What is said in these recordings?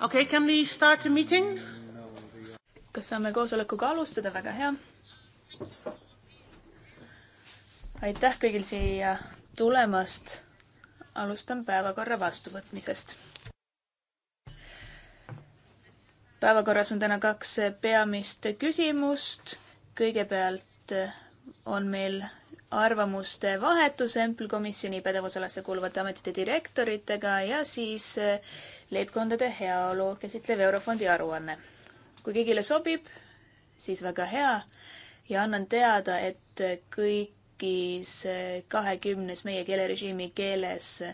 okei okay,, can we start the meeting? kas saame koosolekuga alustada, väga hea. aitäh kõigil siia tulemast. alustan päevakorra vastuvõtmisest. päevakorras on täna kaks peamist küsimust. kõigepealt on meil arvamuste vahetus Empl komisjoni pädevusalasse kuuluvate ametite direktoritega ja siis eh, leibkondade heaolu käsitlev Eurofondi aruanne. kui kõigile sobib, siis väga hea ja annan teada, et kõigis eh, kahekümnes meie keelerežiimi keeles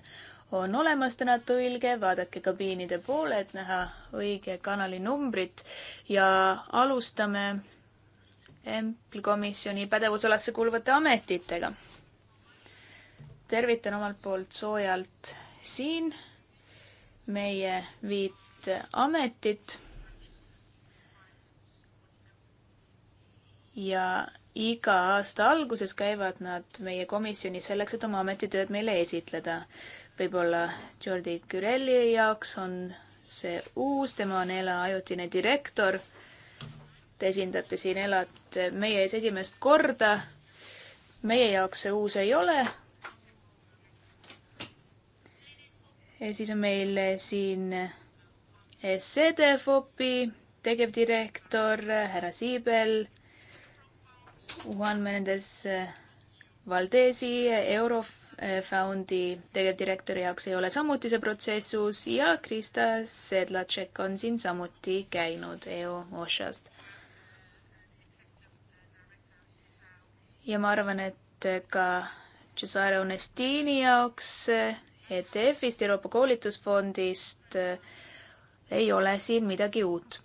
on olemas täna tõlge, vaadake kabiinide poole, et näha õige kanali numbrit ja alustame EMPL-komisjoni pädevusalasse kuuluvate ametitega. tervitan omalt poolt soojalt siin meie viit ametit. ja iga aasta alguses käivad nad meie komisjoni selleks, et oma ametitööd meile esitleda. võib-olla Jordi Kürelli jaoks on see uus, tema on ELA ajutine direktor Te esindate siin ELAT meie ees esimest korda. meie jaoks see uus ei ole. ja siis on meil siin SEDEFOPi tegevdirektor härra Siibel, Juan Menendez Valdesi Eurofondi tegevdirektori jaoks ei ole samuti see protsess uus ja Krista Sedlatšek on siin samuti käinud EU OSHA-st. ja ma arvan, et ka Cesare Onestini jaoks ETF-ist, Euroopa koolitusfondist ei ole siin midagi uut.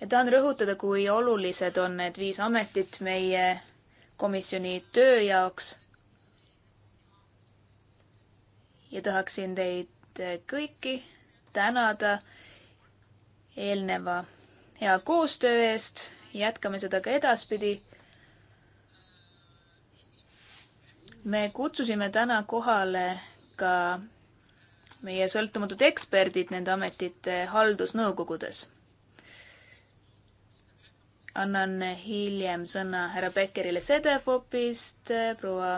ja tahan rõhutada, kui olulised on need viis ametit meie komisjoni töö jaoks. ja tahaksin teid kõiki tänada eelneva hea koostöö eest, jätkame seda ka edaspidi me kutsusime täna kohale ka meie sõltumatud eksperdid nende ametite haldusnõukogudes. annan hiljem sõna härra Beckerile Sedefopist, proua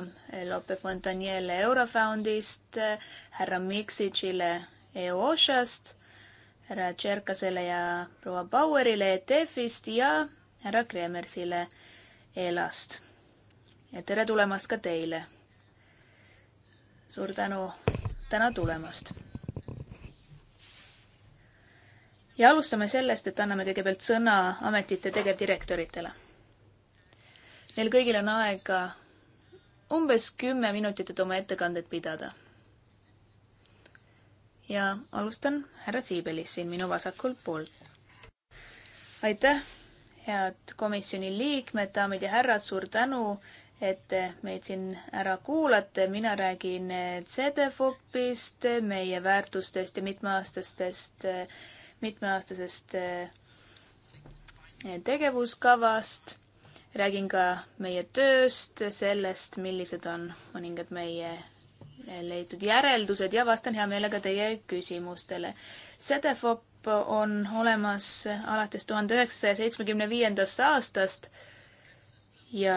Lope Fontaniele Eurofoundist, härra Miksitšile EOSHast, härra Tšerkasele ja proua Bauerile ETF-ist ja härra Kremersile ELAst ja tere tulemast ka teile. suur tänu täna tulemast. ja alustame sellest, et anname kõigepealt sõna ametite tegevdirektoritele. Neil kõigil on aega umbes kümme minutit, et oma ettekanded pidada. ja alustan härra Siibelist siin minu vasakul pool. aitäh, head komisjoni liikmed, daamid ja härrad, suur tänu et meid siin ära kuulate, mina räägin CDFOP-ist, meie väärtustest ja mitmeaastastest, mitmeaastasest eh, tegevuskavast. räägin ka meie tööst, sellest, millised on mõningad meie eh, leitud järeldused ja vastan hea meelega teie küsimustele. CDFOP on olemas alates tuhande üheksasaja seitsmekümne viiendast aastast ja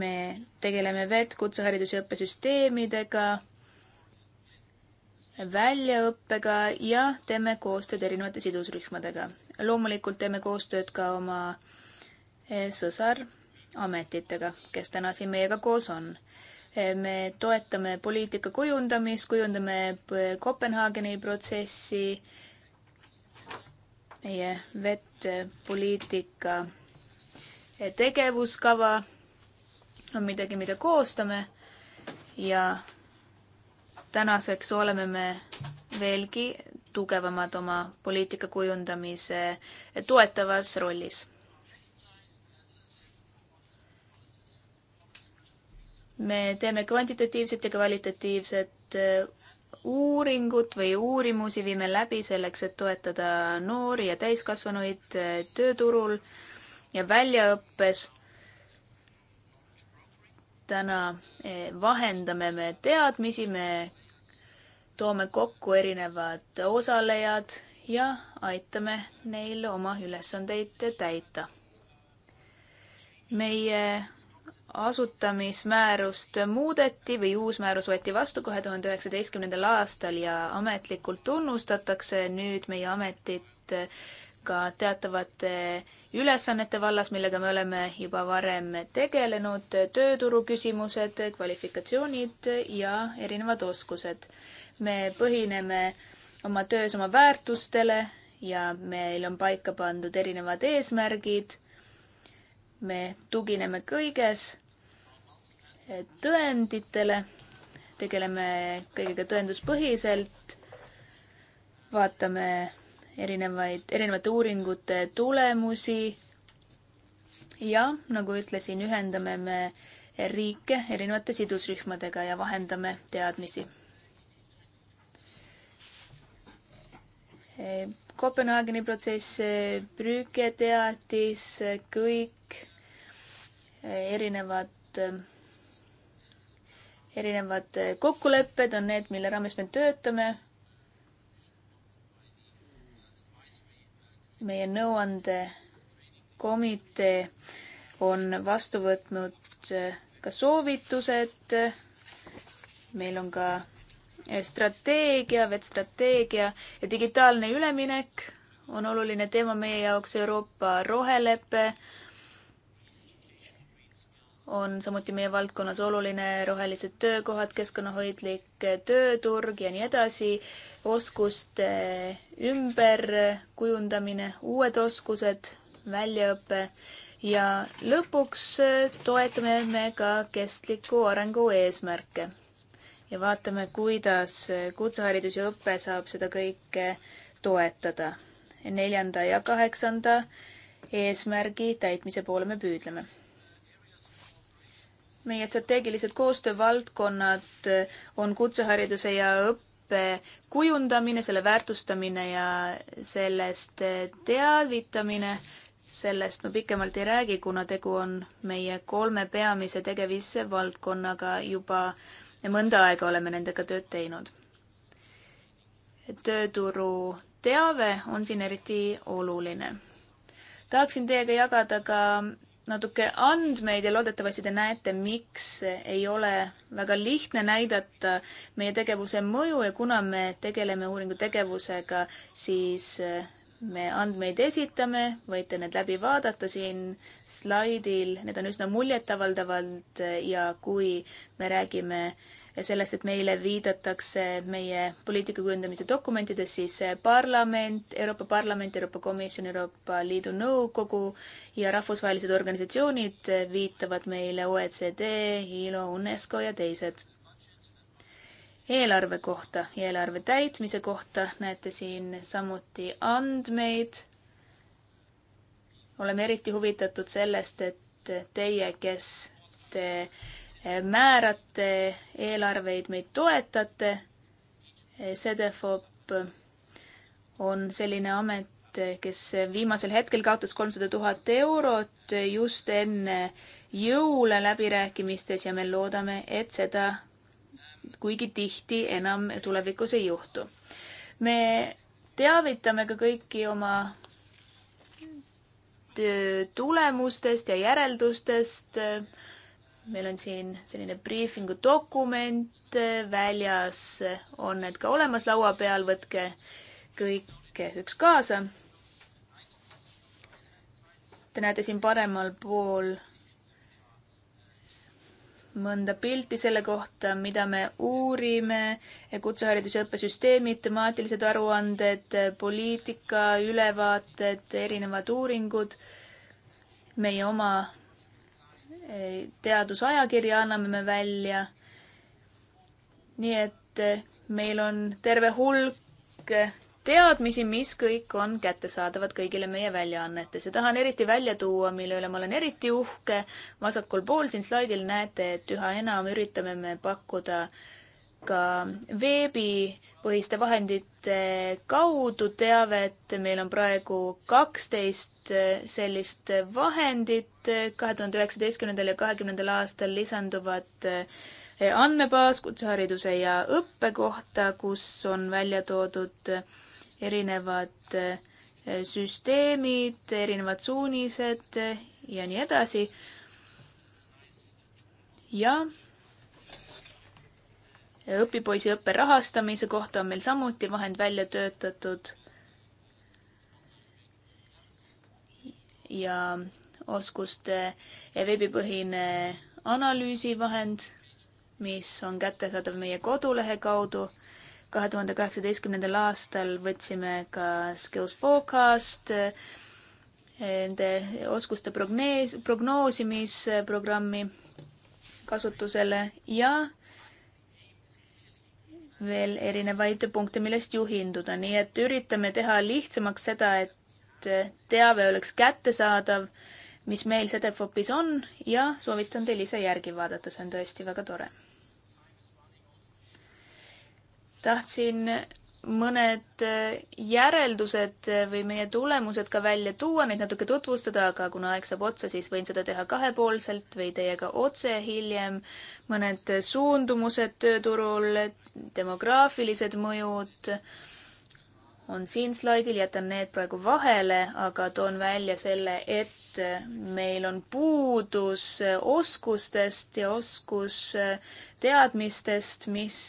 me tegeleme vett, kutseharidus- ja õppesüsteemidega, väljaõppega ja teeme koostööd erinevate sidusrühmadega. loomulikult teeme koostööd ka oma eh, sõsarametitega, kes täna siin meiega koos on. Eh, me toetame poliitika kujundamist, kujundame eh, Kopenhaageni protsessi, meie vettpoliitika tegevuskava on midagi, mida koostame ja tänaseks oleme me veelgi tugevamad oma poliitika kujundamise toetavas rollis. me teeme kvantitatiivset ja kvalitatiivset äh, uuringut või uurimusi viime läbi selleks, et toetada noori ja täiskasvanuid äh, tööturul ja väljaõppes täna eh, vahendame me teadmisi, me toome kokku erinevad osalejad ja aitame neil oma ülesandeid täita. meie asutamismäärust muudeti või uus määrus võeti vastu kahe tuhande üheksateistkümnendal aastal ja ametlikult tunnustatakse nüüd meie ametit ka teatavate ülesannete vallas, millega me oleme juba varem tegelenud, tööturu küsimused, kvalifikatsioonid ja erinevad oskused. me põhineme oma töös oma väärtustele ja meil on paika pandud erinevad eesmärgid. me tugineme kõiges tõenditele, tegeleme kõigega tõenduspõhiselt, vaatame erinevaid, erinevate uuringute tulemusi. ja nagu ütlesin, ühendame me riike erinevate sidusrühmadega ja vahendame teadmisi. Kopenhaageni protsess, Brügge teatis, kõik erinevad, erinevad kokkulepped on need, mille raames me töötame meie nõuandekomitee on vastu võtnud äh, ka soovitused. meil on ka äh, strateegia, vetstrateegia ja digitaalne üleminek on oluline teema meie jaoks, Euroopa rohelepe on samuti meie valdkonnas oluline, rohelised töökohad, keskkonnahoidlik tööturg ja nii edasi, oskuste ümberkujundamine, uued oskused, väljaõpe ja lõpuks toetame me ka kestliku arengu eesmärke. ja vaatame, kuidas kutseharidus ja õpe saab seda kõike toetada. neljanda ja kaheksanda eesmärgi täitmise poole me püüdleme meie strateegilised koostöövaldkonnad on kutsehariduse ja õppe kujundamine, selle väärtustamine ja sellest teavitamine. sellest ma pikemalt ei räägi, kuna tegu on meie kolme peamise tegevusvaldkonnaga juba mõnda aega oleme nendega tööd teinud. tööturu teave on siin eriti oluline. tahaksin teiega jagada ka natuke andmeid ja loodetavasti te näete, miks ei ole väga lihtne näidata meie tegevuse mõju ja kuna me tegeleme uuringutegevusega, siis me andmeid esitame, võite need läbi vaadata siin slaidil, need on üsna muljetavaldavad ja kui me räägime äh, sellest, et meile viidatakse meie poliitika kujundamise dokumentides, siis eh, parlament, Euroopa Parlament, Euroopa Komisjon, Euroopa Liidu Nõukogu ja rahvusvahelised organisatsioonid eh, viitavad meile OECD, ILO, UNESCO ja teised. eelarve kohta ja eelarve täitmise kohta näete siin samuti andmeid. oleme eriti huvitatud sellest, et teie, kes te määrate eelarveid, meid toetate. Sedefop on selline amet, kes viimasel hetkel kaotas kolmsada tuhat eurot just enne jõule läbirääkimistes ja me loodame, et seda kuigi tihti enam tulevikus ei juhtu. me teavitame ka kõiki oma töö tulemustest ja järeldustest meil on siin selline briifingu dokument, äh, väljas on need ka olemas laua peal, võtke kõike üks kaasa. Te näete siin paremal pool mõnda pilti selle kohta, mida me uurime, kutsehariduse õppesüsteemid, temaatilised aruanded, poliitika, ülevaated, erinevad uuringud, meie oma teadusajakirja anname me välja. nii et eh, meil on terve hulk eh, teadmisi, mis kõik on kättesaadavad kõigile meie väljaannetes ja tahan eriti välja tuua, mille üle ma olen eriti uhke. vasakul pool siin slaidil näete, et üha enam üritame me pakkuda ka veebi põhiste vahendite kaudu teavet. meil on praegu kaksteist eh, sellist vahendit. kahe tuhande üheksateistkümnendal ja kahekümnendal aastal lisanduvad eh, andmebaas kutsehariduse ja õppe kohta, kus on välja toodud erinevad eh, süsteemid, erinevad suunised ja nii edasi. ja õpipoisiõppe rahastamise kohta on meil samuti vahend välja töötatud. ja oskuste veebipõhine analüüsivahend, mis on kättesaadav meie kodulehe kaudu. kahe tuhande kaheksateistkümnendal aastal võtsime ka Skills Forecast nende oskuste prognees, prognoosimisprogrammi kasutusele ja veel erinevaid punkte, millest juhinduda, nii et üritame teha lihtsamaks seda, et teave oleks kättesaadav, mis meil Sedefopis on ja soovitan teil ise järgi vaadata, see on tõesti väga tore. tahtsin mõned äh, järeldused äh, või meie tulemused ka välja tuua, neid natuke tutvustada, aga kuna aeg saab otsa, siis võin seda teha kahepoolselt või teiega otse hiljem. mõned äh, suundumused tööturul, demograafilised mõjud on siin slaidil, jätan need praegu vahele, aga toon välja selle, et meil on puudus oskustest ja oskusteadmistest, mis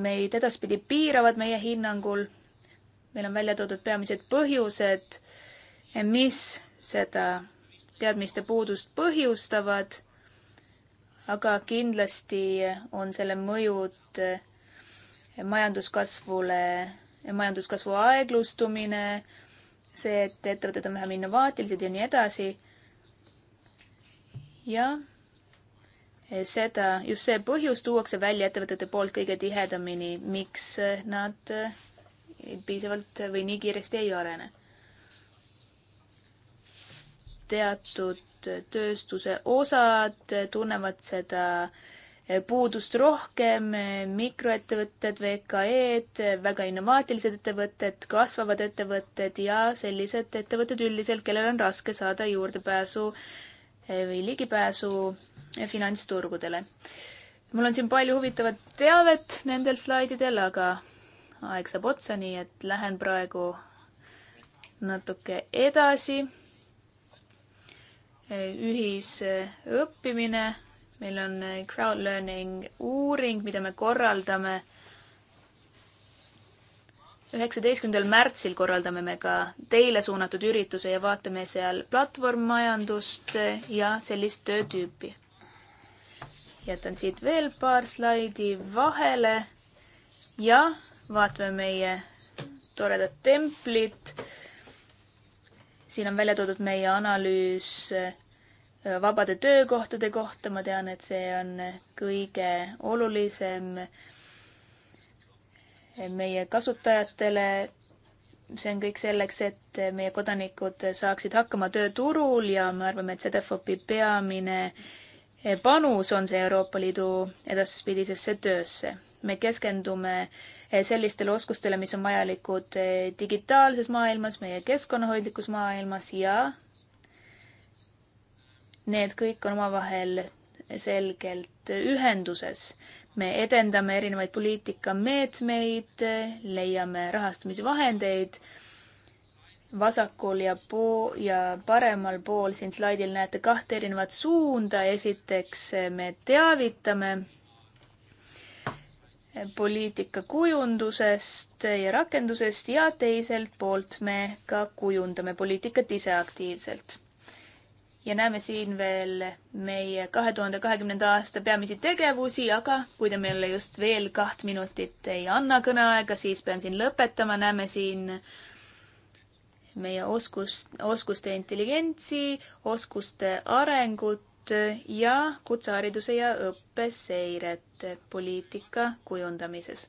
meid edaspidi piiravad meie hinnangul. meil on välja toodud peamised põhjused, mis seda teadmiste puudust põhjustavad. aga kindlasti on selle mõjud majanduskasvule, majanduskasvu aeglustumine, see, et ettevõtted on vähem innovaatilised ja nii edasi. jah seda, just see põhjus tuuakse välja ettevõtete poolt kõige tihedamini, miks eh, nad eh, piisavalt või nii kiiresti ei arene. teatud eh, tööstuse osad tunnevad seda puudust rohkem, mikroettevõtted, VKE-d, väga innovaatilised ettevõtted, kasvavad ettevõtted ja sellised ettevõtted üldiselt, kellel on raske saada juurdepääsu või ligipääsu finantsturgudele. mul on siin palju huvitavat teavet nendel slaididel, aga aeg saab otsa, nii et lähen praegu natuke edasi. ühisõppimine, meil on crowd learning uuring, mida me korraldame. üheksateistkümnendal märtsil korraldame me ka teile suunatud ürituse ja vaatame seal platvormmajandust ja sellist töötüüpi jätan siit veel paar slaidi vahele ja vaatame meie toredat templit. siin on välja toodud meie analüüs äh, vabade töökohtade kohta, ma tean, et see on kõige olulisem äh, meie kasutajatele. see on kõik selleks, et äh, meie kodanikud saaksid hakkama tööturul ja me arvame, et Cedefopi peamine äh, panus on see Euroopa Liidu edaspidisesse töösse. me keskendume eh, sellistele oskustele, mis on vajalikud eh, digitaalses maailmas, meie keskkonnahoidlikus maailmas ja need kõik on omavahel selgelt ühenduses. me edendame erinevaid poliitikameetmeid, eh, leiame rahastamisvahendeid vasakul ja poo- ja paremal pool siin slaidil näete kahte erinevat suunda. esiteks me teavitame poliitikakujundusest ja rakendusest ja teiselt poolt me ka kujundame poliitikat ise aktiivselt. ja näeme siin veel meie kahe tuhande kahekümnenda aasta peamisi tegevusi, aga kui te meile just veel kaht minutit ei anna kõneaega, siis pean siin lõpetama, näeme siin äh, meie oskust, oskuste intelligentsi, oskuste arengut ja kutsehariduse ja õppeseiret poliitika kujundamises.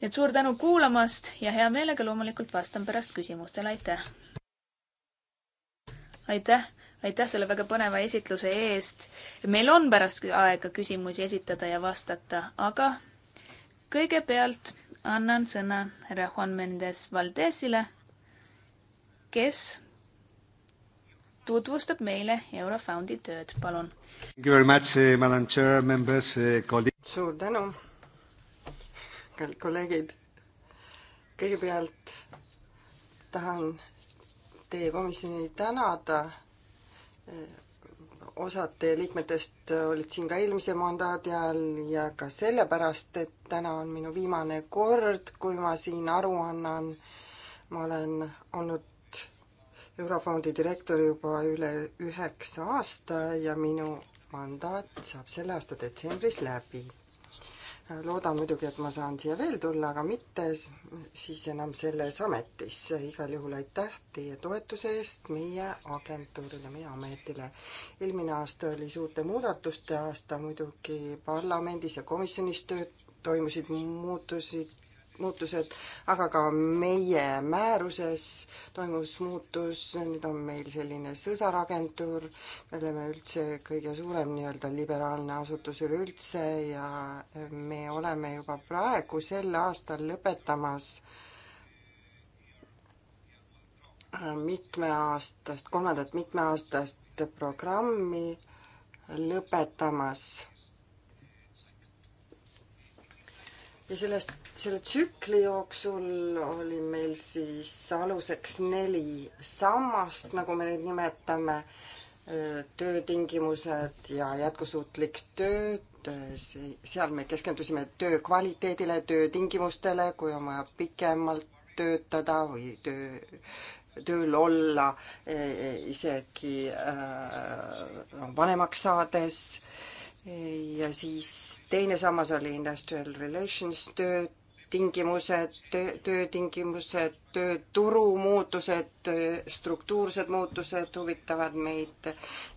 nii et suur tänu kuulamast ja hea meelega loomulikult vastan pärast küsimustele, aitäh! aitäh, aitäh selle väga põneva esitluse eest. meil on pärast aega küsimusi esitada ja vastata, aga kõigepealt annan sõna härra Juan Mendes Valdesile kes tutvustab meile Eurofondi tööd, palun. Eh, eh, suur tänu, kallid kolleegid. kõigepealt tahan teie komisjoni tänada. Eh, osad teie liikmetest olid siin ka eelmise mandaadi ajal ja ka sellepärast, et täna on minu viimane kord, kui ma siin aru annan. ma olen olnud Eurofondi direktor juba üle üheksa aasta ja minu mandaat saab selle aasta detsembris läbi. loodan muidugi, et ma saan siia veel tulla, aga mitte siis enam selles ametis. igal juhul aitäh teie toetuse eest meie agentuurile, meie ametile. eelmine aasta oli suurte muudatuste aasta muidugi parlamendis ja komisjonis tööd toimusid muutusid muutused, aga ka meie määruses toimus muutus, nüüd on meil selline sõsaragentuur, me oleme üldse kõige suurem nii-öelda liberaalne asutus üleüldse ja me oleme juba praegu sel aastal lõpetamas mitmeaastast, kolmandat mitmeaastast programmi lõpetamas ja sellest, selle tsükli jooksul oli meil siis aluseks neli sammast, nagu me neid nimetame, töötingimused ja jätkusuutlik töö, seal me keskendusime töö kvaliteedile, töötingimustele, kui on vaja pikemalt töötada või töö, tööl olla e, e, isegi äh, vanemaks saades äh, ja siis teine sammas oli industrial relations, töö, tingimused, töö, töötingimused, tööturu muutused, struktuursed muutused huvitavad meid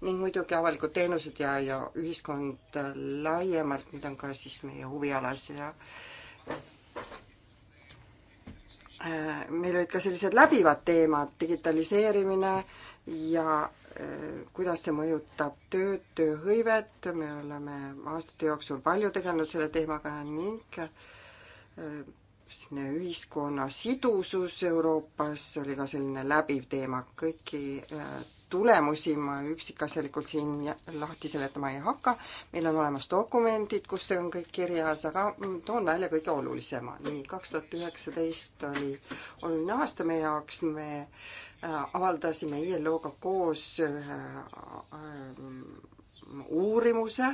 ning muidugi avalikud teenused ja, ja ühiskond laiemalt, need on ka siis meie huvialas ja äh, meil olid ka sellised läbivad teemad, digitaliseerimine ja kuidas see mõjutab tööd, tööhõivet, me oleme aastate jooksul palju tegelenud selle teemaga ning äh, selline ühiskonna sidusus Euroopas oli ka selline läbiv teema, kõiki äh, tulemusi ma üksikasjalikult siin lahti seletama ei hakka, meil on olemas dokumendid, kus see on kõik kirjas, aga mm, toon välja kõige olulisema. nii, kaks tuhat üheksateist oli oluline aasta meie jaoks, me äh, avaldasime ILO-ga koos äh, äh, uurimuse,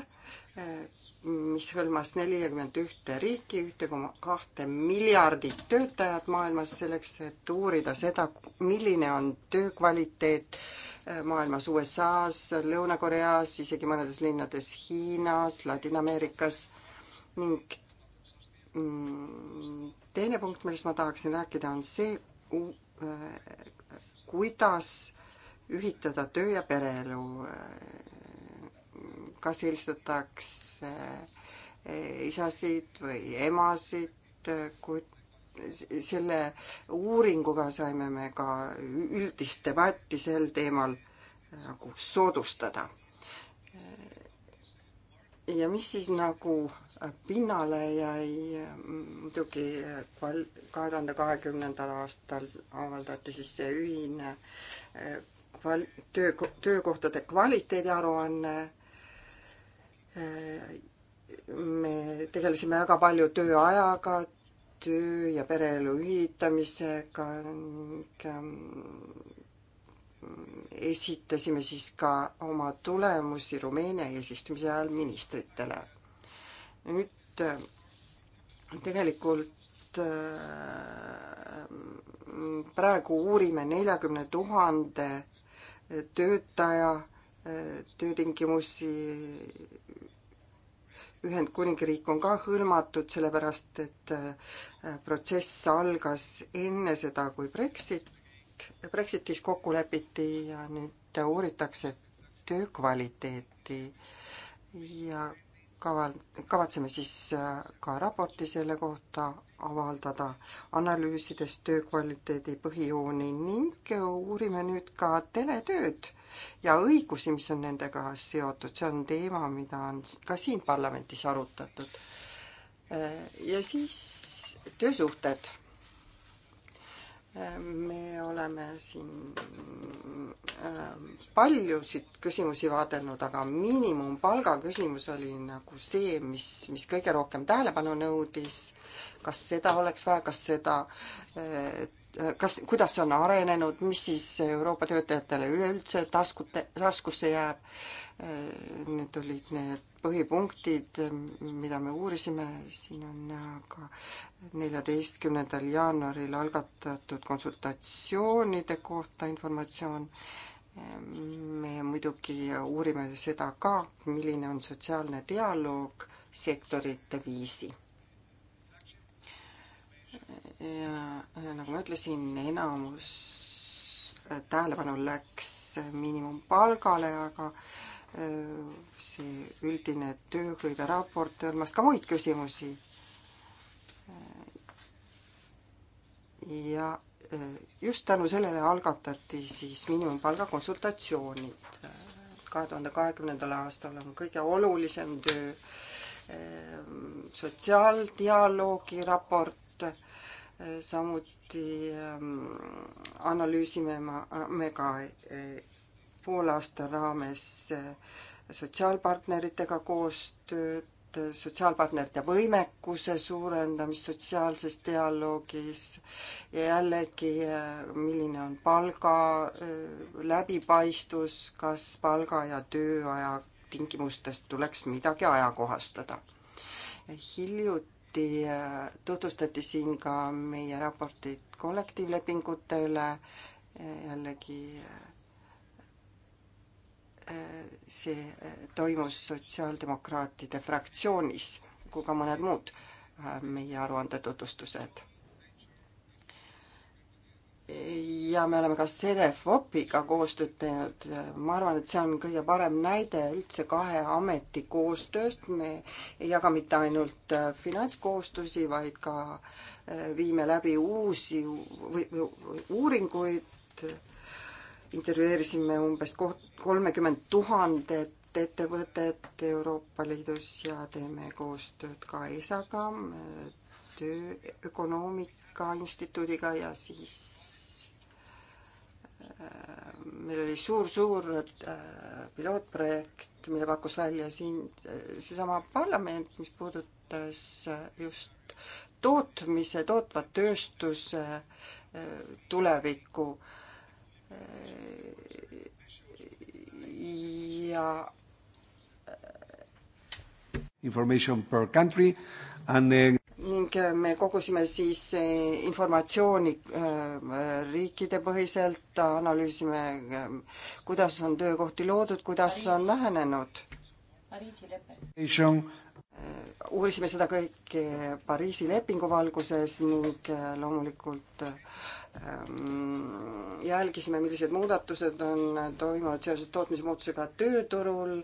mis hõlmas nelikümmend ühte riiki, ühte koma kahte miljardit töötajat maailmas selleks, et uurida seda, milline on töö kvaliteet äh, maailmas, USA-s, Lõuna-Koreas, isegi mõnedes linnades Hiinas, Ladina-Ameerikas ning mm, teine punkt, millest ma tahaksin rääkida, on see, äh, kuidas ühitada töö ja pereelu. Äh, kas eelistatakse äh, isasid või emasid, kui selle uuringuga saime me ka üldist debatti sel teemal nagu soodustada. ja mis siis nagu pinnale jäi, muidugi kahe tuhande kahekümnendal aastal avaldati siis see ühine eh, kval-, töö, töökohtade kvaliteediaruanne eh, me tegelesime väga palju tööajaga, töö ja pereelu ühitamisega ning ähm, esitasime siis ka oma tulemusi Rumeenia eesistumise ajal ministritele. nüüd äh, tegelikult äh, praegu uurime neljakümne tuhande töötaja äh, töötingimusi Ühendkuningriik on ka hõlmatud, sellepärast et äh, protsess algas enne seda, kui Brexit, Brexitis kokku lepiti ja nüüd uuritakse töö kvaliteeti ja kaval-, kavatseme siis äh, ka raporti selle kohta avaldada, analüüsides töö kvaliteedi põhijooni ning äh, uurime nüüd ka teletööd ja õigusi, mis on nendega seotud, see on teema, mida on ka siin parlamendis arutatud. Äh, ja siis töösuhted. Äh, me oleme siin äh, paljusid küsimusi vaadelnud, aga miinimumpalga küsimus oli nagu see, mis, mis kõige rohkem tähelepanu nõudis. kas seda oleks vaja, kas seda kas, kuidas see on arenenud, mis siis Euroopa töötajatele üleüldse taskute, taskusse jääb. Need olid need põhipunktid, mida me uurisime, siin on näha ka neljateistkümnendal jaanuaril algatatud konsultatsioonide kohta informatsioon. me muidugi uurime seda ka, milline on sotsiaalne dialoog sektorite viisi ja äh, nagu ma ütlesin, enamus äh, tähelepanu läks miinimumpalgale, aga äh, see üldine tööhõive raport hõlmas ka muid küsimusi. ja just tänu sellele algatati siis miinimumpalga konsultatsioonid. kahe tuhande kahekümnendal aastal on kõige olulisem töö sotsiaaldialoogi raport, samuti ähm, analüüsime äh, me ka äh, poolaasta raames äh, sotsiaalpartneritega koostööd, sotsiaalpartnerite võimekuse suurendamist sotsiaalses dialoogis ja jällegi, milline on palga läbipaistvus, kas palga ja tööaja tingimustest tuleks midagi ajakohastada. hiljuti samuti äh, tutvustati siin ka meie raportit kollektiivlepingute üle, äh, jällegi äh, see toimus sotsiaaldemokraatide fraktsioonis, kui ka mõned muud meie aruande tutvustused ja me oleme ka Cedefopiga koostööd teinud. ma arvan, et see on kõige parem näide üldse kahe ameti koostööst. me ei jaga mitte ainult äh, finantskohustusi, vaid ka äh, viime läbi uusi või, uuringuid. intervjueerisime umbes kolmekümmend tuhandet ettevõtet Euroopa Liidus ja teeme koostööd ka ESA-ga, tööökonoomika instituudiga ja siis meil oli suur-suur äh, pilootprojekt, mille pakkus välja siin äh, seesama parlament, mis puudutas äh, just tootmise, tootva tööstuse tulevikku. ja. Information per country and then ning me kogusime siis informatsiooni äh, riikide põhiselt, analüüsime, äh, kuidas on töökohti loodud, kuidas Pariisi. on vähenenud. Pariisi lepe. Äh, uurisime seda kõike Pariisi lepingu valguses ning loomulikult ähm, jälgisime, millised muudatused on toimunud seoses tootmismuutusega tööturul.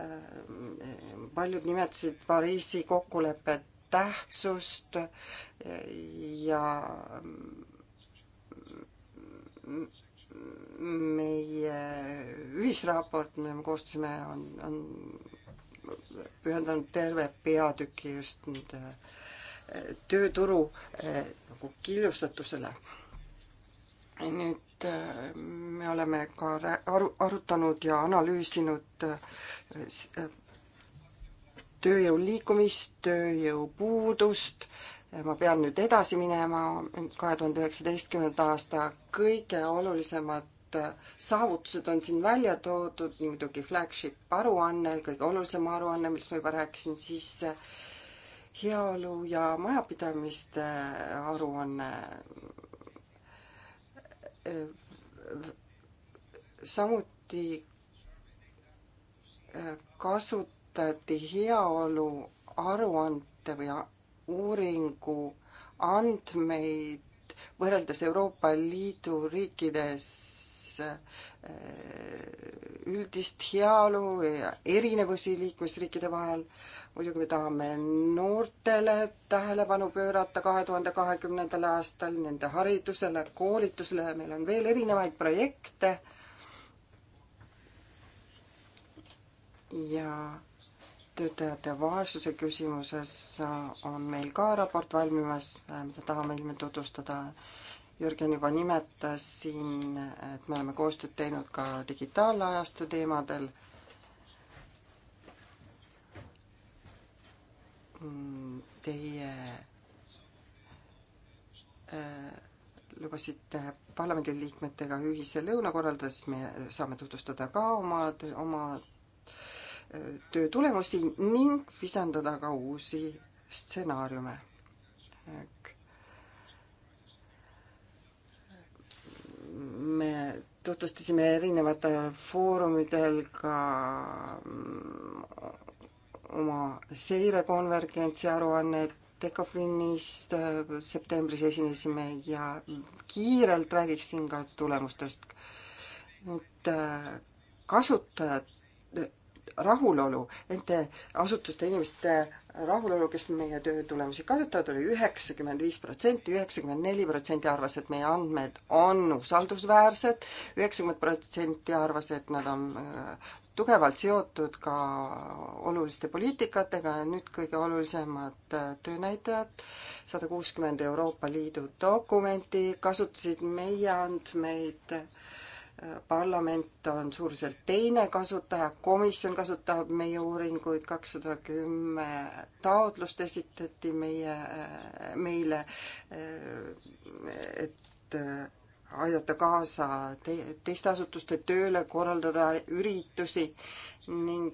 Ähm, paljud nimetasid Pariisi kokkulepet tähtsust ja meie ühisraport, mille me koostasime, on, on pühendanud terve peatüki just nende eh, tööturu eh, nagu killustatusele. nüüd eh, me oleme ka aru, arutanud ja analüüsinud tööjõu liikumist, tööjõupuudust, ma pean nüüd edasi minema, kahe tuhande üheksateistkümnenda aasta kõige olulisemad äh, saavutused on siin välja toodud, muidugi flagship aruanne, kõige olulisem aruanne, millest ma juba rääkisin, siis äh, heaolu ja majapidamiste äh, aruanne samuti kasu, algatati heaolu aruande või uuringu andmeid võrreldes Euroopa Liidu riikides eh, üldist heaolu ja erinevusi liikmesriikide vahel. muidugi me tahame noortele tähelepanu pöörata kahe tuhande kahekümnendal aastal, nende haridusele, koolitusele, meil on veel erinevaid projekte. ja töötajate vaesuse küsimuses on meil ka raport valmimas, äh, mida tahame ilmselt tutvustada. Jürgen juba nimetas siin, et me oleme koostööd teinud ka digitaalajastu teemadel. Mm, teie äh, lubasite parlamendiliikmetega ühise lõuna korraldada, siis me saame tutvustada ka oma, oma töö tulemusi ning visandada ka uusi stsenaariume. me tutvustasime erinevatel foorumidel ka mm, oma seirekonvergentsi aruannet, Decafinist äh, septembris esinesime ja kiirelt räägiksin ka tulemustest. nüüd äh, kasutajad rahulolu, nende asutuste inimeste rahulolu, kes meie töö tulemusi kasutavad, oli üheksakümmend viis protsenti, üheksakümmend neli protsenti arvas, et meie andmed on usaldusväärsed, üheksakümmend protsenti arvas, et nad on äh, tugevalt seotud ka oluliste poliitikatega ja nüüd kõige olulisemad äh, töönäitajad, sada kuuskümmend Euroopa Liidu dokumenti kasutasid meie andmeid äh, parlament on suuruselt teine kasutaja, komisjon kasutab meie uuringuid, kakssada kümme taotlust esitati meie, meile, et aidata kaasa te, teiste asutuste tööle, korraldada üritusi ning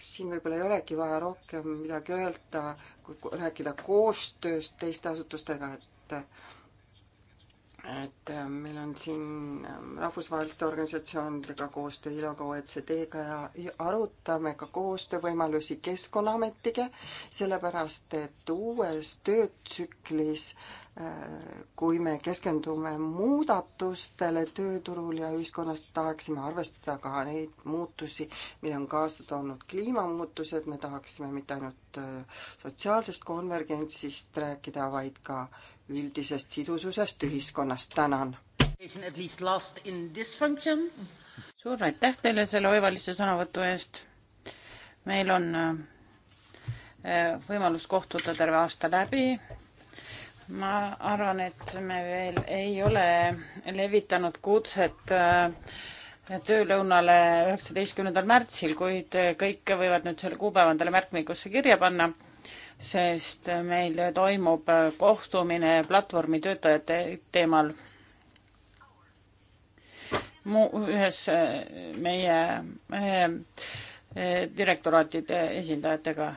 siin võib-olla ei olegi vaja rohkem midagi öelda, kui rääkida koostööst teiste asutustega, et et äh, meil on siin ähm, rahvusvaheliste organisatsioonidega koostöö ILO-ga, OECD-ga ja arutame ka koostöövõimalusi Keskkonnaametiga, sellepärast et uues töötsüklis, äh, kui me keskendume muudatustele tööturul ja ühiskonnas, tahaksime arvestada ka neid muutusi, mille on kaasa toonud kliimamuutused, me tahaksime mitte ainult äh, sotsiaalsest konvergentsist rääkida, vaid ka äh, üldisest sidususest ühiskonnas. tänan! suur aitäh teile selle oivalise sõnavõtu eest. meil on äh, võimalus kohtuda terve aasta läbi. ma arvan, et me veel ei ole levitanud kutset äh, töölõunale üheksateistkümnendal märtsil, kuid kõik võivad nüüd selle kuupäeva endale märkmikusse kirja panna sest meil toimub kohtumine platvormi töötajate teemal. mu, ühes meie eh, direktoraatide esindajatega.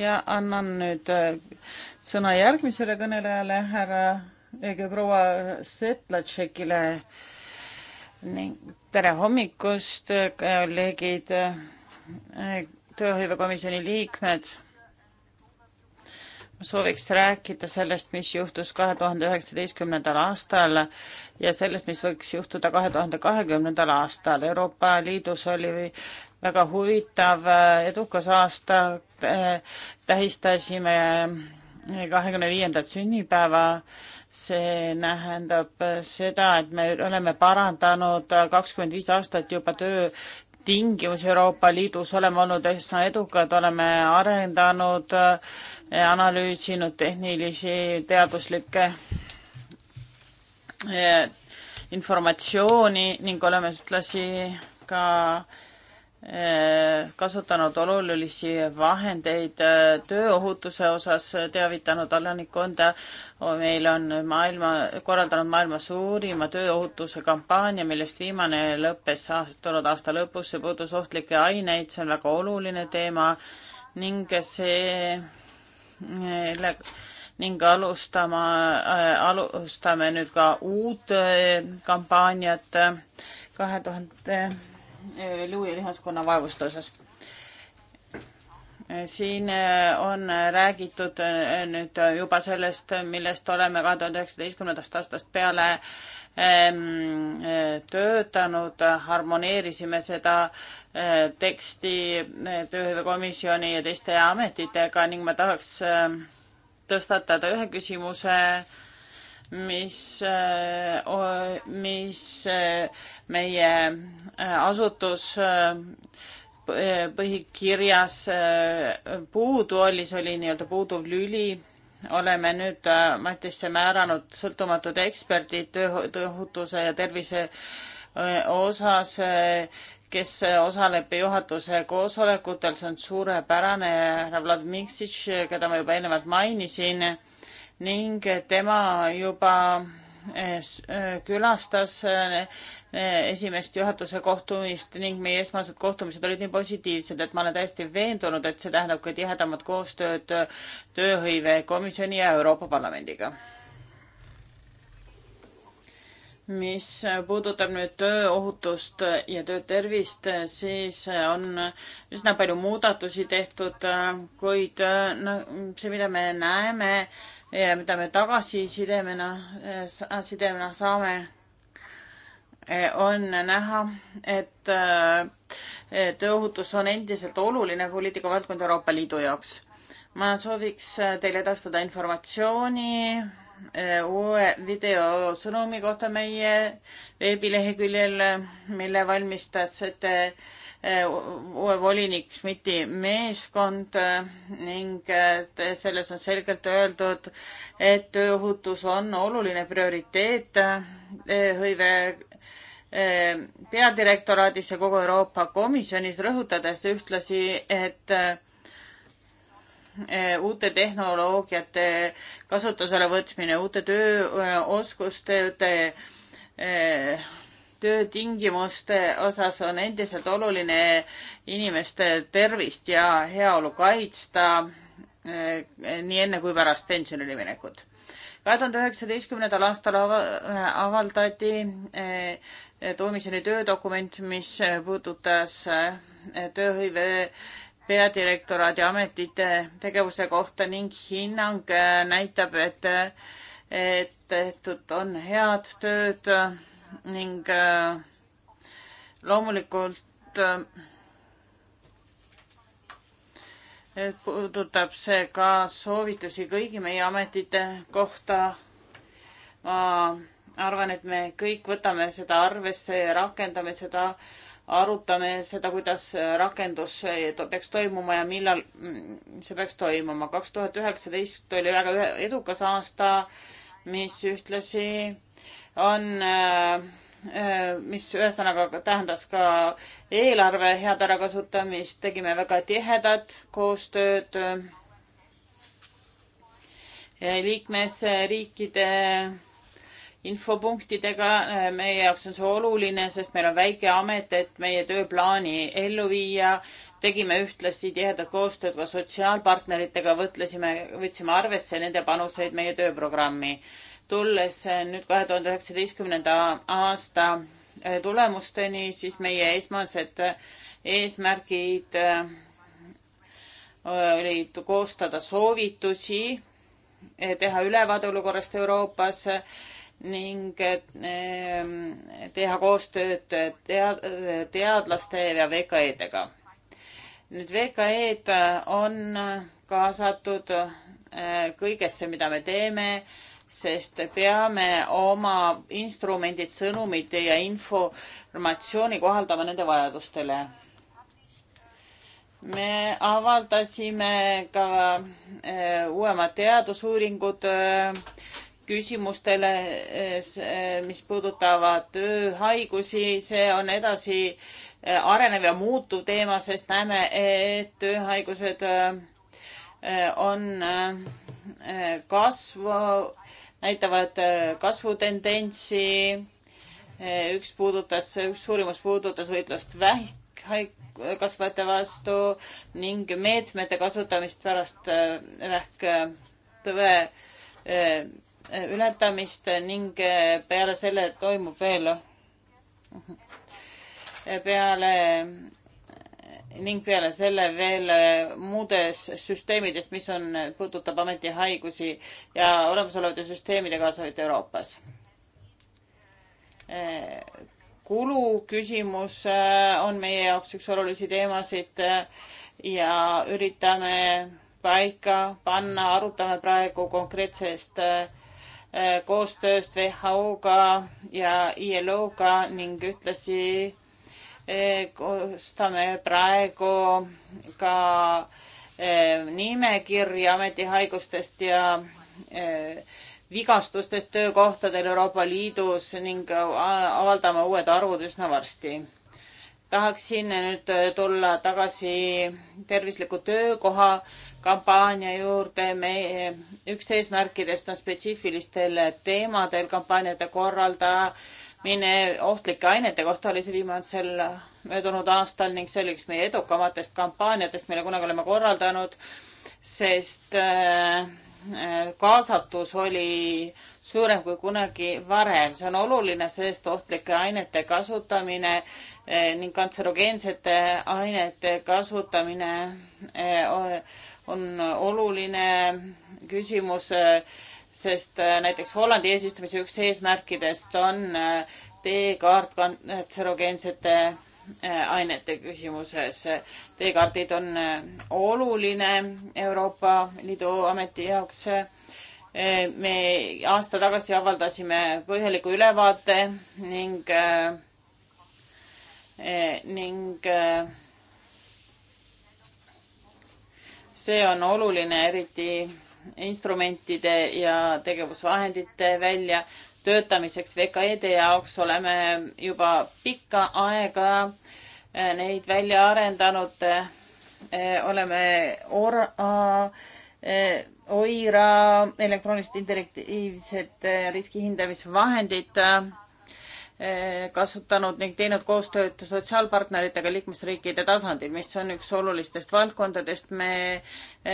ja annan nüüd sõna järgmisele kõnelejale, härra proua Setlatšekile ning tere hommikust, kolleegid, tööhõivekomisjoni liikmed sooviks rääkida sellest, mis juhtus kahe tuhande üheksateistkümnendal aastal ja sellest, mis võiks juhtuda kahe tuhande kahekümnendal aastal. Euroopa Liidus oli väga huvitav edukas aasta, tähistasime kahekümne viiendat sünnipäeva, see tähendab seda, et me oleme parandanud kakskümmend viis aastat juba töö tingimusi Euroopa Liidus, oleme olnud üsna edukad, oleme arendanud, analüüsinud tehnilisi teaduslikke eh, informatsiooni ning oleme ühtlasi ka äh, kasutanud olulisi vahendeid äh, tööohutuse osas, äh, teavitanud elanikkonda. meil on maailma, korraldanud maailma suurima tööohutuse kampaania, millest viimane lõppes tulnud aasta lõpus, see puudus ohtlikke aineid, see on väga oluline teema ning see äh, ning alustama, alustame nüüd ka uut kampaaniat kahe tuhande 2000 liu- ja lihaskonna vaevuste osas. siin äh, on äh, räägitud äh, nüüd juba sellest, millest oleme kahe tuhande üheksateistkümnendast aastast peale ähm, töötanud, harmoneerisime seda teksti tööhõivekomisjoni ja teiste ametitega ning ma tahaks tõstatada ühe küsimuse mis, äh, mis äh, meie äh, asutus põhikirjas puudu oli, see oli nii-öelda puuduv lüli. oleme nüüd Matisse määranud sõltumatud eksperdid tööohutuse ja tervise osas, kes osaleb juhatuse koosolekutel, see on suurepärane, härra Vladimir Miksitš, keda ma juba eelnevalt mainisin ning tema juba eh, eh, külastas eh, esimest juhatuse kohtumist ning meie esmased kohtumised olid nii positiivsed, et ma olen täiesti veendunud, et see tähendab ka tihedamat koostööd tööhõivekomisjoni ja Euroopa Parlamendiga. mis puudutab nüüd tööohutust ja töötervist, siis on üsna palju muudatusi tehtud, kuid no see, mida me näeme, mida me tagasisidemena, eh, sidemena saame, eh, on näha, eh, et tööohutus on endiselt oluline poliitikavaldkond Euroopa Liidu jaoks. ma sooviks teile edastada informatsiooni uue videosõnumi kohta meie veebileheküljel, mille valmistas ette uue volinik Schmidti meeskond eh, ning eh, selles on selgelt öeldud, et tööohutus on oluline prioriteet eh, hõive peadirektoraadis ja kogu Euroopa Komisjonis, rõhutades ühtlasi, et uute tehnoloogiate kasutusele võtmine, uute tööoskuste, uute töötingimuste osas on endiselt oluline inimeste tervist ja heaolu kaitsta eh, nii enne kui pärast pensionile minekut. kahe tuhande üheksateistkümnendal aastal avaldati eh, komisjoni töödokument, mis puudutas eh, tööhõive peadirektoraadi ametite tegevuse kohta ning hinnang näitab, et, et tehtud on head tööd ning äh, loomulikult äh, puudutab see ka soovitusi kõigi meie ametite kohta. ma arvan, et me kõik võtame seda arvesse ja rakendame seda, arutame seda, kuidas rakendus äh, peaks toimuma ja millal mm, see peaks toimuma. kaks tuhat üheksateist oli väga edukas aasta, mis ühtlasi on äh, äh, mis ühesõnaga tähendas ka eelarve head ärakasutamist, tegime väga tihedat koostööd äh, liikmesriikide infopunktidega. meie jaoks on see oluline, sest meil on väike amet, et meie tööplaani ellu viia. tegime ühtlasi tihedat koostööd ka sotsiaalpartneritega, võtlesime, võtsime arvesse nende panuseid meie tööprogrammi tulles eh, nüüd kahe tuhande üheksateistkümnenda aasta eh, tulemusteni, siis meie esmased eh, eesmärgid olid koostada soovitusi, teha ülevaade olukorrast Euroopas ning teha koostööd tead-, teadlaste ja VKE-dega. nüüd VKE-d on kaasatud kõigesse, mida me teeme sest peame oma instrumendid, sõnumid ja informatsiooni kohaldama nende vajadustele. me avaldasime ka eh, uuemad teadusuuringud eh, küsimustele, eh, mis puudutavad tööhaigusi, see on edasi arenev ja muutuv teema, sest näeme, et tööhaigused on kasvu näitavad äh, kasvutendentsi. Äh, üks puudutas, üks suurimus puudutas võitlust vähkkasvajate vastu ning meetmete kasutamist pärast äh, vähktõve ületamist ning peale selle toimub veel peale ning peale selle veel äh, muudes süsteemides, mis on, puudutab ametihaigusi ja olemasolevate süsteemide kaasavat Euroopas. Äh, kuluküsimus äh, on meie jaoks üks olulisi teemasid ja üritame paika panna, arutame praegu konkreetsest koostööst WHO-ga ja ILO-ga ning ühtlasi koostame praegu ka eh, nimekirja ametihaigustest ja eh, vigastustest töökohtadel Euroopa Liidus ning avaldame uued arvud üsna varsti. tahaksin nüüd tulla tagasi tervisliku töökoha kampaania juurde. meie üks eesmärkidest on spetsiifilistel teemadel kampaaniate korraldaja mine ohtlike ainete kohta oli see viimasel möödunud aastal ning see oli üks meie edukamatest kampaaniatest, mille kunagi oleme korraldanud, sest äh, äh, kaasatus oli suurem kui kunagi varem. see on oluline, sest ohtlike ainete kasutamine äh, ning kantserogeensete ainete kasutamine on oluline küsimus sest äh, näiteks Hollandi eesistumise üks eesmärkidest on äh, teekaart kantserogeensete äh, ainete küsimuses. teekaardid on oluline Euroopa Liidu ameti jaoks. me aasta tagasi avaldasime põhjaliku ülevaate ning ning see on oluline eriti instrumentide ja tegevusvahendite väljatöötamiseks VKE-de jaoks oleme juba pikka aega eh, neid välja arendanud. Eh, oleme ORA, eh, OIRA, elektroonilist interaktiivset riskihindamisvahendit Eh, kasutanud ning teinud koostööd sotsiaalpartneritega liikmesriikide tasandil, mis on üks olulistest valdkondadest. me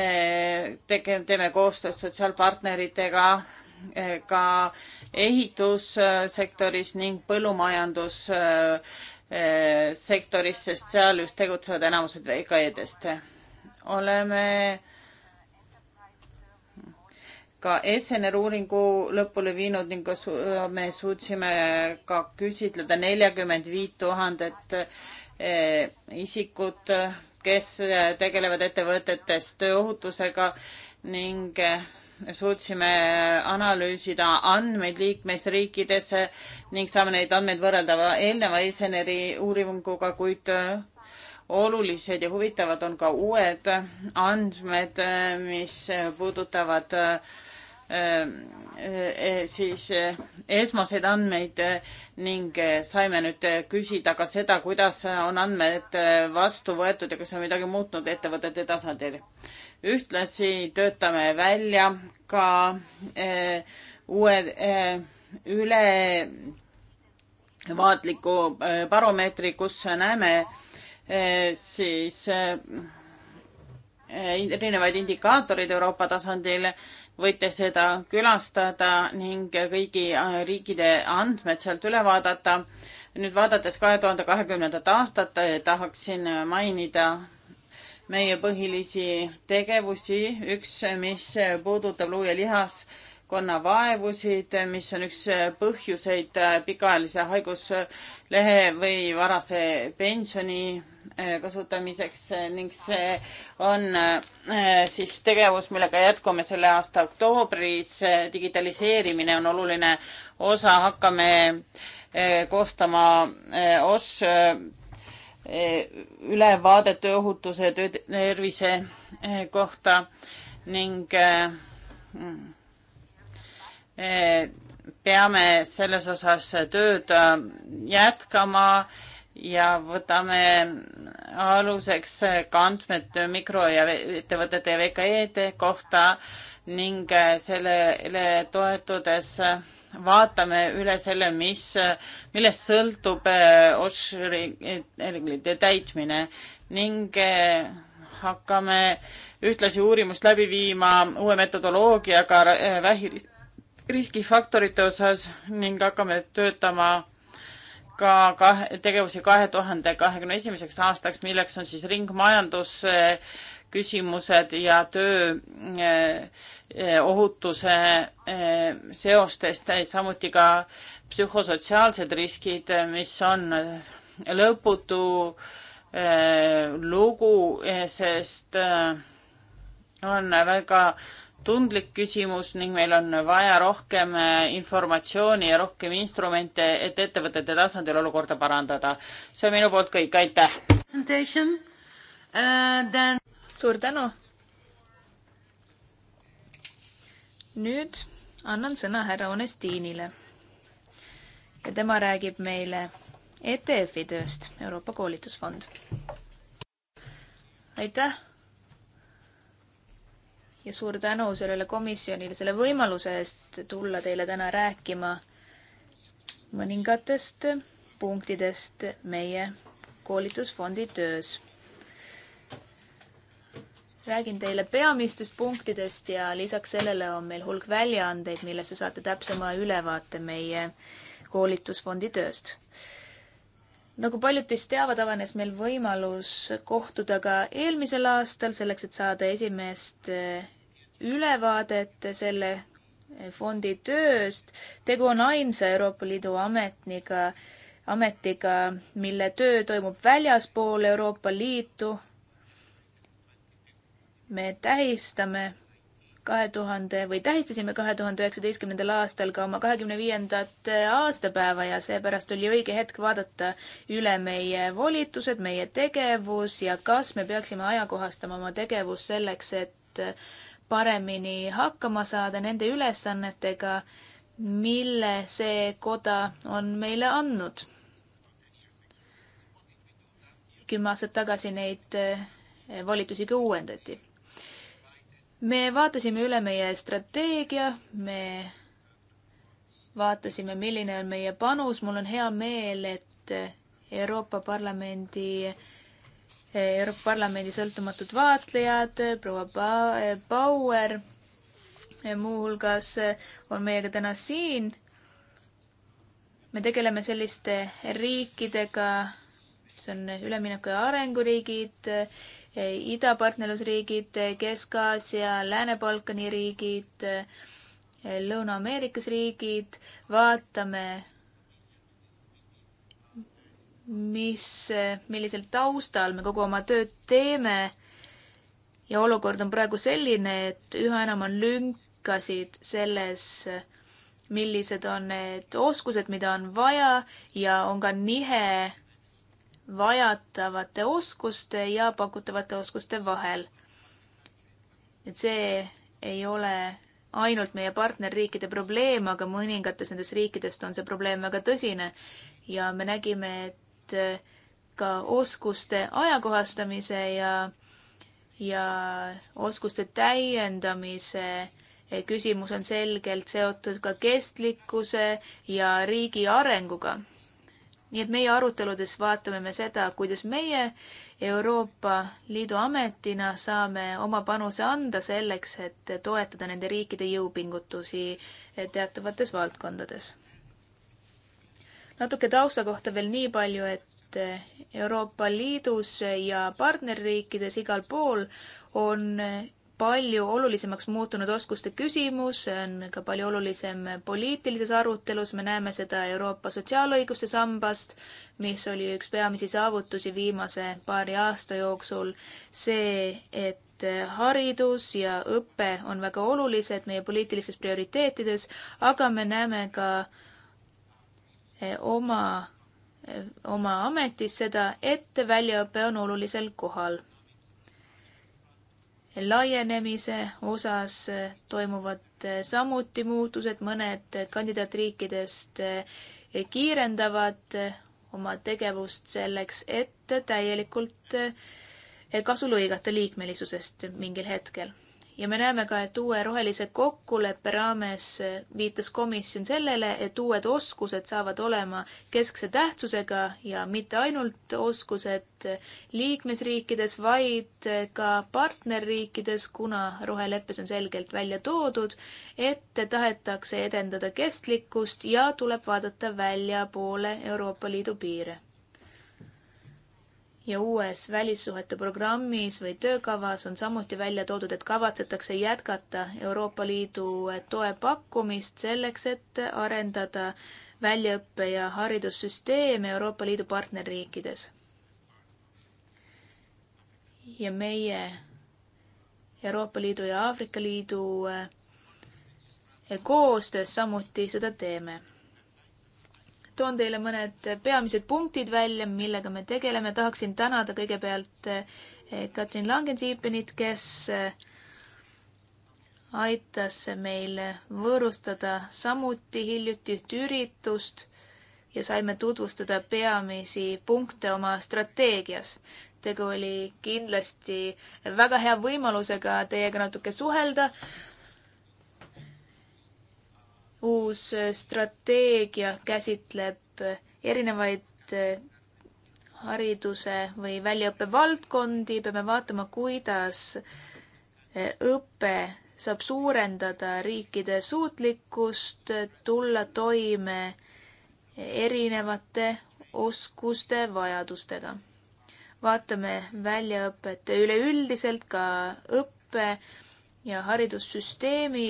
eh, tege-, teeme koostööd sotsiaalpartneritega eh, ka ehitussektoris ning põllumajandussektoris, sest seal just tegutsevad enamused VKE-dest. oleme ka Essener uuringu lõpule viinud ning me suutsime ka küsitleda neljakümmend viit tuhandet eh, isikut, kes eh, tegelevad ettevõtetes tööohutusega ning eh, suutsime analüüsida andmeid liikmesriikides ning saame neid andmeid võrrelda eelneva Esseneri uuringuga, kuid olulised ja huvitavad on ka uued andmed, mis puudutavad äh, Äh, äh, äh, siis esmaseid andmeid ning saime nüüd küsida ka seda, kuidas on andmed vastu võetud ja kas on midagi muutnud ettevõtete tasandil. ühtlasi töötame välja ka uue ülevaatliku baromeetri, kus näeme siis Eh, erinevaid indikaatoreid Euroopa tasandil, võite seda külastada ning kõigi äh, riikide andmed sealt üle vaadata. nüüd vaadates kahe tuhande kahekümnendat aastat, eh, tahaksin mainida meie põhilisi tegevusi, üks, mis puudutab luu- ja lihaskonna vaevusid, mis on üks põhjuseid äh, pikaajalise haiguslehe või varase pensioni Eh, kasutamiseks eh, ning see on eh, siis tegevus, millega jätkame selle aasta oktoobris. digitaliseerimine on oluline osa, hakkame koostama OS ülevaade tööohutuse, töötervise kohta ning peame selles osas tööd jätkama ja võtame aluseks kandmed mikro- ja ettevõtete ja VKE-de kohta ning sellele toetudes vaatame üle selle, mis, millest sõltub eh, otsuste eh, täitmine ning eh, hakkame ühtlasi uurimust läbi viima uue metodoloogiaga vähiriskifaktorite osas ning hakkame töötama ka kah-, tegevusi kahe tuhande kahekümne esimeseks aastaks, milleks on siis ringmajandus, eh, küsimused ja tööohutuse eh, eh, seostest, samuti ka psühhosotsiaalsed riskid, mis on lõputu lugu, sest on väga tundlik küsimus ning meil on vaja rohkem äh, informatsiooni ja rohkem instrumente, et ettevõtete tasandil olukorda parandada. see on minu poolt kõik, aitäh! Äh, suur tänu! nüüd annan sõna härra Onestiinile. ja tema räägib meile ETF-i tööst, Euroopa Koolitusfond. aitäh! ja suur tänu sellele komisjonile selle võimaluse eest tulla teile täna rääkima mõningatest punktidest meie koolitusfondi töös. räägin teile peamistest punktidest ja lisaks sellele on meil hulk väljaandeid, millesse saate täpsema ülevaate meie koolitusfondi tööst nagu paljud teist teavad, avanes meil võimalus kohtuda ka eelmisel aastal selleks, et saada esimest eh, ülevaadet selle eh, fondi tööst. tegu on ainsa Euroopa Liidu ametniga, ametiga, mille töö toimub väljaspool Euroopa Liitu. me tähistame kahe tuhande või tähistasime kahe tuhande üheksateistkümnendal aastal ka oma kahekümne viiendat aastapäeva ja seepärast oli õige hetk vaadata üle meie volitused, meie tegevus ja kas me peaksime ajakohastama oma tegevust selleks, et paremini hakkama saada nende ülesannetega, mille see koda on meile andnud. kümme aastat tagasi neid volitusi ka uuendati me vaatasime üle meie strateegia, me vaatasime, milline on meie panus, mul on hea meel, et Euroopa Parlamendi, Euroopa Parlamendi sõltumatud vaatlejad, proua Bauer muuhulgas on meiega täna siin. me tegeleme selliste riikidega, see on ülemineku ja arenguriigid idapartnerlusriigid, Kesk-Aasia, Lääne-Balkani riigid, Lõuna-Ameerikas riigid, vaatame, mis, millisel taustal me kogu oma tööd teeme. ja olukord on praegu selline, et üha enam on lünkasid selles millised on need oskused, mida on vaja ja on ka nihe vajatavate oskuste ja pakutavate oskuste vahel. et see ei ole ainult meie partnerriikide probleem, aga mõningates nendest riikidest on see probleem väga tõsine ja me nägime, et eh, ka oskuste ajakohastamise ja, ja oskuste täiendamise eh, küsimus on selgelt seotud ka kestlikkuse ja riigi arenguga nii et meie aruteludes vaatame me seda, kuidas meie Euroopa Liidu ametina saame oma panuse anda selleks, et toetada nende riikide jõupingutusi teatavates valdkondades. natuke tausta kohta veel nii palju, et Euroopa Liidus ja partnerriikides igal pool on palju olulisemaks muutunud oskuste küsimus, see on ka palju olulisem poliitilises arutelus, me näeme seda Euroopa sotsiaalõiguste sambast, mis oli üks peamisi saavutusi viimase paari aasta jooksul, see, et haridus ja õpe on väga olulised meie poliitilistes prioriteetides, aga me näeme ka eh, oma, eh, oma ametis seda, et väljaõpe on olulisel kohal laienemise osas toimuvad samuti muutused, mõned kandidaatriikidest kiirendavad oma tegevust selleks, et täielikult kasu lõigata liikmelisusest mingil hetkel ja me näeme ka, et uue rohelise kokkuleppe raames viitas komisjon sellele, et uued oskused saavad olema keskse tähtsusega ja mitte ainult oskused liikmesriikides, vaid ka partnerriikides, kuna roheleppes on selgelt välja toodud, et tahetakse edendada kestlikkust ja tuleb vaadata väljapoole Euroopa Liidu piire ja uues välissuhete programmis või töökavas on samuti välja toodud, et kavatsetakse jätkata Euroopa Liidu toe pakkumist selleks, et arendada väljaõppe- ja haridussüsteeme Euroopa Liidu partnerriikides. ja meie Euroopa Liidu ja Aafrika Liidu eh, koostöös samuti seda teeme toon teile mõned peamised punktid välja, millega me tegeleme. tahaksin tänada kõigepealt eh, Katrin Langensiipenit, kes eh, aitas meil võõrustada samuti hiljutist üritust ja saime tutvustada peamisi punkte oma strateegias. tegu oli kindlasti väga hea võimalusega teiega natuke suhelda uus strateegia käsitleb erinevaid eh, hariduse või väljaõppevaldkondi, peame vaatama, kuidas eh, õpe saab suurendada riikide suutlikkust tulla toime erinevate oskuste vajadustega. vaatame väljaõpet üleüldiselt ka õppe ja haridussüsteemi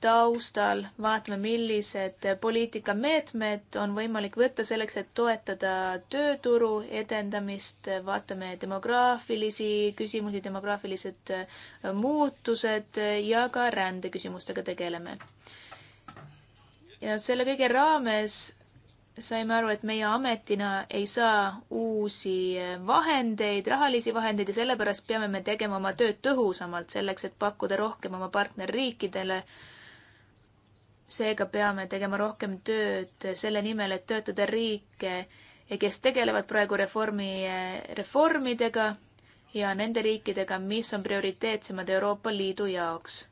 taustal vaatame, millised poliitikameetmed on võimalik võtta selleks, et toetada tööturu edendamist, vaatame demograafilisi küsimusi, demograafilised äh, muutused ja ka rändeküsimustega tegeleme. ja selle kõige raames saime aru, et meie ametina ei saa uusi vahendeid, rahalisi vahendeid ja sellepärast peame me tegema oma tööd tõhusamalt, selleks et pakkuda rohkem oma partnerriikidele. seega peame tegema rohkem tööd selle nimel, et töötada riike, kes tegelevad praegu reformi, reformidega ja nende riikidega, mis on prioriteetsemad Euroopa Liidu jaoks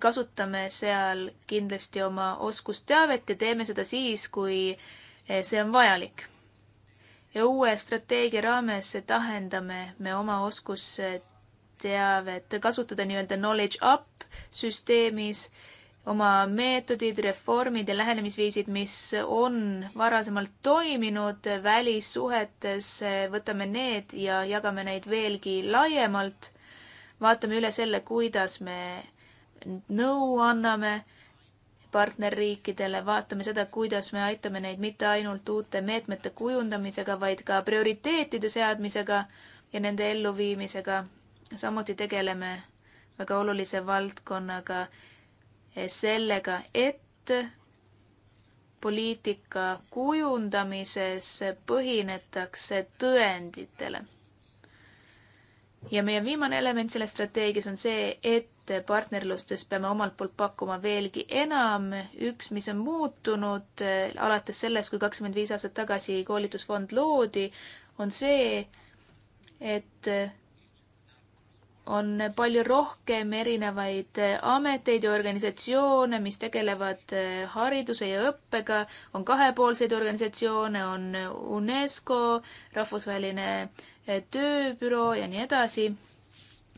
kasutame seal kindlasti oma oskusteavet ja teeme seda siis, kui eh, see on vajalik. ja uue strateegia raames tahendame me oma oskusteavet kasutada nii-öelda knowledge up süsteemis, oma meetodid, reformid ja lähenemisviisid, mis on varasemalt toiminud välissuhetes, võtame need ja jagame neid veelgi laiemalt. vaatame üle selle, kuidas me nõu anname partnerriikidele, vaatame seda, kuidas me aitame neid mitte ainult uute meetmete kujundamisega, vaid ka prioriteetide seadmisega ja nende elluviimisega. samuti tegeleme väga olulise valdkonnaga eh, sellega, et poliitika kujundamises põhinetakse tõenditele. ja meie viimane element selles strateegias on see, et et partnerlustes peame omalt poolt pakkuma veelgi enam. üks, mis on muutunud eh, alates sellest, kui kakskümmend viis aastat tagasi koolitusfond loodi, on see, et eh, on palju rohkem erinevaid eh, ameteid ja organisatsioone, mis tegelevad hariduse ja õppega, on kahepoolseid organisatsioone, on UNESCO, Rahvusvaheline Tööbüroo ja nii edasi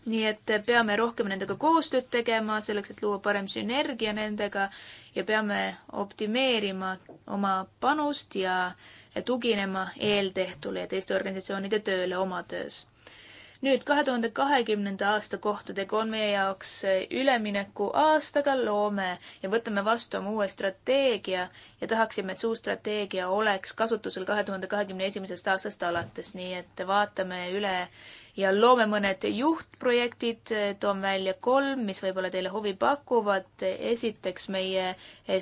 nii et peame rohkem nendega koostööd tegema selleks, et luua parem sünergia nendega ja peame optimeerima oma panust ja tuginema eeltehtule ja teiste organisatsioonide tööle oma töös. nüüd kahe tuhande kahekümnenda aasta kohta tegu on meie jaoks ülemineku aastaga, loome ja võtame vastu oma uue strateegia ja tahaksime, et see uus strateegia oleks kasutusel kahe tuhande kahekümne esimesest aastast alates, nii et vaatame üle ja loome mõned juhtprojektid, toon välja kolm, mis võib-olla teile huvi pakuvad. esiteks meie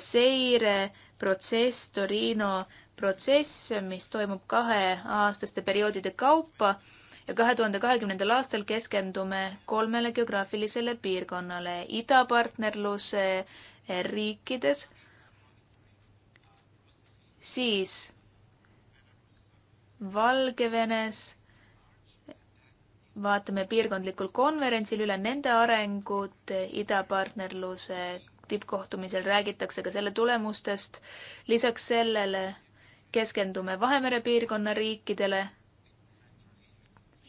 seireprotsess, Torino protsess, mis toimub kaheaastaste perioodide kaupa ja kahe tuhande kahekümnendal aastal keskendume kolmele geograafilisele piirkonnale idapartnerluse riikides. siis Valgevenes vaatame piirkondlikul konverentsil üle nende arengud idapartnerluse tippkohtumisel räägitakse ka selle tulemustest. lisaks sellele keskendume Vahemere piirkonna riikidele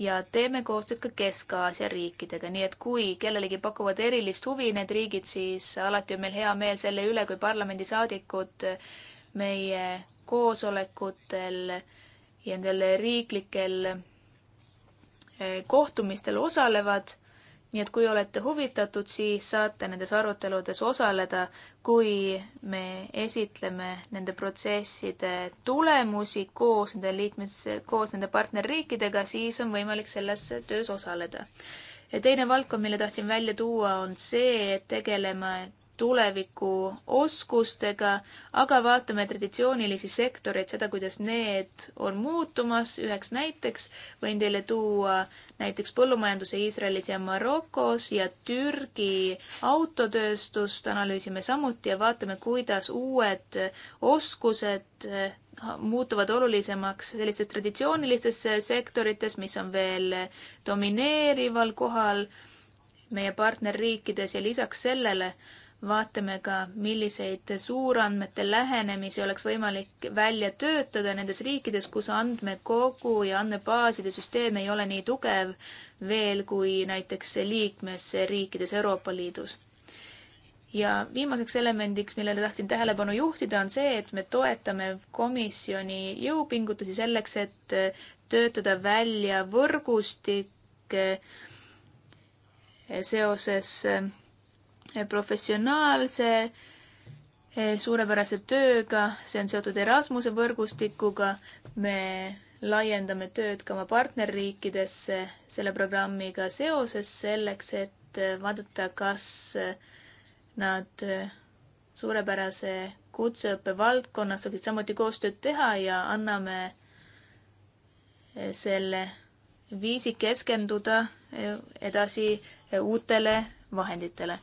ja teeme koostööd ka Kesk-Aasia riikidega, nii et kui kellelegi pakuvad erilist huvi need riigid, siis alati on meil hea meel selle üle, kui parlamendisaadikud meie koosolekutel ja nendel riiklikel kohtumistel osalevad. nii et kui olete huvitatud, siis saate nendes aruteludes osaleda, kui me esitleme nende protsesside tulemusi koos nende liikmes, koos nende partnerriikidega, siis on võimalik selles töös osaleda. ja teine valdkond, mille tahtsin välja tuua, on see, et tegeleme tulevikuoskustega, aga vaatame traditsioonilisi sektoreid, seda, kuidas need on muutumas. üheks näiteks võin teile tuua näiteks põllumajanduse Iisraelis ja Marokos ja Türgi autotööstust analüüsime samuti ja vaatame, kuidas uued oskused eh, muutuvad olulisemaks sellistes traditsioonilistes eh, sektorites, mis on veel domineerival kohal meie partnerriikides ja lisaks sellele vaatame ka, milliseid suurandmete lähenemisi oleks võimalik välja töötada nendes riikides, kus andmekogu ja andmebaaside süsteem ei ole nii tugev veel kui näiteks liikmesriikides Euroopa Liidus. ja viimaseks elemendiks, millele tahtsin tähelepanu juhtida, on see, et me toetame komisjoni jõupingutusi selleks, et töötada välja võrgustik seoses professionaalse eh, suurepärase tööga, see on seotud Erasmuse võrgustikuga, me laiendame tööd ka oma partnerriikidesse selle programmiga seoses, selleks et eh, vaadata, kas eh, nad suurepärase kutseõppe valdkonnas saaksid samuti koostööd teha ja anname selle viisi keskenduda edasi uutele vahenditele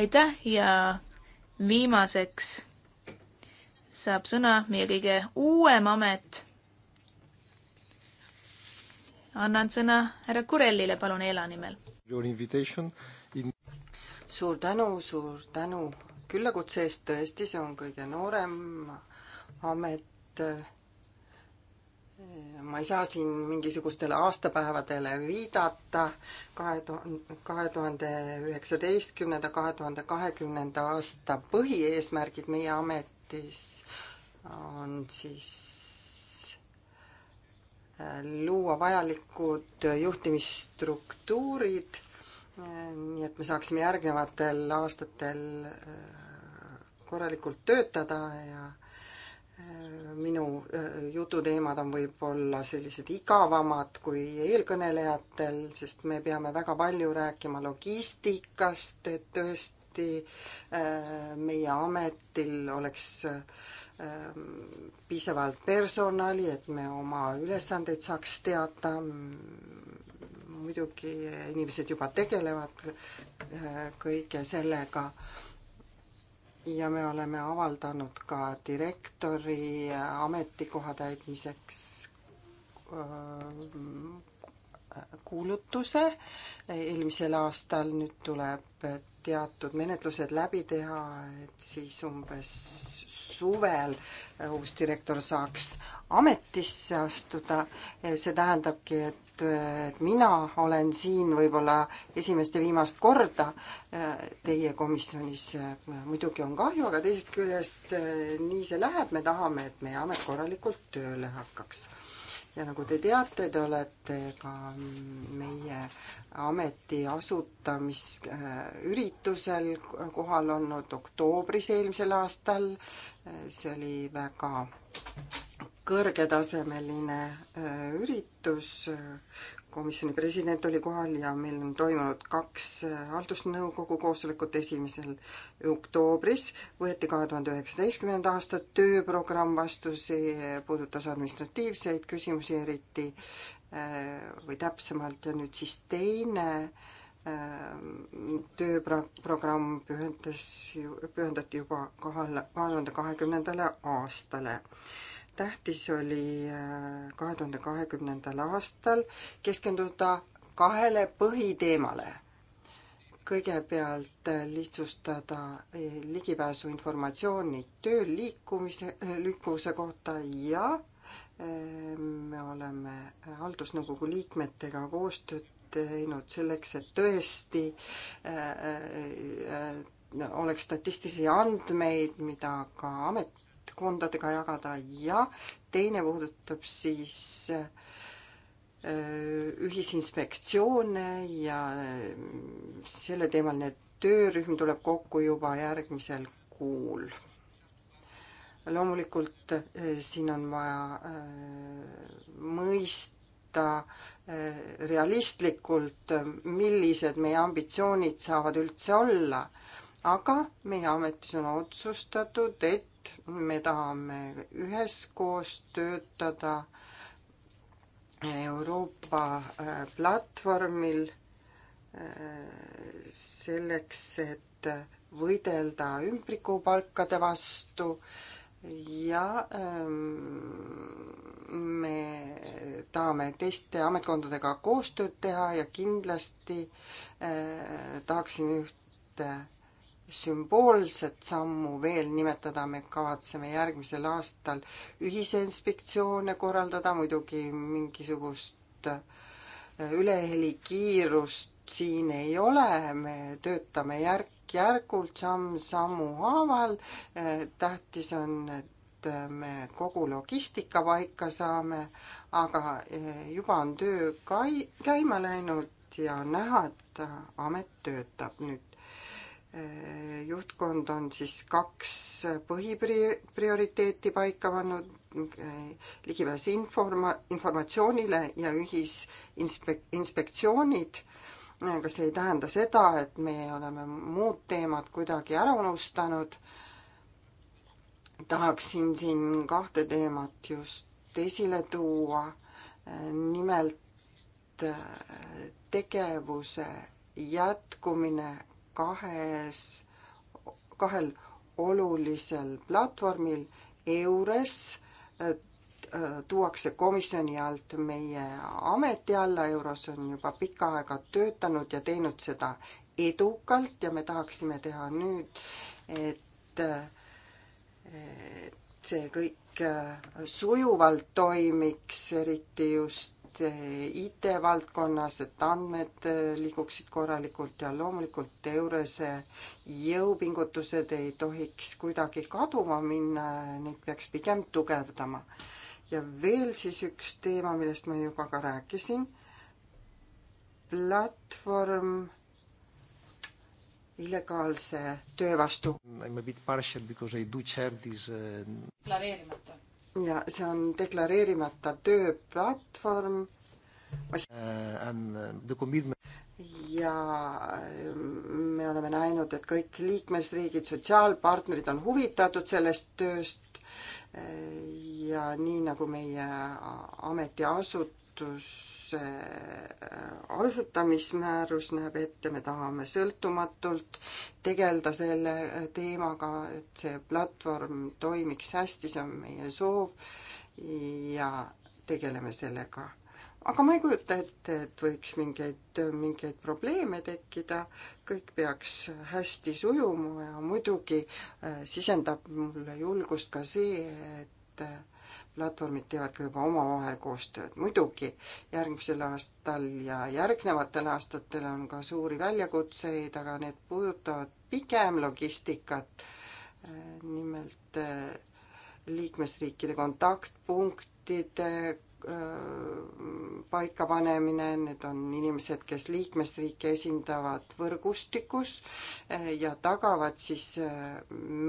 aitäh ja viimaseks saab sõna meie kõige uuem amet. annan sõna härra Kurellile, palun, Eela nimel. In... suur tänu, suur tänu küllakutse eest, tõesti, see on kõige noorem amet ma ei saa siin mingisugustele aastapäevadele viidata, kahe tuhande, kahe tuhande üheksateistkümnenda, kahe tuhande kahekümnenda aasta põhieesmärgid meie ametis on siis äh, luua vajalikud juhtimisstruktuurid, äh, nii et me saaksime järgnevatel aastatel äh, korralikult töötada ja minu äh, jututeemad on võib-olla sellised igavamad kui eelkõnelejatel, sest me peame väga palju rääkima logistikast, et tõesti äh, meie ametil oleks äh, piisavalt personali, et me oma ülesandeid saaks teada. muidugi inimesed juba tegelevad kõige sellega ja me oleme avaldanud ka direktori ametikoha täitmiseks äh, kuulutuse eelmisel aastal, nüüd tuleb teatud menetlused läbi teha, et siis umbes suvel äh, uus direktor saaks ametisse astuda. Äh, see tähendabki, et, äh, et mina olen siin võib-olla esimest ja viimast korda teie komisjonis. muidugi on kahju, aga teisest küljest nii see läheb, me tahame, et meie amet korralikult tööle hakkaks ja nagu te teate, te olete ka meie ameti asutamisüritusel kohal olnud oktoobris eelmisel aastal. see oli väga kõrgetasemeline üritus, komisjoni president oli kohal ja meil on toimunud kaks äh, haldusnõukogu koosolekut, esimesel oktoobris võeti kahe tuhande üheksateistkümnenda aasta tööprogramm vastu, see puudutas administratiivseid küsimusi eriti äh, või täpsemalt ja nüüd siis teine äh, tööprogramm pühendas, pühendati juba kahe, kahe tuhande kahekümnendale aastale tähtis oli äh, kahe tuhande kahekümnendal aastal keskenduda kahele põhiteemale. kõigepealt äh, lihtsustada äh, ligipääsu informatsiooni tööl liikumise, liikuvuse kohta ja me oleme haldusnõukogu liikmetega koostööd teinud selleks, et tõesti äh, äh, oleks statistilisi andmeid, mida ka amet, valdkondadega jagada ja teine puudutab siis äh, ühisinspektsioone ja äh, selleteemaline töörühm tuleb kokku juba järgmisel kuul. loomulikult äh, siin on vaja mõista, võtta realistlikult, millised meie ambitsioonid saavad üldse olla aga meie ametis on otsustatud, et me tahame üheskoos töötada Euroopa äh, platvormil äh, selleks, et võidelda ümbrikupalkade vastu ja ähm, me tahame teiste ametkondadega koostööd teha ja kindlasti äh, tahaksin ühte sümboolset sammu veel nimetada, me kavatseme järgmisel aastal ühisinspektsioone korraldada, muidugi mingisugust äh, ülehelikiirust siin ei ole, me töötame järk-järgult, samm-sammu haaval. Äh, tähtis on, et äh, me kogu logistika paika saame, aga juba on töö kai-, käima läinud ja näha, et amet töötab nüüd juhtkond on siis kaks põhiprioriteeti paika pannud, ligipääs informa-, informatsioonile ja ühisinspek-, inspektsioonid, aga see ei tähenda seda, et me oleme muud teemad kuidagi ära unustanud. tahaksin siin kahte teemat just esile tuua, nimelt äh, tegevuse jätkumine kahes, kahel olulisel platvormil EURES äh, tuuakse komisjoni alt meie ameti alla, EURES on juba pikka aega töötanud ja teinud seda edukalt ja me tahaksime teha nüüd, et äh, see kõik äh, sujuvalt toimiks, eriti just et eh, IT-valdkonnas, et andmed eh, liiguksid korralikult ja loomulikult EURES-e jõupingutused ei tohiks kuidagi kaduma minna, neid peaks pigem tugevdama. ja veel siis üks teema, millest ma juba ka rääkisin, platvorm illegaalse töö vastu. Eh, planeerimata ja see on deklareerimata tööplatvorm. Eh, eh, ja eh, me oleme näinud, et kõik liikmesriigid, sotsiaalpartnerid on huvitatud sellest tööst ja nii nagu meie ametiasut-, asutuse äh, asutamismäärus näeb ette, me tahame sõltumatult tegeleda selle äh, teemaga, et see platvorm toimiks hästi, see on meie soov ja tegeleme sellega. aga ma ei kujuta ette, et võiks mingeid, mingeid probleeme tekkida, kõik peaks hästi sujuma ja muidugi äh, sisendab mulle julgust ka see, et platvormid teevad ka juba omavahel koostööd. muidugi järgmisel aastal ja järgnevatel aastatel on ka suuri väljakutseid, aga need puudutavad pigem logistikat. nimelt eh, liikmesriikide kontaktpunktide Äh, paikapanemine, need on inimesed, kes liikmesriike esindavad võrgustikus äh, ja tagavad siis äh,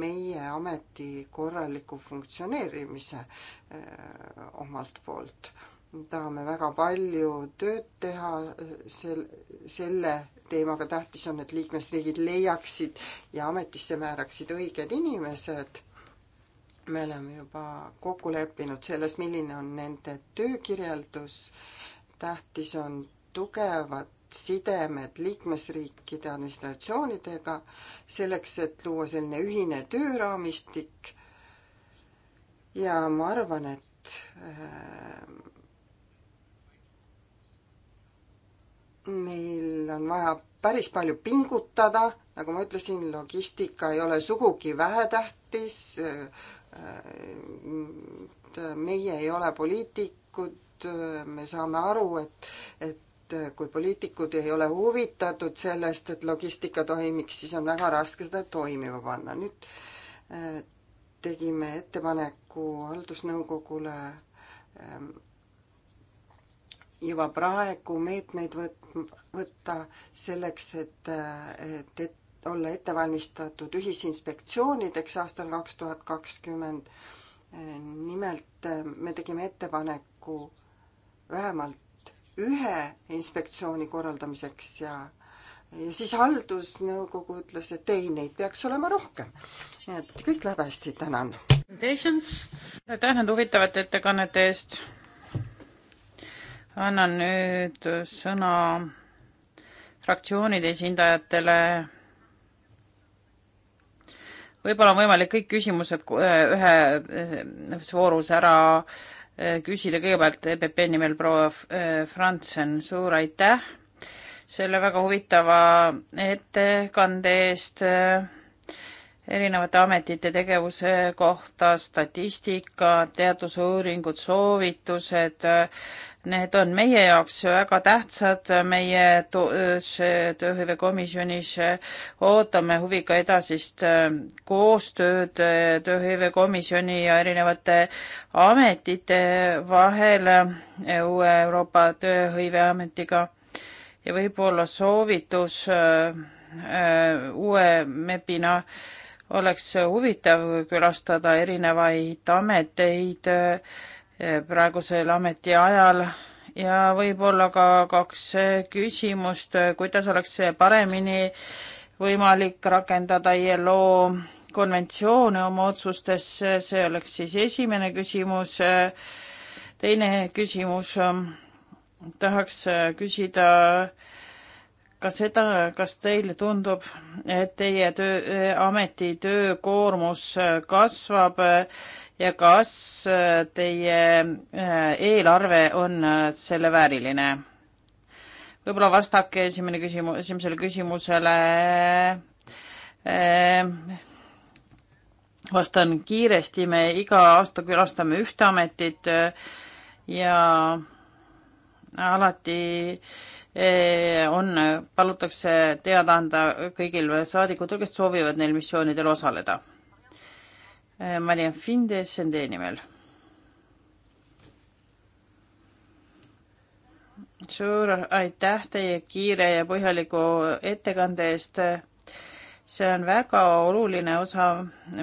meie ameti korraliku funktsioneerimise omalt poolt. tahame väga palju tööd teha sel, selle teemaga, tähtis on, et liikmesriigid leiaksid ja ametisse määraksid õiged inimesed me oleme juba kokku leppinud selles, milline on nende töökirjeldus. tähtis on tugevad sidemed liikmesriikide administratsioonidega selleks, et luua selline ühine tööraamistik. ja ma arvan, et äh, meil on vaja päris palju pingutada, nagu ma ütlesin, logistika ei ole sugugi vähetähtis meie ei ole poliitikud, me saame aru, et, et kui poliitikud ei ole huvitatud sellest, et logistika toimiks, siis on väga raske seda toimima panna. nüüd äh, tegime ettepaneku haldusnõukogule ähm, juba praegu meetmeid võt-, võtta selleks, et, äh, et, et olla ette valmistatud ühisinspektsioonideks aastal kaks tuhat kakskümmend. nimelt äh, me tegime ettepaneku vähemalt ühe inspektsiooni korraldamiseks ja ja siis haldusnõukogu ütles, et ei, neid peaks olema rohkem. nii et kõik läheb hästi, tänan. aitäh nende huvitavate ettekannete eest. annan nüüd sõna fraktsioonide esindajatele võib-olla on võimalik kõik küsimused äh, ühe äh, voorus ära äh, küsida, kõigepealt EPP nimel proua Franzen, suur aitäh selle väga huvitava ettekande eest erinevate ametite tegevuse kohta, statistika, teadusuuringud, soovitused, need on meie jaoks väga tähtsad, meie tööhõive komisjonis ootame huviga edasist ähm, koostööd äh, tööhõive komisjoni ja erinevate ametite vahel äh, uue Euroopa Tööhõiveametiga ja võib-olla soovitus äh, uue MEP-ina äh, oleks huvitav külastada erinevaid ameteid eh, praegusel ametiajal ja võib-olla ka kaks eh, küsimust, eh, kuidas oleks paremini võimalik rakendada ILO konventsioone oma otsustesse, see oleks siis esimene küsimus. teine küsimus, tahaks küsida äh, ka seda, kas teile tundub, et teie töö, ameti töökoormus äh, kasvab äh, ja kas äh, teie eelarve on selle vääriline? võib-olla vastake esimene küsimus, esimesele küsimusele. vastan kiiresti, me iga aasta külastame ühte ametit ja alati Eh, on, palutakse teada anda kõigil saadikutel, kes soovivad neil missioonidel osaleda. Eh, Mariann Finde SMD nimel. suur aitäh teie kiire ja põhjaliku ettekande eest. see on väga oluline osa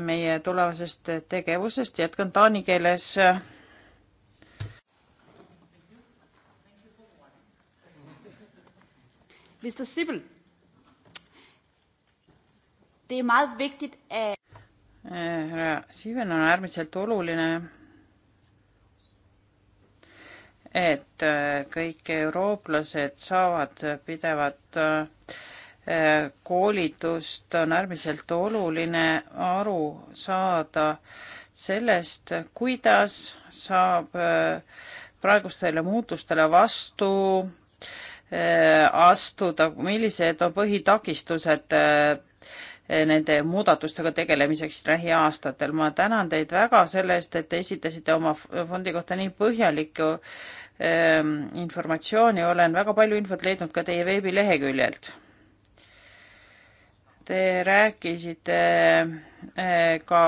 meie tulevasest tegevusest, jätkan taani keeles Mr. Sibbel. Det er meget vigtigt, at... Eh, härra Siiven on äärmiselt oluline, et eh, kõik eurooplased saavad pidevat eh, koolitust, on äärmiselt oluline aru saada sellest, kuidas saab praegustele muutustele vastu Äh, astuda, millised on põhitakistused äh, nende muudatustega tegelemiseks lähiaastatel. ma tänan teid väga selle eest, et te esitasite oma fondi kohta nii põhjalikku ähm, informatsiooni, olen väga palju infot leidnud ka teie veebileheküljelt. Te rääkisite äh, ka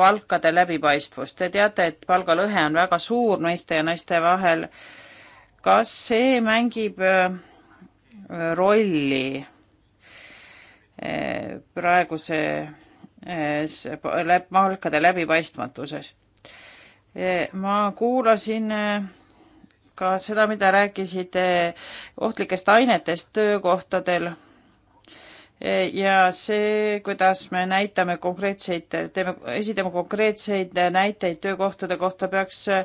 palkade läbipaistvust, te teate, et palgalõhe on väga suur meeste ja naiste vahel kas see mängib äh, äh, rolli äh, praeguse palkade läbipaistmatuses? ma kuulasin ka seda, mida rääkisite ohtlikest ainetest töökohtadel ja see, kuidas me näitame konkreetseid, teeme, esitame konkreetseid näiteid töökohtade kohta, peaks äh,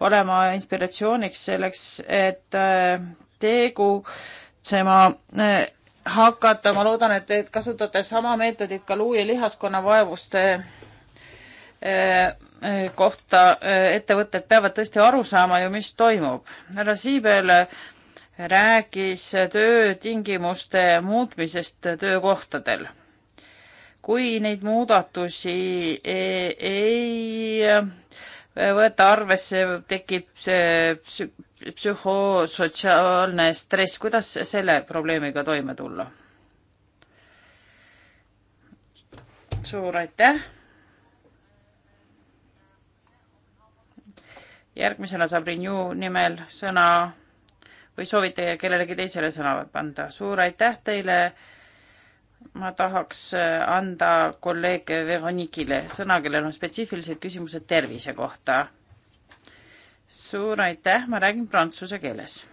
olema inspiratsiooniks selleks, et äh, tegutsema äh, hakata, ma loodan, et te kasutate sama meetodit ka luu- ja lihaskonna vaevuste kohta ettevõtted peavad tõesti aru saama ju, mis toimub. härra Siibel rääkis töötingimuste muutmisest töökohtadel. kui neid muudatusi e-, ei, ei võeta arvesse, tekib see psühhosotsiaalne stress, kuidas selle probleemiga toime tulla? suur aitäh! järgmisena saab Renew nimel sõna või soovite kellelegi teisele sõna anda? suur aitäh teile. ma tahaks äh, anda kolleeg Veronikile sõna, kellel on spetsiifilised küsimused tervise kohta. suur aitäh, ma räägin prantsuse keeles.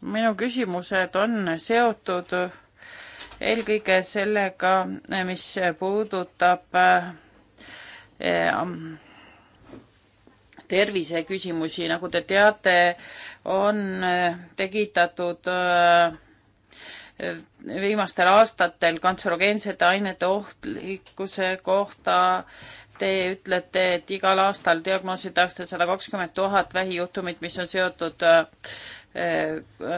minu küsimused on seotud eelkõige sellega, mis puudutab äh, äh, terviseküsimusi, nagu te teate, on äh, tekitatud äh, viimastel aastatel kantserogeensete ainete ohtlikkuse kohta. Te ütlete, et igal aastal diagnoositakse sada kakskümmend tuhat vähijuhtumit, mis on seotud äh,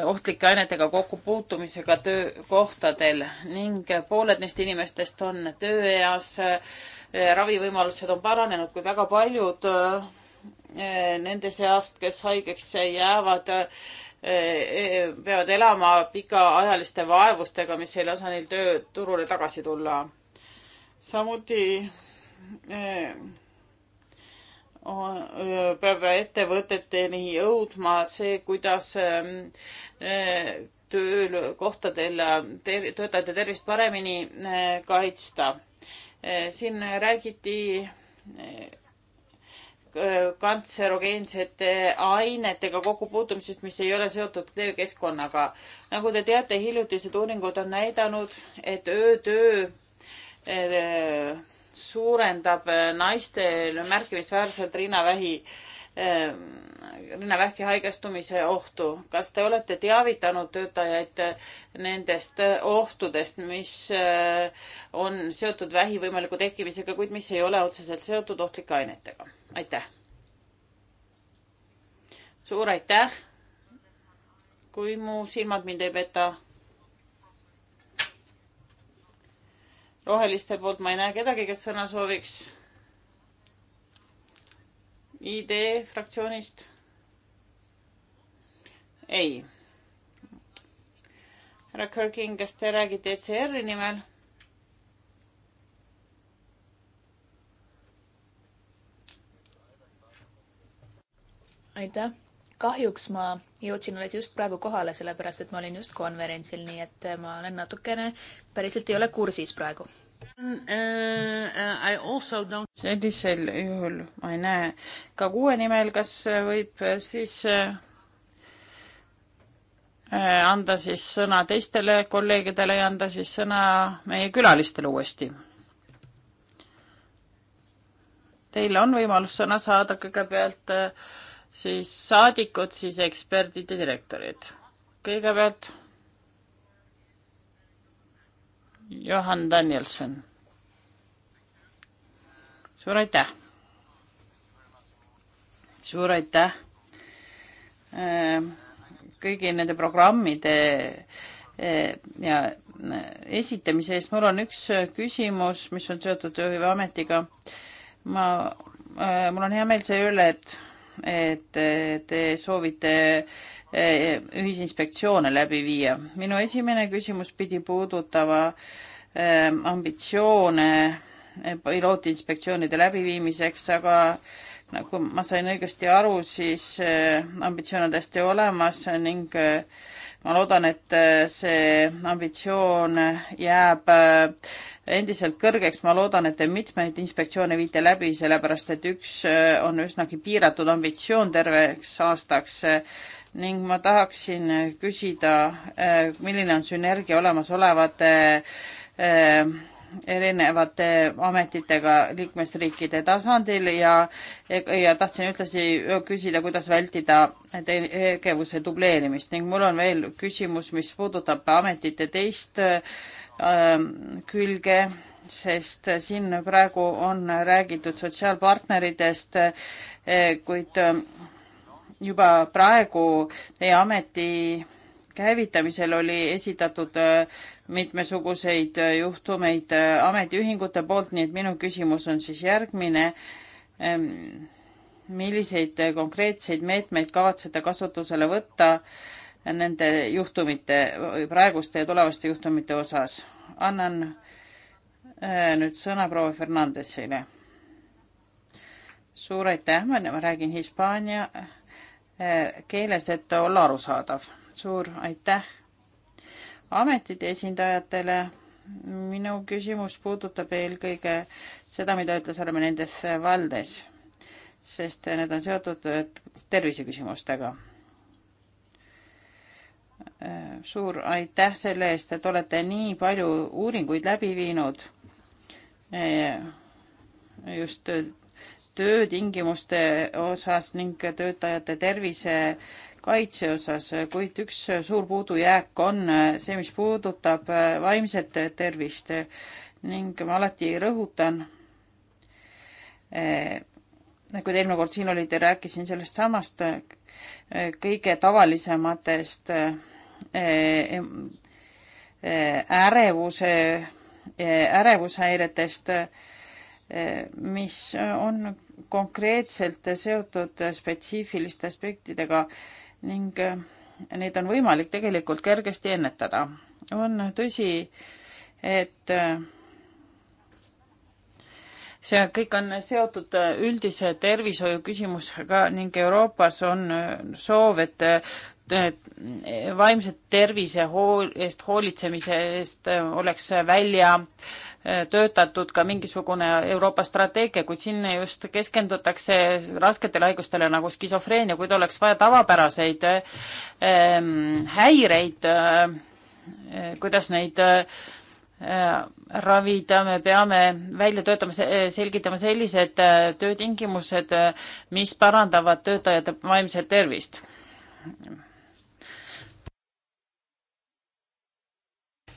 ohtlike ainetega kokkupuutumisega töökohtadel ning pooled neist inimestest on tööeas. ravivõimalused on paranenud, kuid väga paljud Eh, nende seast, kes haigeks jäävad, eh, eh, peavad elama pikaajaliste vaevustega, mis ei lase neil tööturule tagasi tulla. samuti peab ettevõteteni jõudma see, kuidas töökohtadel töötajate tervist paremini kaitsta. siin räägiti Äh, kantserogeensete ainetega kokkupuutumisest, mis ei ole seotud töökeskkonnaga. nagu te teate, hiljutised uuringud on näidanud, et öötöö äh, suurendab naistel märkimisväärselt rinnavähi, äh, rinnavähki haigestumise ohtu. kas te olete teavitanud töötajaid nendest ohtudest, mis on seotud vähi võimaliku tekkimisega, kuid mis ei ole otseselt seotud ohtlike ainetega? aitäh! suur aitäh! kui mu silmad mind ei peta. roheliste poolt ma ei näe kedagi, kes sõna sooviks. ID fraktsioonist? ei. härra Kirking, kas te räägite ECR-i nimel? aitäh! kahjuks ma jõudsin alles just praegu kohale, sellepärast et ma olin just konverentsil, nii et äh, ma olen natukene, päriselt ei ole kursis praegu mm, äh, äh, sellisel juhul ma ei näe ka kuue nimel, kas võib siis anda siis sõna teistele kolleegidele ja anda siis sõna meie külalistele uuesti. Teil on võimalus sõna saada kõigepealt äh, siis saadikud, siis eksperdid ja direktorid. kõigepealt Johan Danielson. suur aitäh! suur aitäh äh, kõigi nende programmide äh, ja äh, esitamise eest. mul on üks küsimus, mis on seotud tööhõiveametiga. ma, mul on hea meel selle üle, et et eh, te soovite eh, ühisinspektsioone läbi viia. minu esimene küsimus pidi puudutama eh, ambitsioone pilootinspektsioonide läbiviimiseks, aga nagu ma sain õigesti aru, siis ambitsioon on täiesti olemas ning äh, ma loodan, et äh, see ambitsioon jääb äh, endiselt kõrgeks, ma loodan, et te mitmeid inspektsioone viite läbi, sellepärast et üks äh, on üsnagi piiratud ambitsioon terveks aastaks ning ma tahaksin küsida, milline on sünergia olemasolevate erinevate ametitega liikmesriikide tasandil ja, ja tahtsin ühtlasi küsida, kuidas vältida tegevuse dubleerimist ning mul on veel küsimus, mis puudutab ametite teist äh, külge, sest siin praegu on räägitud sotsiaalpartneritest äh,, kuid äh, juba praegu teie ameti käivitamisel oli esitatud äh, mitmesuguseid äh, juhtumeid äh, ametiühingute poolt, nii et minu küsimus on siis järgmine. Ähm, milliseid konkreetseid meetmeid kavatsete kasutusele võtta nende juhtumite, praeguste ja tulevaste juhtumite osas? annan nüüd sõna proua Fernandesile. suur aitäh, ma räägin hispaania keeles, et olla arusaadav suur aitäh ametite esindajatele. minu küsimus puudutab eelkõige seda, mida ütles oleme nendes valdes, sest need on seotud terviseküsimustega. suur aitäh selle eest, et olete nii palju uuringuid läbi viinud just töötingimuste osas ning töötajate tervise kaitse osas, kuid üks suur puudujääk on see, mis puudutab vaimset tervist ning ma alati rõhutan, kui nagu eelmine kord siin olite, rääkisin sellest samast kõige tavalisematest eh, ärevuse, ärevushäiretest, eh, mis on konkreetselt seotud spetsiifiliste aspektidega ning äh, neid on võimalik tegelikult kergesti ennetada. on tõsi, et äh, see kõik on seotud äh, üldise tervishoiu küsimusega ning Euroopas on soov, et vaimse tervise hool, eest hoolitsemise eest äh, oleks välja äh, töötatud ka mingisugune Euroopa strateegia, kuid sinna just keskendutakse rasketele haigustele nagu skisofreenia, kuid oleks vaja tavapäraseid ähm, häireid äh,, kuidas neid äh, ravida, me peame välja töötama, selgitama sellised äh, töötingimused, äh, mis parandavad töötajate vaimset tervist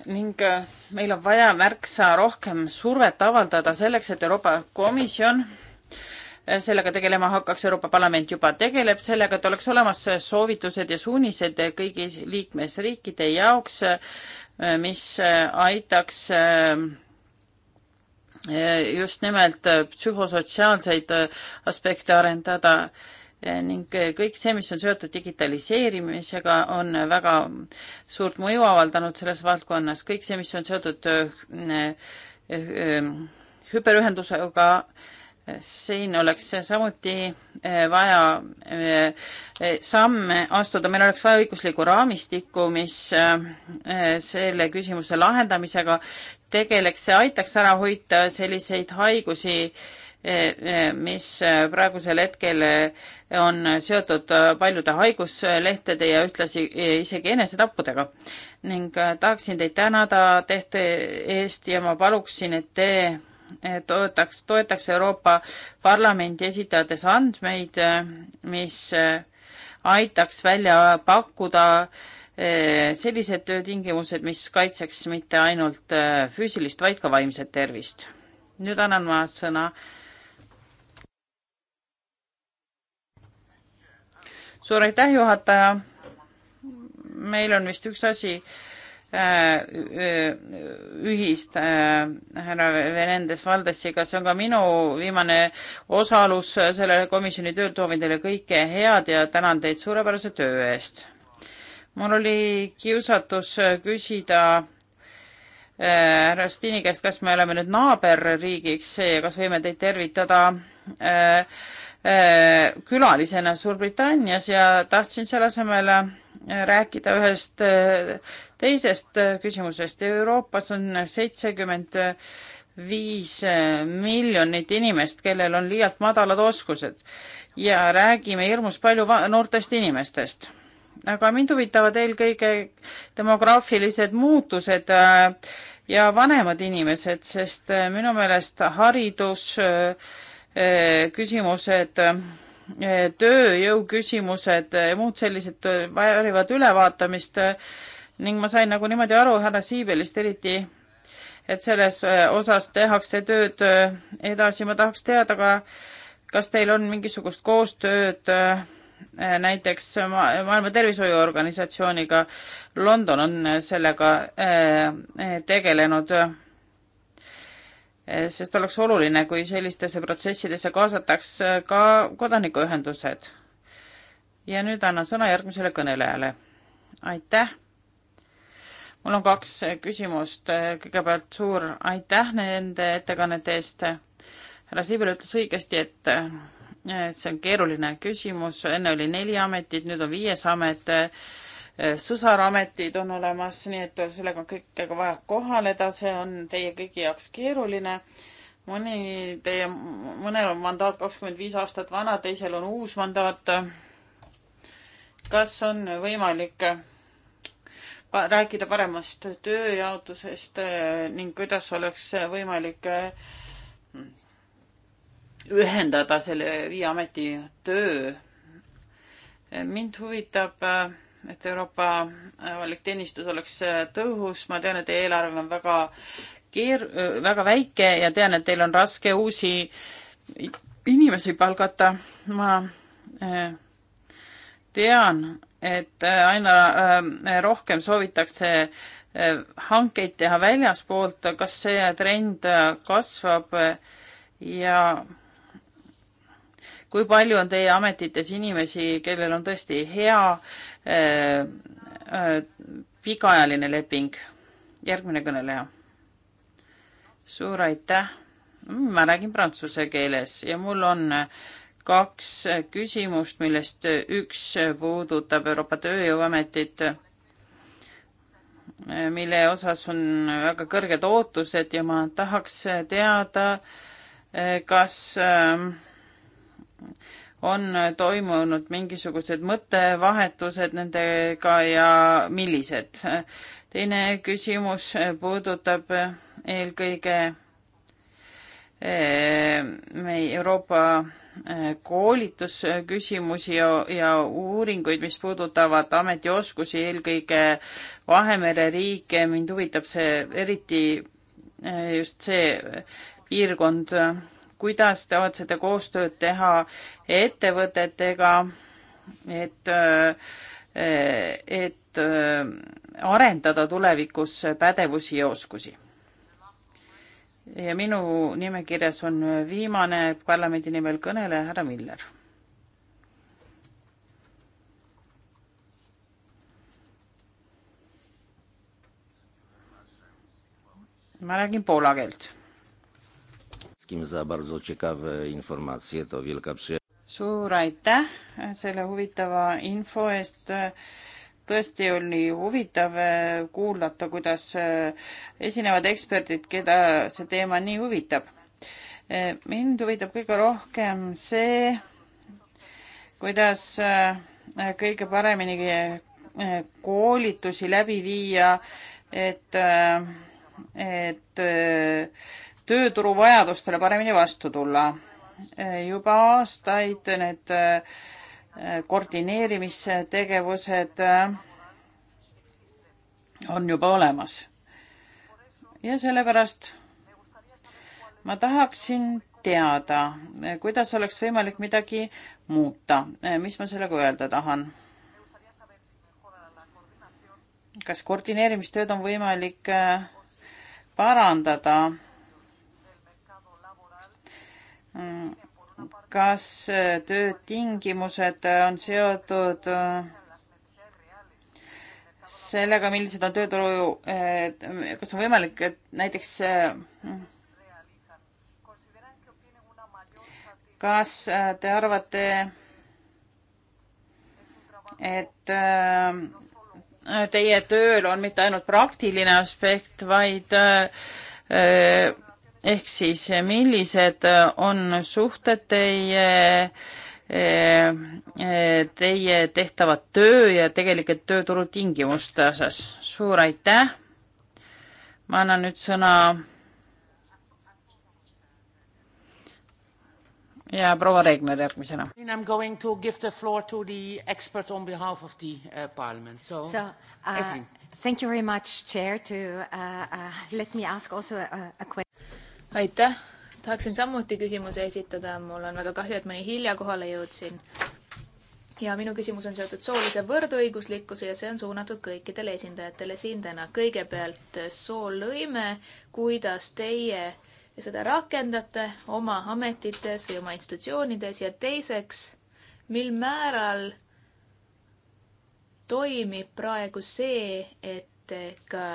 ning äh, meil on vaja märksa rohkem survet avaldada selleks, et Euroopa Komisjon äh, sellega tegelema hakkaks, Euroopa Parlament juba tegeleb sellega, et oleks olemas äh, soovitused ja suunised kõigi liikmesriikide jaoks, mis aitaks just nimelt psühhosotsiaalseid aspekte arendada ning eh, kõik see, mis on seotud digitaliseerimisega, on väga suurt mõju avaldanud selles valdkonnas, kõik see, mis on seotud eh, eh, hüperühendusega, siin oleks samuti vaja samme astuda, meil oleks vaja õiguslikku raamistikku, mis selle küsimuse lahendamisega tegeleks, see aitaks ära hoida selliseid haigusi, mis äh, praegusel hetkel äh, on seotud äh, paljude haiguslehtede ja ühtlasi isegi enesetappudega. ning tahaksin teid tänada tehte eest ja ma paluksin, et te toetaks, toetaks Euroopa Parlamendi esitades andmeid, mis aitaks välja pakkuda sellised töötingimused, mis kaitseks mitte ainult füüsilist, vaid ka vaimset tervist. nüüd annan ma sõna äh, suur aitäh, juhataja. meil on vist üks asi äh, äh, ühist äh, härra Venendes Valdesiga, see on ka minu viimane osalus selle komisjoni tööl, soovin teile kõike head ja tänan teid suurepärase töö eest. mul oli kiusatus küsida härra Stini käest, kas me oleme nüüd naaberriigiks ja kas võime teid tervitada äh, Äh, külalisena Suurbritannias ja tahtsin selle asemel äh, rääkida ühest äh, teisest küsimusest. Euroopas on seitsekümmend viis miljonit inimest, kellel on liialt madalad oskused ja räägime hirmus palju noortest inimestest. aga mind huvitavad eelkõige demograafilised muutused ja vanemad inimesed, sest minu meelest haridus äh, Eh, küsimused, eh, tööjõu küsimused ja eh, muud sellised väärivad ülevaatamist ning ma sain nagu niimoodi aru härra Siibelist eriti, et selles osas tehakse tööd edasi, ma tahaks teada ka, kas teil on mingisugust koostööd näiteks ma-, Maailma Tervishoiuorganisatsiooniga, London on sellega tegelenud Eh, sest oleks oluline, kui sellistesse protsessidesse kaasataks eh, ka kodanikuühendused. ja nüüd annan sõna järgmisele kõnelejale. aitäh! mul on kaks eh, küsimust, kõigepealt suur aitäh nende ettekannete eest. härra Siibel ütles õigesti, et see on keeruline küsimus, enne oli neli ametit, nüüd on viies amet sõsarametid on olemas, nii et sellega on kõikidega vaja kohaleda, see on teie kõigi jaoks keeruline. mõni teie, mõnel on mandaat kakskümmend viis aastat vana, teisel on uus mandaat. kas on võimalik rääkida paremast tööjaotusest eh, ning kuidas oleks võimalik eh, ühendada selle viie ameti töö? mind huvitab äh, et Euroopa avalik teenistus oleks äh, tõhus, ma tean, et teie eelarve on väga keer-, äh, väga väike ja tean, et teil on raske uusi inimesi palgata, ma äh, tean, et aina rohkem soovitakse hankeid teha väljaspoolt, kas see trend kasvab ja kui palju on teie ametites inimesi, kellel on tõesti hea Äh, äh, pikaajaline leping. järgmine kõneleja. suur aitäh. Mm, ma räägin prantsuse keeles ja mul on äh, kaks küsimust, millest üks puudutab Euroopa Tööjõuametit, mille osas on väga kõrged ootused ja ma tahaks teada, kas äh, on toimunud mingisugused mõttevahetused nendega ja millised? teine küsimus puudutab eelkõige eh, meie Euroopa eh, koolitusküsimusi ja, ja uuringuid, mis puudutavad ametioskusi, eelkõige Vahemere riike, mind huvitab see eriti eh, just see piirkond kuidas te kavatsete koostööd teha ettevõtetega, et, äh, et äh, arendada tulevikus pädevusi ja oskusi? ja minu nimekirjas on viimane parlamendi nimel kõneleja, härra Miller ma räägin poola keelt wszystkim za bardzo ciekawe informacje, to wielka przyjemność. suur aitäh selle huvitava info eest. tõesti oli huvitav kuulata, kuidas esinevad eksperdid, keda see teema nii huvitab. mind huvitab kõige rohkem see, kuidas kõige paremini koolitusi läbi viia, et, et tööturu vajadustele paremini vastu tulla. juba aastaid need eh, koordineerimistegevused eh, on juba olemas. ja sellepärast ma tahaksin teada, kuidas oleks võimalik midagi muuta, mis ma sellega öelda tahan? kas koordineerimistööd on võimalik eh, parandada? kas äh, töötingimused äh, on seotud äh, sellega, millised on tööturu, kas on võimalik, et näiteks kas te arvate, et teie tööl on mitte ainult praktiline aspekt, vaid ehk siis eh, millised eh, on suhted teie eh, teie tehtavat töö ja tegelikult tööturu tingimuste osas. suur aitäh. ma annan nüüd sõna. ja proua Regner järgmisena. I am going to give the floor to the expert on behalf of the uh, parliament, so, so uh, everything. Thank you very much, chair, to uh, uh, let me ask also a, a question aitäh, tahaksin samuti küsimuse esitada, mul on väga kahju, et ma nii hilja kohale jõudsin. ja minu küsimus on seotud soolise võrdõiguslikkuse ja see on suunatud kõikidele esindajatele siin täna. kõigepealt soolõime, kuidas teie seda rakendate oma ametites või oma institutsioonides ja teiseks, mil määral toimib praegu see, et ka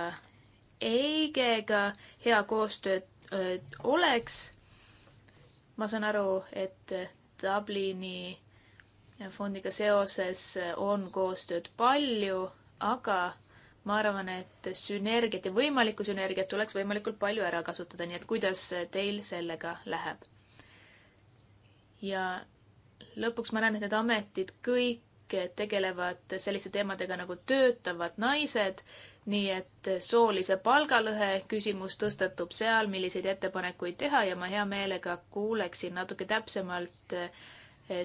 EIGE-ga hea koostööd oleks. ma saan aru, et Dublini fondiga seoses on koostööd palju, aga ma arvan, et sünergiat ja võimalikku sünergiat tuleks võimalikult palju ära kasutada, nii et kuidas teil sellega läheb? ja lõpuks ma näen, et need ametid kõik tegelevad selliste teemadega nagu töötavad naised nii et soolise palgalõhe küsimus tõstatub seal, milliseid ettepanekuid teha ja ma hea meelega kuuleksin natuke täpsemalt eh,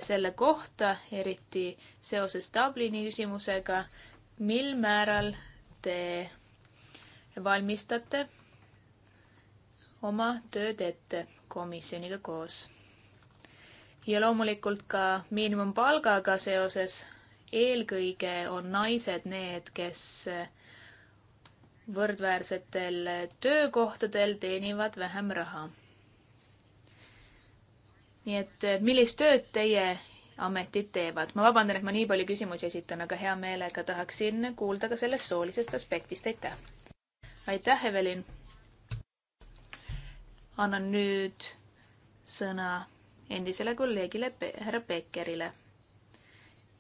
selle kohta, eriti seoses Dublini küsimusega. mil määral te valmistate oma tööd ette komisjoniga koos? ja loomulikult ka miinimumpalgaga seoses eelkõige on naised need, kes eh, võrdväärsetel töökohtadel teenivad vähem raha. nii et millist tööd teie ametid teevad? ma vabandan, et ma nii palju küsimusi esitan, aga hea meelega tahaksin kuulda ka sellest soolisest aspektist, aitäh! aitäh, Evelin! annan nüüd sõna endisele kolleegile härra Beckerile.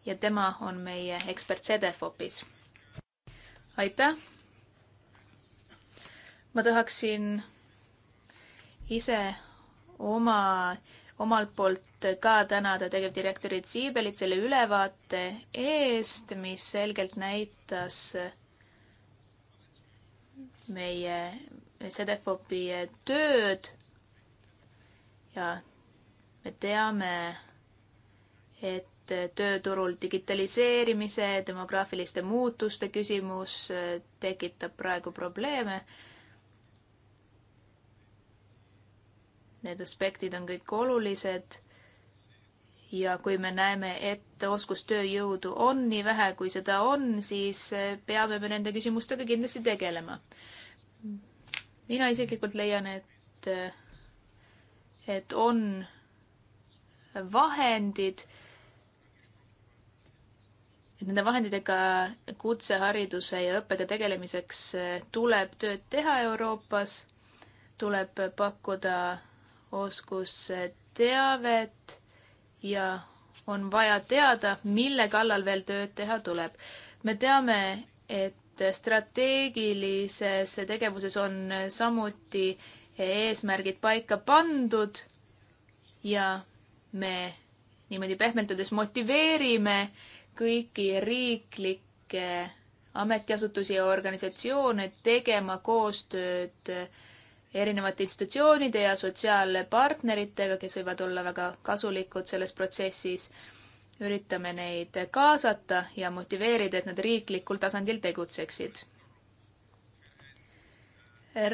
ja tema on meie ekspert CDFOPis. aitäh, ma tahaksin ise oma, omalt poolt ka tänada tegevdirektorit Siibelit selle ülevaate eest, mis selgelt näitas meie Sedefopi tööd. ja me teame, et tööturul digitaliseerimise, demograafiliste muutuste küsimus tekitab praegu probleeme Need aspektid on kõik olulised. ja kui me näeme, et oskustööjõudu on nii vähe, kui seda on, siis eh, peame me nende küsimustega kindlasti tegelema. mina isiklikult leian, et, eh, et on vahendid, et nende vahenditega kutsehariduse ja õppega tegelemiseks eh, tuleb tööd teha Euroopas, tuleb pakkuda oskusteavet ja on vaja teada, mille kallal veel tööd teha tuleb. me teame, et strateegilises tegevuses on samuti eesmärgid paika pandud ja me niimoodi pehmelt öeldes motiveerime kõiki riiklikke ametiasutusi ja organisatsioone tegema koostööd erinevate institutsioonide ja sotsiaalpartneritega, kes võivad olla väga kasulikud selles protsessis. üritame neid kaasata ja motiveerida, et nad riiklikul tasandil tegutseksid.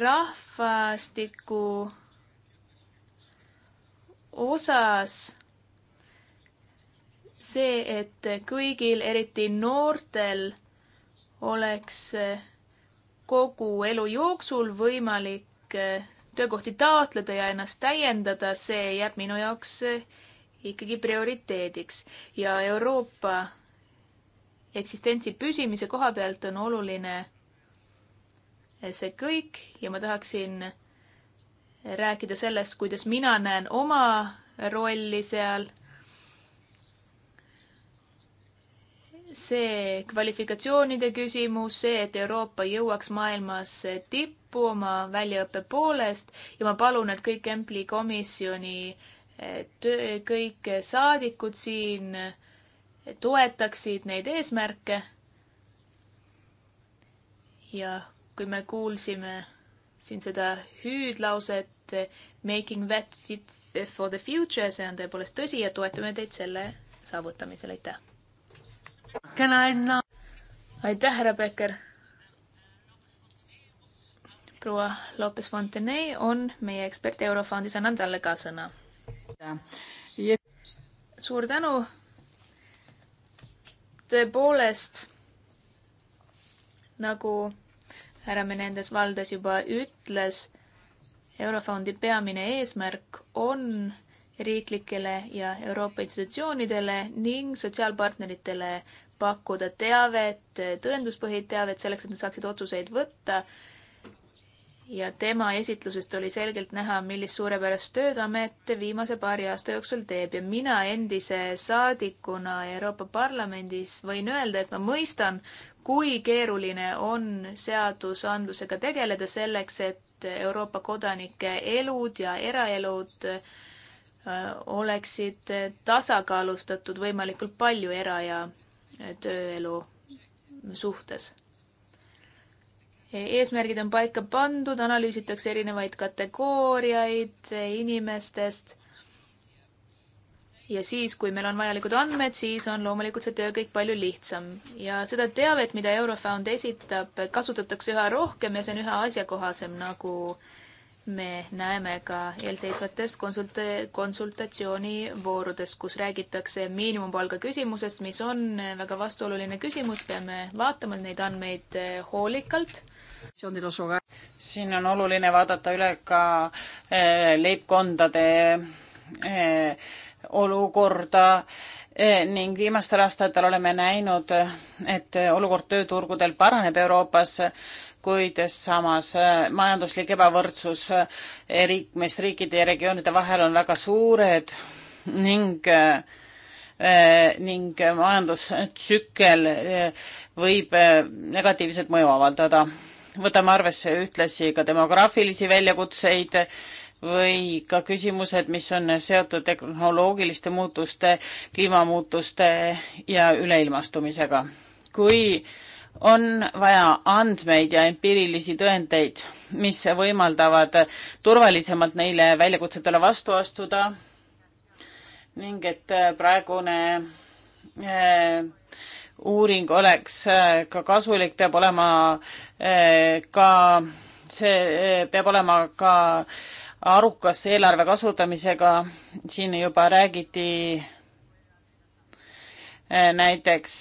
rahvastiku osas see, et kõigil, eriti noortel, oleks kogu elu jooksul võimalik Eh, töökohti taotleda ja ennast täiendada, see jääb minu jaoks eh, ikkagi prioriteediks ja Euroopa eksistentsi püsimise koha pealt on oluline eh, see kõik ja ma tahaksin rääkida sellest, kuidas mina näen oma rolli seal. see kvalifikatsioonide küsimus, see, et Euroopa jõuaks maailmas tipp, tippu oma väljaõppe poolest ja ma palun, et kõik Empli komisjoni eh, töö, kõik saadikud siin eh, toetaksid neid eesmärke. ja kui me kuulsime siin seda hüüdlauset eh, Making that fit for the future, see on tõepoolest tõsi ja toetame teid selle saavutamisel, aitäh! aitäh, härra Becker! proua Lopes Fontenay on meie ekspert Eurofondis, annan talle ka sõna. suur tänu. tõepoolest, nagu härra Menendez Valdes juba ütles, Eurofondi peamine eesmärk on riiklikele ja Euroopa institutsioonidele ning sotsiaalpartneritele pakkuda teavet, tõenduspõhit teavet selleks, et nad saaksid otsuseid võtta ja tema esitlusest oli selgelt näha, millist suurepärast tööd amet viimase paari aasta jooksul teeb ja mina endise saadikuna Euroopa Parlamendis võin öelda, et ma mõistan, kui keeruline on seadusandlusega tegeleda selleks, et Euroopa kodanike elud ja eraelud äh, oleksid tasakaalustatud võimalikult palju era- ja tööelu suhtes eesmärgid on paika pandud, analüüsitakse erinevaid kategooriaid inimestest. ja siis, kui meil on vajalikud andmed, siis on loomulikult see töö kõik palju lihtsam ja seda teavet, mida Eurofound esitab, kasutatakse üha rohkem ja see on üha asjakohasem, nagu me näeme ka eelseisvates konsult-, konsultatsioonivoorudes, kus räägitakse miinimumpalga küsimusest, mis on väga vastuoluline küsimus, peame vaatama neid andmeid eh, hoolikalt siin on oluline vaadata üle ka eh, leibkondade eh, olukorda eh, ning viimastel aastatel oleme näinud, et olukord tööturgudel paraneb Euroopas, kuid samas majanduslik ebavõrdsus liikmesriikide ja regioonide vahel on väga suured ning ning majandustsükkel võib negatiivset mõju avaldada võtame arvesse ühtlasi ka demograafilisi väljakutseid või ka küsimused, mis on seotud tehnoloogiliste muutuste, kliimamuutuste ja üleilmastumisega. kui on vaja andmeid ja empiirilisi tõendeid, mis võimaldavad turvalisemalt neile väljakutsetele vastu astuda ning et praegune äh, uuring oleks äh, ka kasulik, peab olema äh, ka, see äh, peab olema ka arukas eelarve kasutamisega, siin juba räägiti näiteks,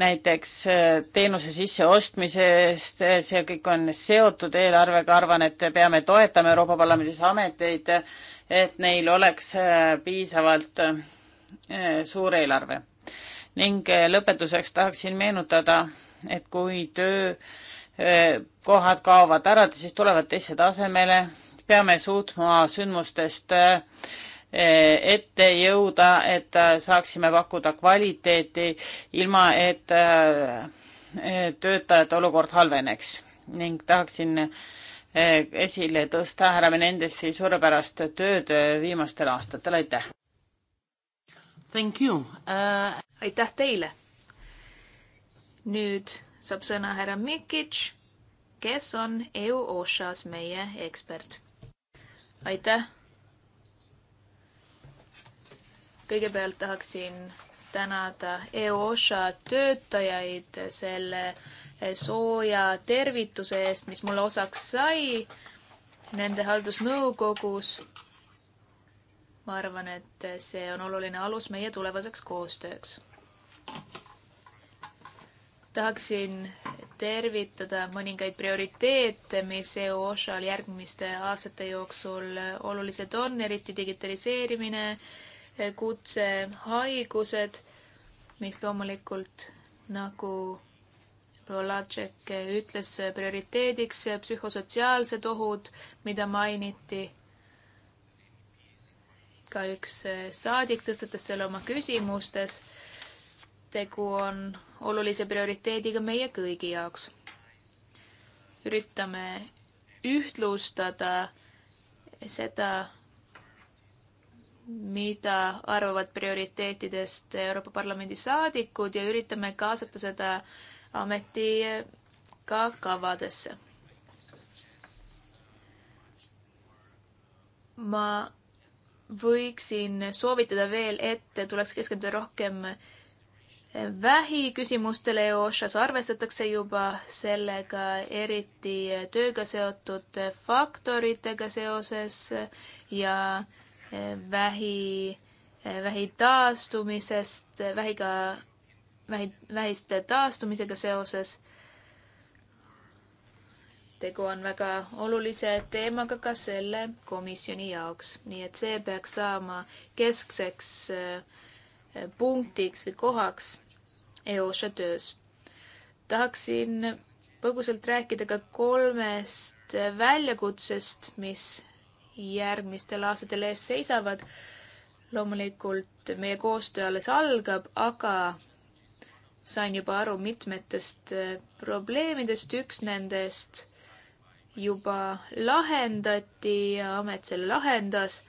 näiteks teenuse sisseostmisest, see kõik on seotud eelarvega, arvan, et peame toetama Euroopa Parlamendis ameteid, et neil oleks piisavalt suur eelarve ning eh, lõpetuseks tahaksin meenutada, et kui töökohad eh, kaovad ära, siis tulevad teised asemele. peame suutma sündmustest eh, ette jõuda, et saaksime pakkuda kvaliteeti, ilma et töötajate olukord halveneks ning tahaksin esile tõsta härra Menendesi suurepärast tööd viimastel aastatel, aitäh! Thank you uh.... aitäh teile. nüüd saab sõna härra Mikic, kes on EU OSHA-s meie ekspert. aitäh. kõigepealt tahaksin tänada EU OSHA töötajaid selle sooja tervituse eest, mis mulle osaks sai nende haldusnõukogus ma arvan, et see on oluline alus meie tulevaseks koostööks. tahaksin tervitada mõningaid prioriteete, mis EU OSHA-l järgmiste aastate jooksul olulised on, eriti digitaliseerimine, kutsehaigused, mis loomulikult nagu Prolatšek ütles prioriteediks psühhosotsiaalsed ohud, mida mainiti igaüks eh, saadik tõstatas selle oma küsimustes. tegu on olulise prioriteediga meie kõigi jaoks. üritame ühtlustada seda, mida arvavad prioriteetidest Euroopa Parlamendi saadikud ja üritame kaasata seda ameti eh, ka kavadesse. ma võiksin soovitada veel, et tuleks keskenduda rohkem vähiküsimustele ja OSHA-s arvestatakse juba sellega, eriti tööga seotud faktoritega seoses ja vähi, vähi taastumisest, vähiga, vähi, vähiste taastumisega seoses tegu on väga olulise teemaga ka selle komisjoni jaoks, nii et see peaks saama keskseks eh, punktiks või kohaks EOSHA töös. tahaksin põgusalt rääkida ka kolmest väljakutsest, mis järgmistel aastatel ees seisavad. loomulikult meie koostöö alles algab, aga sain juba aru mitmetest eh, probleemidest, üks nendest juba lahendati ja amet selle lahendas.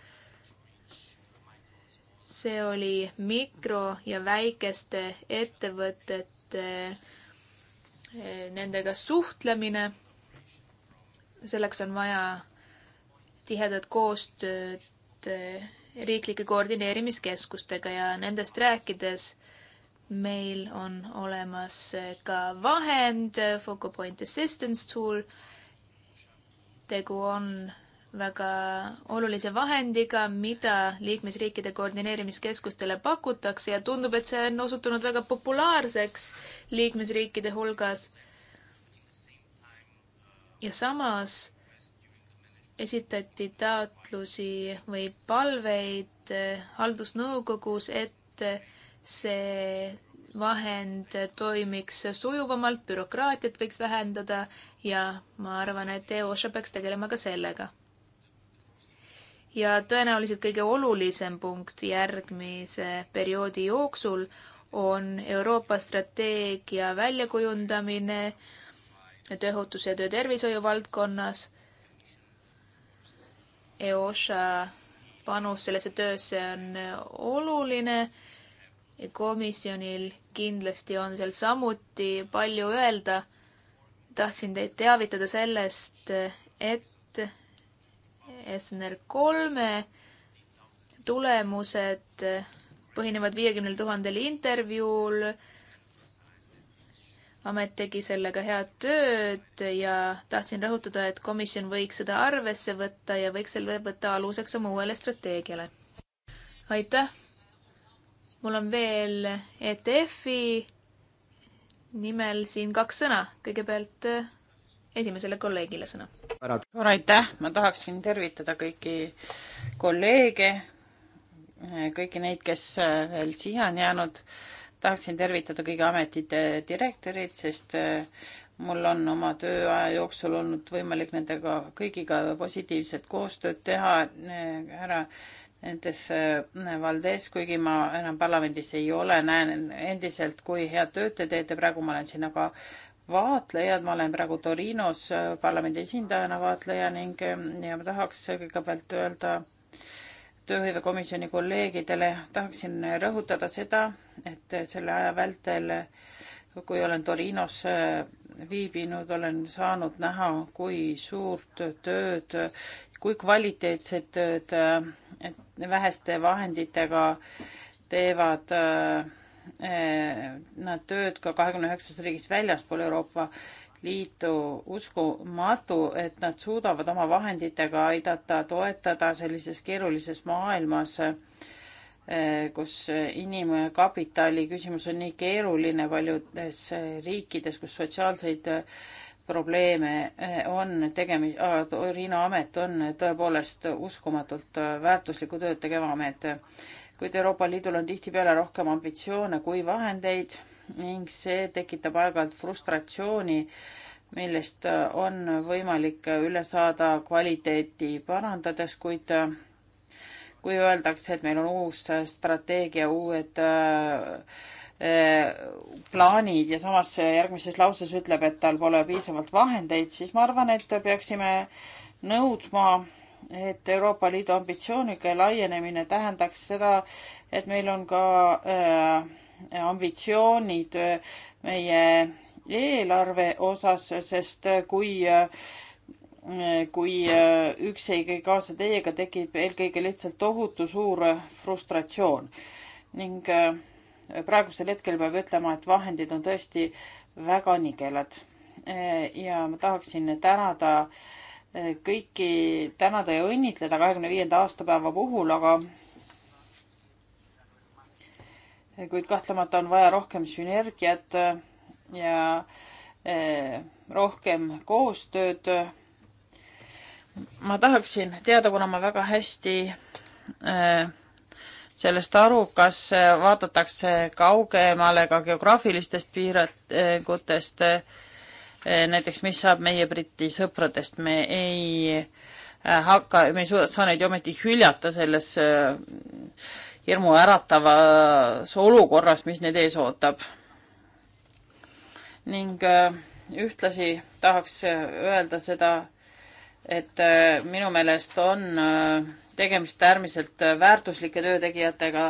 see oli mikro ja väikeste ettevõtete, eh, nendega suhtlemine. selleks on vaja tihedat koostööd eh, riiklike koordineerimiskeskustega ja nendest rääkides meil on olemas eh, ka vahend, Focal Point Assistance Tool tegu on väga olulise vahendiga, mida liikmesriikide koordineerimiskeskustele pakutakse ja tundub, et see on osutunud väga populaarseks liikmesriikide hulgas. ja samas esitati taotlusi või palveid haldusnõukogus, et see vahend toimiks sujuvamalt, bürokraatiat võiks vähendada ja ma arvan, et EOSHA peaks tegelema ka sellega. ja tõenäoliselt kõige olulisem punkt järgmise perioodi jooksul on Euroopa strateegia väljakujundamine tööohutuse ja töötervishoiu valdkonnas. EOSHA panus sellesse töösse on oluline komisjonil kindlasti on seal samuti palju öelda. tahtsin teid teavitada sellest, et SNR kolme tulemused põhinevad viiekümnel tuhandel intervjuul. amet tegi sellega head tööd ja tahtsin rõhutada, et komisjon võiks seda arvesse võtta ja võiks selle võtta aluseks oma uuele strateegiale. aitäh mul on veel ETF-i nimel siin kaks sõna. kõigepealt eh, esimesele kolleegile sõna. suur aitäh, ma tahaksin tervitada kõiki kolleege, eh, kõiki neid, kes eh, veel siia on jäänud. tahaksin tervitada kõigi ametite direktoreid, sest mul on oma tööaja jooksul olnud võimalik nendega kõigiga positiivset koostööd teha. härra nendes äh, valdes, kuigi ma enam parlamendis ei ole, näen endiselt, kui head tööd te teete, praegu ma olen siin aga vaatlejad, ma olen praegu Torinos äh, parlamendi esindajana vaatleja ning äh, ja ma tahaks kõigepealt öelda tööhõivekomisjoni kolleegidele, tahaksin rõhutada seda, et selle aja vältel, kui olen Torinos viibinud, olen saanud näha, kui suurt tööd, kui kvaliteetset tööd et väheste vahenditega teevad äh, äh, nad tööd ka kahekümne üheksas riigis väljaspool Euroopa Liitu. uskumatu, et nad suudavad oma vahenditega aidata toetada sellises keerulises maailmas, äh, kus inimkapitali küsimus on nii keeruline paljudes riikides, kus sotsiaalseid probleeme eh, on tegemi-, ah, Riina amet on tõepoolest uskumatult eh, väärtuslikku tööd tegeva amet, kuid Euroopa Liidul on tihtipeale rohkem ambitsioone kui vahendeid ning see tekitab aeg-ajalt frustratsiooni, millest eh, on võimalik üle saada kvaliteeti parandades, kuid kui öeldakse, et meil on uus strateegia, uued äh, Äh, plaanid ja samas järgmises lauses ütleb, et tal pole piisavalt vahendeid, siis ma arvan, et peaksime nõudma, et Euroopa Liidu ambitsiooniga laienemine tähendaks seda, et meil on ka äh, ambitsioonid äh, meie eelarve osas, sest kui kui üks ei käi kaasa teiega, tekib eelkõige lihtsalt tohutu suur frustratsioon ning äh, praegusel hetkel peab ütlema, et vahendid on tõesti väga nigelad. ja ma tahaksin tänada e, kõiki, tänada ja õnnitleda kahekümne viienda aastapäeva puhul, aga e, kuid kahtlemata on vaja rohkem sünergiat ja e, rohkem koostööd. ma tahaksin teada, kuna ma väga hästi sellest aru, kas äh, vaadatakse kaugemale ka geograafilistest piirangutest, äh, näiteks mis saab meie Briti sõpradest, me ei äh, hakka, me ei suuda, saa neid ju ometi hüljata selles hirmuäratavas olukorras, mis neid ees ootab. ning ühtlasi tahaks öelda seda, et minu meelest on äh, tegemist äärmiselt äh, väärtuslike töötegijatega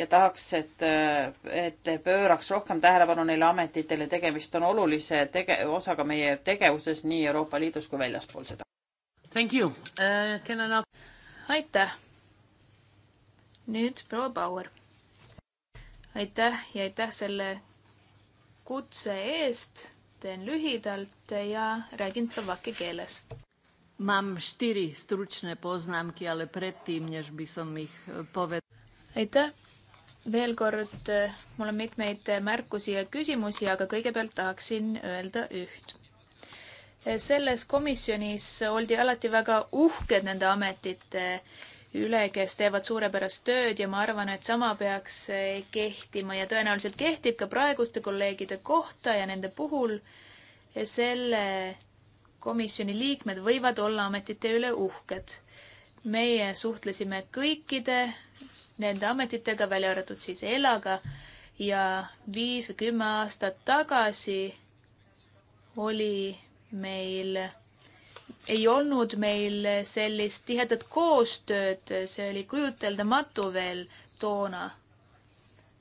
ja tahaks, et, äh, et pööraks rohkem tähelepanu neile ametitele, tegemist on olulise tege-, osaga meie tegevuses nii Euroopa Liidus kui väljaspool seda. Thank you uh,, can I now? aitäh! nüüd proua Bauer. aitäh ja aitäh selle kutse eest, teen lühidalt ja räägin slovaki keeles. Mám štyri stručné poznámky, ale predtým, než by som ich eh, povedal. aitäh! veel kord, eh, mul on mitmeid eh, märkusi ja küsimusi, aga kõigepealt tahaksin öelda üht. selles komisjonis oldi alati väga uhked nende ametite üle, kes teevad suurepärast tööd ja ma arvan, et sama peaks kehtima ja tõenäoliselt kehtib ka praeguste kolleegide kohta ja nende puhul selle komisjoni liikmed võivad olla ametite üle uhked. meie suhtlesime kõikide nende ametitega, välja arvatud siis ELAga ja viis või kümme aastat tagasi oli meil, ei olnud meil sellist tihedat koostööd, see oli kujuteldamatu veel toona.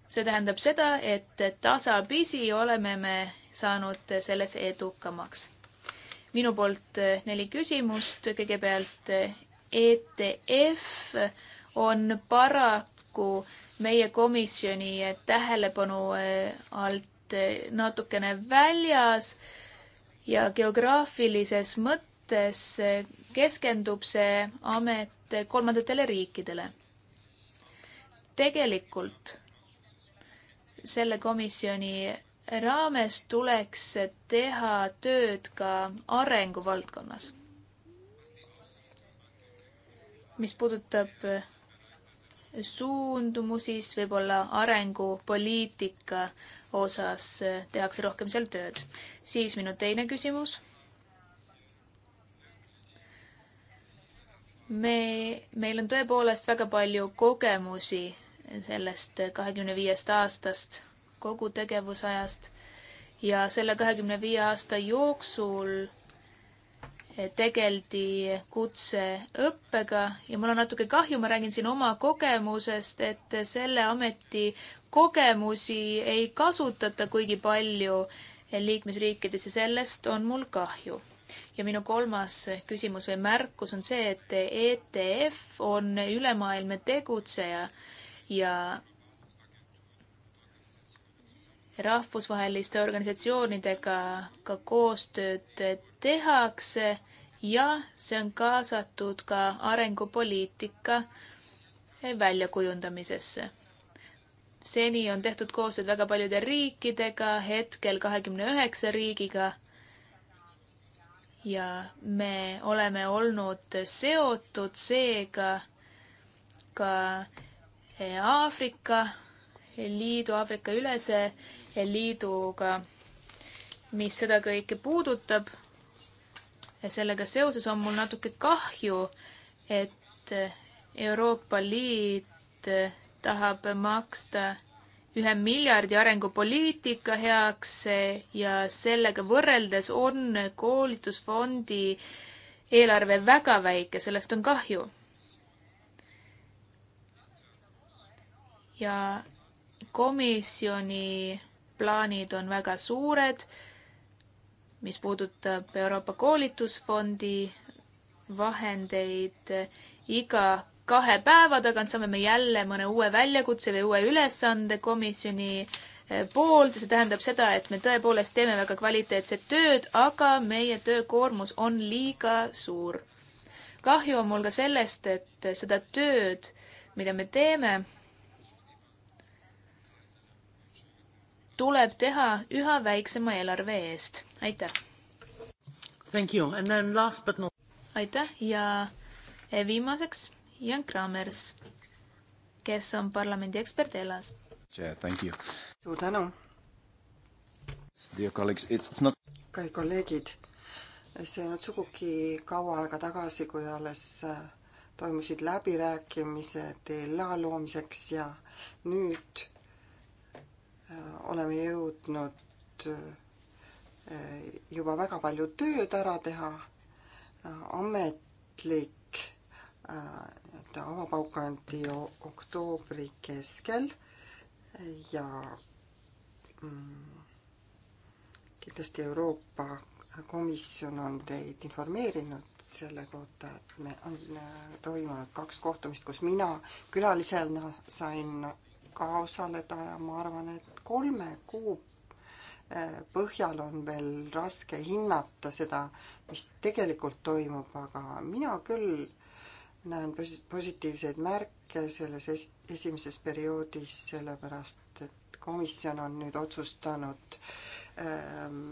see tähendab seda, et tasapisi oleme me saanud selles edukamaks minu poolt eh, neli küsimust. kõigepealt ETF eh, e on paraku meie komisjoni eh, tähelepanu alt natukene väljas ja geograafilises mõttes keskendub see amet kolmandatele riikidele. tegelikult selle komisjoni raames tuleks teha tööd ka arenguvaldkonnas. mis puudutab suundumusi, siis võib-olla arengupoliitika osas tehakse rohkem seal tööd. siis minu teine küsimus. me, meil on tõepoolest väga palju kogemusi sellest kahekümne viiest aastast kogu tegevusajast ja selle kahekümne viie aasta jooksul eh, tegeldi kutseõppega ja mul on natuke kahju, ma räägin siin oma kogemusest, et selle ameti kogemusi ei kasutata kuigi palju liikmesriikides ja sellest on mul kahju. ja minu kolmas küsimus või märkus on see, et ETF on ülemaailmne tegutseja ja rahvusvaheliste organisatsioonidega ka koostööd tehakse ja see on kaasatud ka arengupoliitika väljakujundamisesse. seni on tehtud koostööd väga paljude riikidega, hetkel kahekümne üheksa riigiga. ja me oleme olnud seotud seega ka Aafrika Liidu, Aafrika ülese Liiduga, mis seda kõike puudutab. ja sellega seoses on mul natuke kahju, et Euroopa Liit tahab maksta ühe miljardi arengupoliitika heaks ja sellega võrreldes on koolitusfondi eelarve väga väike, sellest on kahju. ja komisjoni plaanid on väga suured, mis puudutab Euroopa koolitusfondi vahendeid. iga kahe päeva tagant saame me jälle mõne uue väljakutse või uue ülesande komisjoni eh, poolt, see tähendab seda, et me tõepoolest teeme väga kvaliteetset tööd, aga meie töökoormus on liiga suur. kahju on mul ka sellest, et seda tööd, mida me teeme, tuleb teha üha väiksema eelarve eest. aitäh! Thank you and then last but not aitäh ja eh, viimaseks Jan Kramers, kes on parlamendi ekspert ELAS. Yeah, thank you. suur tänu. Dear colleagues, it's not. kõik kolleegid, see ei olnud sugugi kaua aega tagasi, kui alles eh, toimusid läbirääkimised ELA loomiseks ja nüüd Äh, oleme jõudnud äh, juba väga palju tööd ära teha, äh, ametlik nii-öelda avapauk anti oktoobri keskel ja mm, kindlasti Euroopa Komisjon on teid informeerinud selle kohta, et me, on toimunud kaks kohtumist, kus mina külalisena sain ka osaleda ja ma arvan, et kolme kuu äh, põhjal on veel raske hinnata seda, mis tegelikult toimub, aga mina küll näen posi-, positiivseid märke selles es-, esimeses perioodis, sellepärast et komisjon on nüüd otsustanud ähm,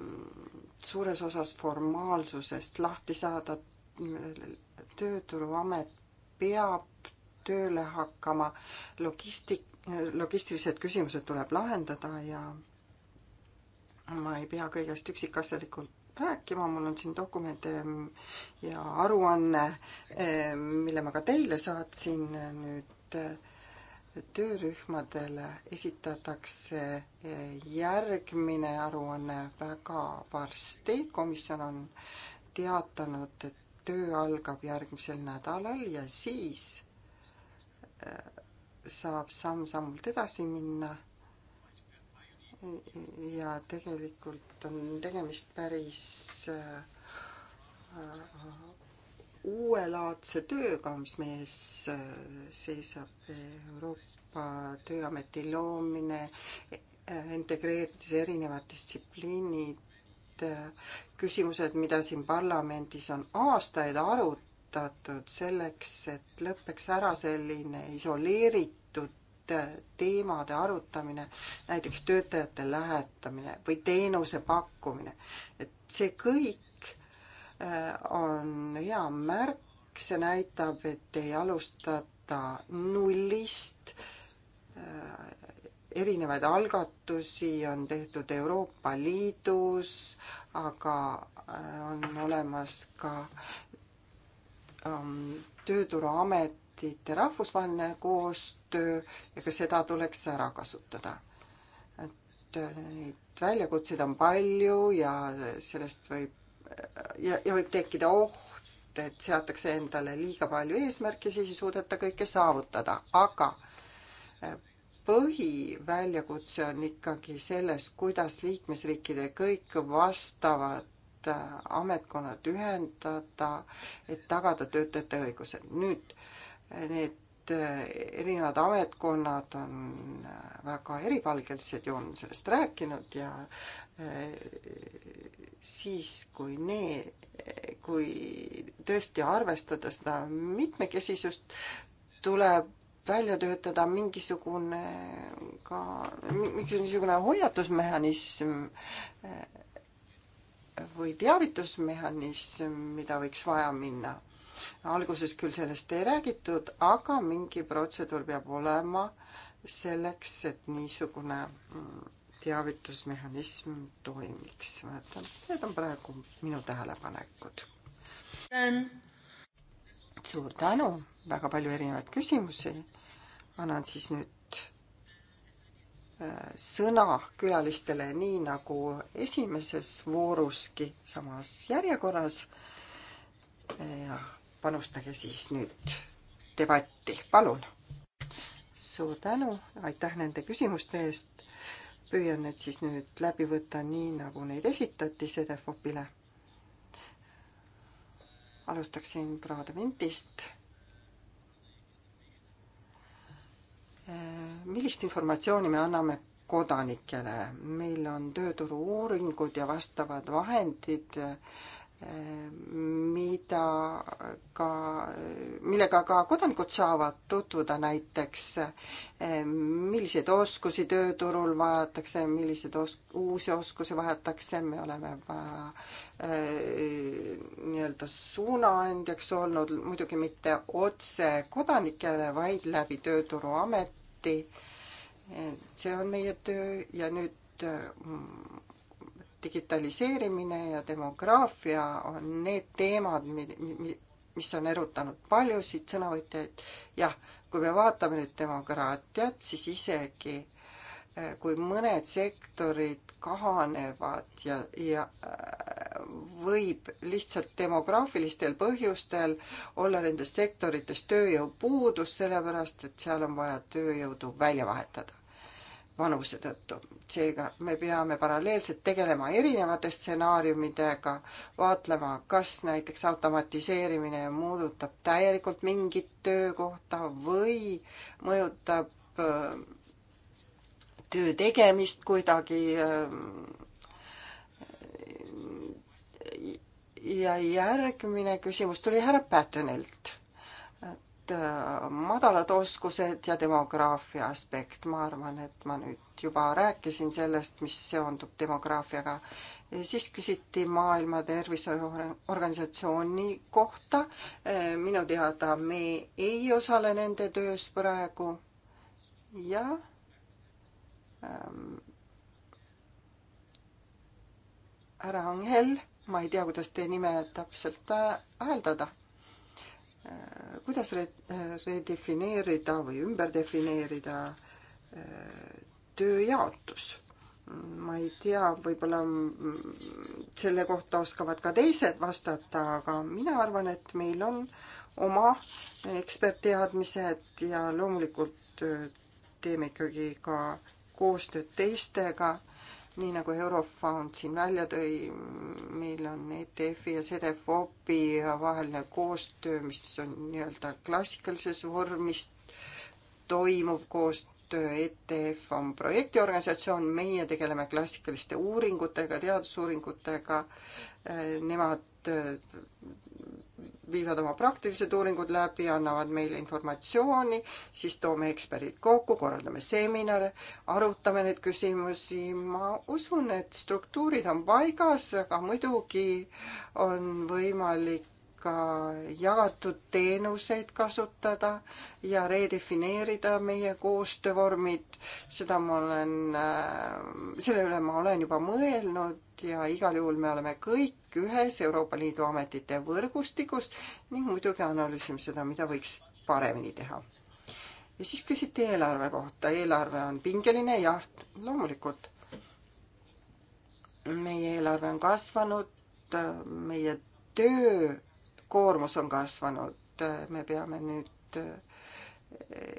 suures osas formaalsusest lahti saada, tööturuamet peab tööle hakkama logistik-, logistilised küsimused tuleb lahendada ja ma ei pea kõigest üksikasjalikult rääkima, mul on siin dokumente ja aruanne, mille ma ka teile saatsin nüüd eh, töörühmadele esitatakse eh, järgmine aruanne väga varsti, komisjon on teatanud, et töö algab järgmisel nädalal ja siis eh, saab samm-sammult edasi minna. ja tegelikult on tegemist päris äh, uuelaadse tööga, mis meie ees äh, seisab, Euroopa Tööameti loomine, äh, integreerides erinevad distsipliinid, küsimused, mida siin parlamendis on aastaid arutatud, kirjutatud selleks, et lõpeks ära selline isoleeritud teemade arutamine, näiteks töötajate lähetamine või teenuse pakkumine. et see kõik äh, on hea märk, see näitab, et ei alustata nullist, äh, erinevaid algatusi on tehtud Euroopa Liidus, aga äh, on olemas ka ähm, Tööturuametite rahvusvaheline koostöö ja ka seda tuleks ära kasutada. et äh, neid väljakutseid on palju ja sellest võib ja, ja võib tekkida oht, et seatakse endale liiga palju eesmärke, siis ei suudeta kõike saavutada, aga äh, põhiväljakutse on ikkagi selles, kuidas liikmesriikide kõik vastavad Äh, ametkonnad ühendada, et tagada töötajate õigused. nüüd äh, need äh, erinevad ametkonnad on väga eripalgelised ja on sellest rääkinud ja siis, kui need, kui tõesti arvestada seda mitmekesisust, tuleb välja töötada mingisugune ka, mingisugune hoiatusmehhanism või teavitusmehhanism, mida võiks vaja minna. alguses küll sellest ei räägitud, aga mingi protseduur peab olema selleks, et niisugune mm, teavitusmehhanism toimiks. mäletan, need on praegu minu tähelepanekud. suur tänu, väga palju erinevaid küsimusi. annan siis nüüd sõna külalistele, nii nagu esimeses vooruski samas järjekorras. ja panustage siis nüüd debatti, palun. suur tänu, aitäh nende küsimuste eest. püüan need siis nüüd läbi võtta nii, nagu neid esitati Sedefopile. alustaksin Prada Vintist millist informatsiooni me anname kodanikele, meil on tööturu-uuringud ja vastavad vahendid, mida ka, millega ka kodanikud saavad tutvuda näiteks, milliseid oskusi tööturul vajatakse, milliseid os-, uusi oskusi vajatakse, me oleme äh, nii-öelda suunaandjaks olnud, muidugi mitte otse kodanikele, vaid läbi Tööturuameti, lahti. see on meie töö ja nüüd mm, digitaliseerimine ja demograafia on need teemad, mis on erutanud paljusid sõnavõtjaid. jah, kui me vaatame nüüd demokraatiat, siis isegi eh, kui mõned sektorid kahanevad ja, ja võib lihtsalt demograafilistel põhjustel olla nendes sektorites tööjõupuudus, sellepärast et seal on vaja tööjõudu välja vahetada vanuse tõttu. seega me peame paralleelselt tegelema erinevate stsenaariumidega, vaatlema, kas näiteks automatiseerimine muudutab täielikult mingit töökohta või mõjutab äh, töö tegemist kuidagi äh, ja järgmine küsimus tuli härra Pattonilt. et äh, madalad oskused ja demograafia aspekt, ma arvan, et ma nüüd juba rääkisin sellest, mis seondub demograafiaga. siis küsiti Maailma Terviseorganisatsiooni kohta. Äh, minu teada me ei osale nende töös praegu ja ähm, härra Angel ma ei tea, kuidas teie nime täpselt äh, hääldada. Äh, kuidas re-, redefineerida või ümber defineerida äh, tööjaotus? ma ei tea, võib-olla selle kohta oskavad ka teised vastata, aga mina arvan, et meil on oma ekspertteadmised ja loomulikult teeme ikkagi ka koostööd teistega nii nagu Eurofound siin välja tõi, meil on ETF-i ja CDFOP-i vaheline koostöö, mis on nii-öelda klassikalises vormis toimuv koostöö, ETF on projektiorganisatsioon, meie tegeleme klassikaliste uuringutega, teadusuuringutega, nemad viivad oma praktilised uuringud läbi, annavad meile informatsiooni, siis toome eksperdid kokku, korraldame seminare, arutame neid küsimusi. ma usun, et struktuurid on paigas, aga muidugi on võimalik ka jagatud teenuseid kasutada ja redefineerida meie koostöövormid. seda ma olen, äh, selle üle ma olen juba mõelnud ja igal juhul me oleme kõik ühes Euroopa Liidu ametite võrgustikus ning muidugi analüüsime seda, mida võiks paremini teha. ja siis küsiti eelarve kohta, eelarve on pingeline, jah, loomulikult. meie eelarve on kasvanud, meie töökoormus on kasvanud, me peame nüüd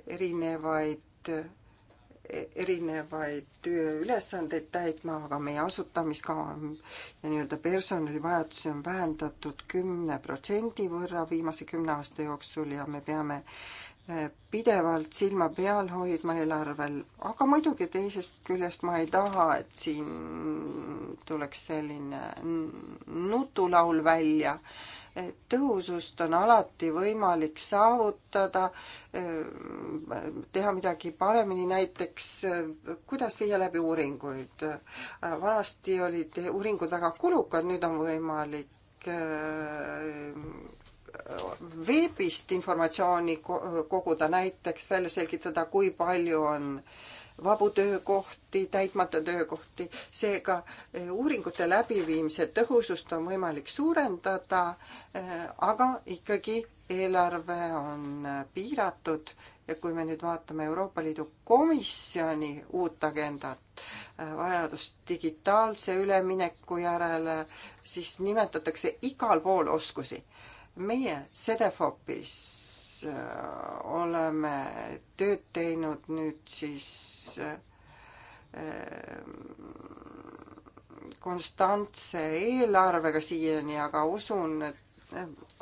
erinevaid erinevaid tööülesandeid täitma, aga meie asutamiskava ja nii-öelda personalivajadusi on vähendatud kümne protsendi võrra viimase kümne aasta jooksul ja me peame eh, pidevalt silma peal hoidma eelarvel, aga muidugi teisest küljest ma ei taha, et siin tuleks selline nutulaul välja äh, tõhusust on alati võimalik saavutada, teha midagi paremini, näiteks kuidas viia läbi uuringuid. vanasti olid uuringud väga kulukad, nüüd on võimalik äh, veebist informatsiooni koguda, näiteks välja selgitada, kui palju on äh, vabu töökohti, täitmata töökohti, seega eh, uuringute läbiviimise tõhusust on võimalik suurendada, eh, aga ikkagi eelarve on eh, piiratud ja kui me nüüd vaatame Euroopa Liidu Komisjoni uut agendat, vajadust digitaalse ülemineku järele, siis nimetatakse igal pool oskusi. meie Sedefopis Äh, oleme tööd teinud nüüd siis äh, konstantse eelarvega siiani, aga usun, et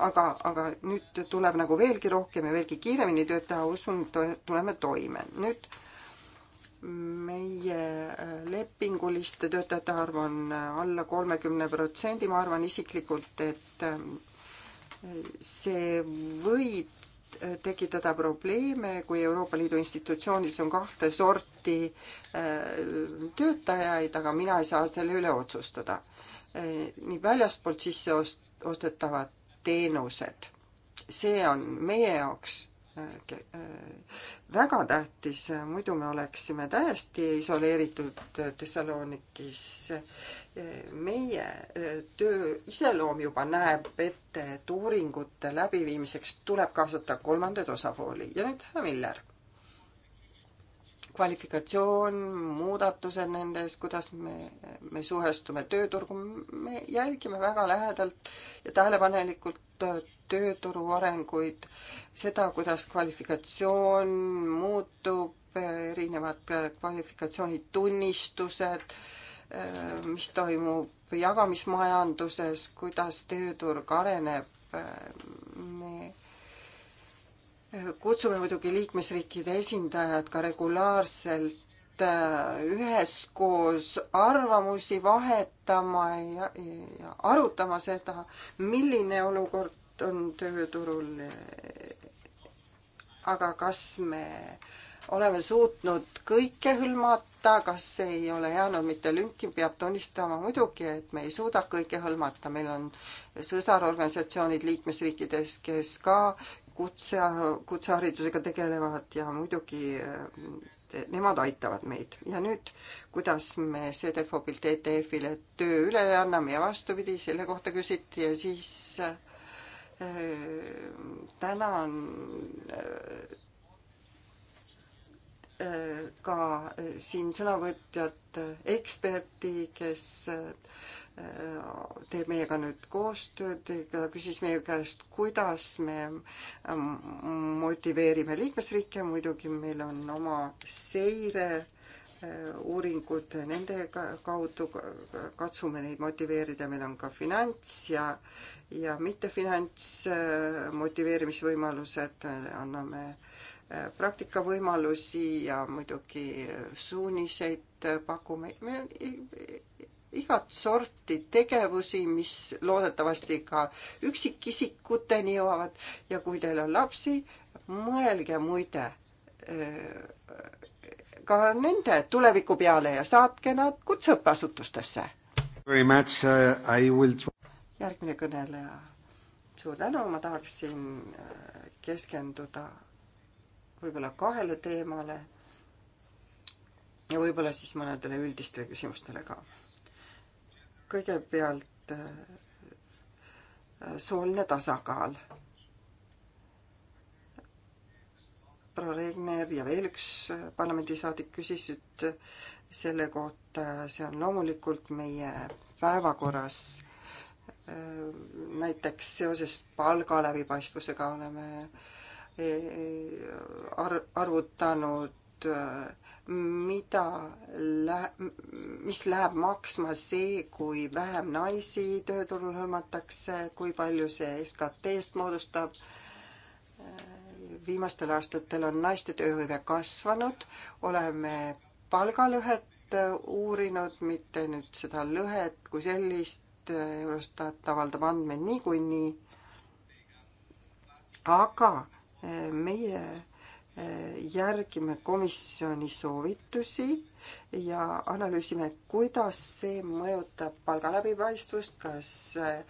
aga, aga nüüd tuleb nagu veelgi rohkem ja veelgi kiiremini tööd teha, usun, tuleme toime. nüüd meie äh, lepinguliste töötajate arv on alla kolmekümne protsendi, ma arvan isiklikult, et see võib tekitada probleeme, kui Euroopa Liidu institutsioonis on kahte sorti äh, töötajaid, aga mina ei saa selle üle otsustada. Äh, nii väljastpoolt sisse ost-, ostetavad teenused, see on meie jaoks äh, väga tähtis, muidu me oleksime täiesti isoleeritud Thessalonikis meie eh, töö iseloom juba näeb ette, et uuringute läbiviimiseks tuleb kaasata kolmandaid osapooli ja nüüd härra Miller. kvalifikatsioon, muudatused nendes, kuidas me, me suhestume tööturgu, me jälgime väga lähedalt ja tähelepanelikult tööturu arenguid, seda, kuidas kvalifikatsioon muutub, erinevad kvalifikatsioonitunnistused Äh, mis toimub jagamismajanduses, kuidas tööturg areneb. Äh, me äh, kutsume muidugi liikmesriikide esindajad ka regulaarselt üheskoos arvamusi vahetama ja, ja arutama seda, milline olukord on tööturul. aga kas me oleme suutnud kõike hõlmata? hõlmata, kas ei ole jäänud mitte lünki, peab tunnistama muidugi, et me ei suuda kõike hõlmata, meil on sõsarorganisatsioonid liikmesriikides, kes ka kutse, kutseharidusega tegelevad ja muidugi eh, nemad aitavad meid. ja nüüd, kuidas me CDFOBilt ETF-ile töö üle anname ja vastupidi, selle kohta küsiti ja siis äh, eh, täna on äh, eh, ka äh, siin sõnavõtjat, äh, eksperti, kes äh, teeb meiega nüüd koostööd, küsis meie käest, kuidas me motiveerime liikmesriike, muidugi meil on oma seire uuringud nende kaudu, katsume neid motiveerida, meil on ka finants ja ja mittefinants motiveerimisvõimalused, anname äh, praktikavõimalusi ja muidugi suuniseid pakume. meil on igat sorti tegevusi, mis loodetavasti ka üksikisikuteni jõuavad ja kui teil on lapsi, mõelge muide eh, ka nende tuleviku peale ja saatke nad kutseõppeasutustesse. Uh, järgmine kõneleja. suur tänu, ma tahaksin eh, keskenduda võib-olla kahele teemale ja võib-olla siis mõnedele üldistele küsimustele ka. kõigepealt äh, sooline tasakaal. proua Regner ja veel üks äh, parlamendisaadik küsisid äh, selle kohta, see on loomulikult meie päevakorras näiteks seoses palga läbipaistvusega oleme äh, Äh, ar-, arvutanud, äh, mida lä-, mis läheb maksma see, kui vähem naisi tööturul hõlmatakse, kui palju see SKT-st moodustab, äh, viimastel aastatel on naiste tööhõive kasvanud, oleme palgalõhet uurinud, mitte nüüd seda lõhet kui sellist, Eurostat avaldab andmeid niikuinii, aga meie eh, järgime komisjoni soovitusi ja analüüsime, kuidas see mõjutab palga läbipaistvust, kas eh,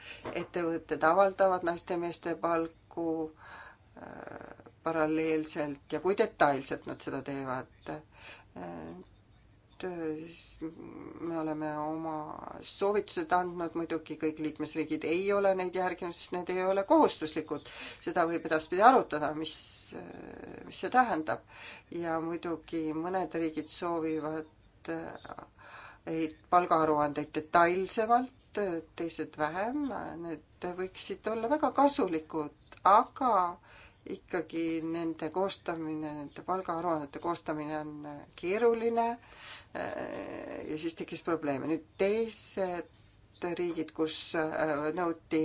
ettevõtted avaldavad naiste ja meeste palku eh, paralleelselt ja kui detailselt nad seda teevad. Äh, me oleme oma soovitused andnud, muidugi kõik liikmesriigid ei ole neid järginud, sest need ei ole kohustuslikud. seda võib edaspidi arutada, mis, äh, mis see tähendab. ja muidugi mõned riigid soovivad äh, palgaaruandeid detailsemalt, teised vähem, need võiksid olla väga kasulikud, aga ikkagi nende koostamine, nende palgaaruannete koostamine on keeruline. Äh, ja siis tekkis probleeme. nüüd teised riigid, kus äh, nõuti,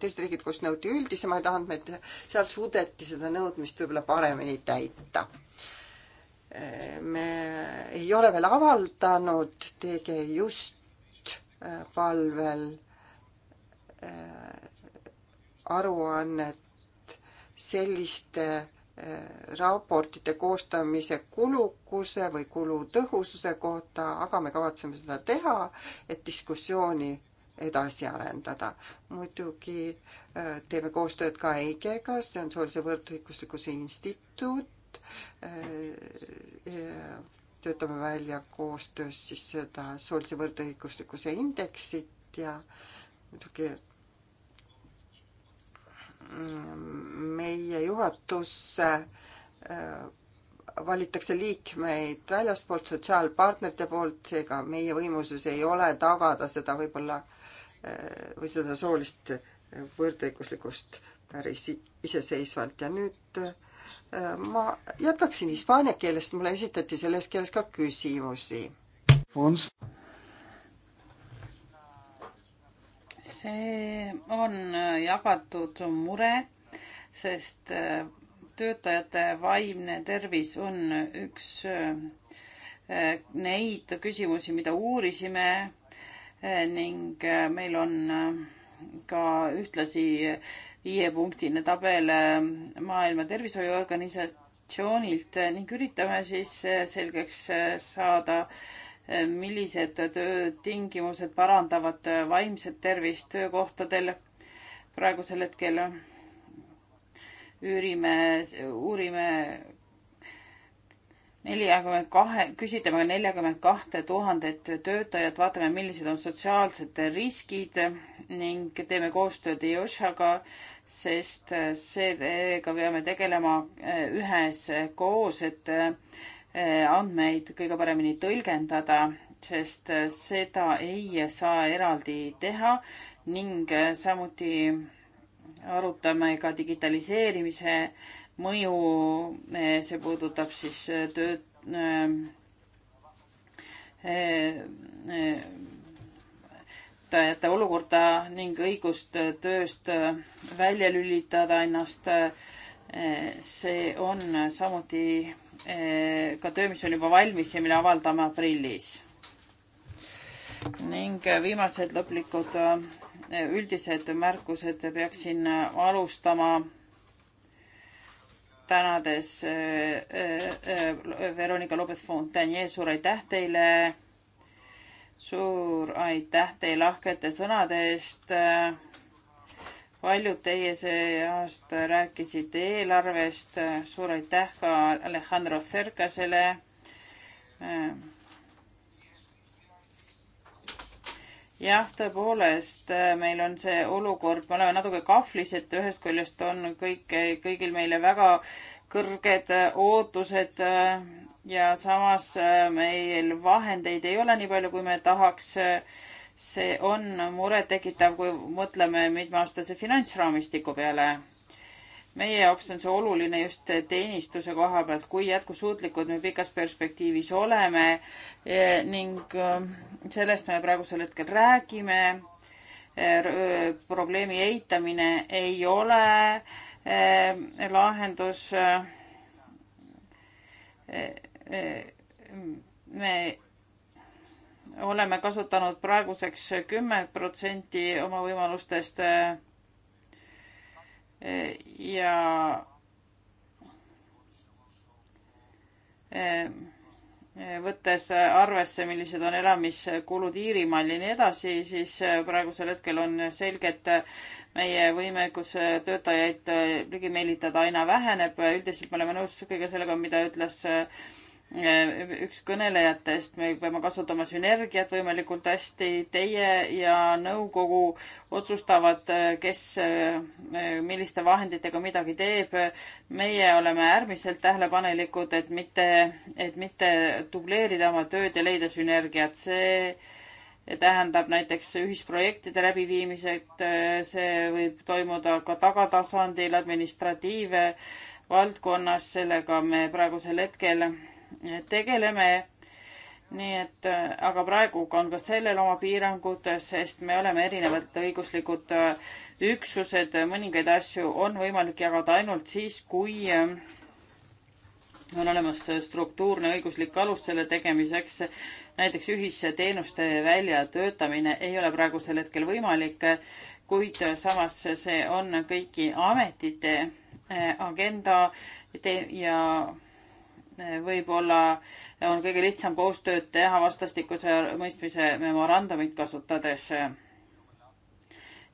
teised riigid, kus nõuti üldisemaid andmeid, seal suudeti seda nõudmist võib-olla paremini täita. Äh, me ei ole veel avaldanud TG Just palvel aruannet selliste raportite koostamise kulukuse või kulutõhususe kohta, aga me kavatseme seda teha, et diskussiooni edasi arendada. muidugi äh, teeme koostööd ka EIGE-ga, see on soolise võrdõiguslikkuse instituut, äh, töötame välja koostöös siis seda soolise võrdõiguslikkuse indeksit ja muidugi meie juhatusse äh, valitakse liikmeid väljaspoolt sotsiaalpartnerite poolt, seega meie võimuses ei ole tagada seda võib-olla äh, või seda soolist võrdõiguslikkust päris iseseisvalt ja nüüd äh, ma jätkaksin hispaania keelest, mulle esitati selles keeles ka küsimusi. see on äh, jagatud mure, sest äh, töötajate vaimne tervis on üks äh, neid küsimusi, mida uurisime ning meil on ka ühtlasi viiepunktine tabel Maailma Tervishoiuorganisatsioonilt ning üritame siis selgeks saada äh, millised töötingimused parandavad vaimset tervist töökohtadel praegusel hetkel. üürime, uurime neljakümmend kahe, küsitleme neljakümmend kahte tuhandet töötajat, vaatame, millised on sotsiaalsed riskid ning teeme koostööd EOSHA-ga, sest seega peame tegelema üheskoos, et Eh, andmeid kõige paremini tõlgendada, sest eh, seda ei saa eraldi teha ning eh, samuti arutame ka digitaliseerimise mõju, see puudutab siis tööd töötajate olukorda ning õigust tööst välja lülitada ennast. see on samuti Eh, ka töö, mis on juba valmis ja mille avaldame aprillis. ning eh, viimased lõplikud eh, üldised märkused peaksin alustama tänades Veronika Lopez-Fontanier, suur aitäh teile. suur aitäh teile lahkete sõnade eest paljud teie see aasta rääkisid eelarvest, suur aitäh ka Alejandro Cercasele. jah, tõepoolest, meil on see olukord, me oleme natuke kahvlis, et ühest küljest on kõik, kõigil meile väga kõrged ootused ja samas meil vahendeid ei ole nii palju, kui me tahaks see on murettekitav, kui mõtleme mitmeaastase finantsraamistiku peale. meie jaoks on see oluline just teenistuse koha pealt, kui jätkusuutlikud me pikas perspektiivis oleme eh, ning eh, sellest me praegusel hetkel räägime. Eh, probleemi eitamine ei ole lahendus. me oleme kasutanud praeguseks kümme protsenti oma võimalustest ja e, võttes arvesse, millised on elamiskulud Iirimaal ja nii edasi, siis praegusel hetkel on selge, et meie võimekus töötajaid ligi meelitada aina väheneb. üldiselt me oleme nõus kõige sellega, mida ütles äh, Eh, üks kõnelejatest, me peame kasutama sünergiat võimalikult hästi, teie ja nõukogu otsustavad, eh, kes eh, milliste vahenditega midagi teeb. meie oleme äärmiselt tähelepanelikud, et mitte, et mitte dubleerida oma tööd ja leida sünergiat, see tähendab näiteks ühisprojektide läbiviimised, see võib toimuda ka tagatasandil administratiivvaldkonnas, sellega me praegusel hetkel tegeleme. nii et, äh, aga praegu on ka sellel oma piirangud, sest me oleme erinevad õiguslikud äh, üksused, mõningaid asju on võimalik jagada ainult siis, kui äh, on olemas struktuurne õiguslik alus selle tegemiseks. näiteks ühisteenuste väljatöötamine ei ole praegusel hetkel võimalik, kuid samas see on kõiki ametite agenda ja võib-olla on kõige lihtsam koostööd teha vastastikuse mõistmise memorandumit kasutades.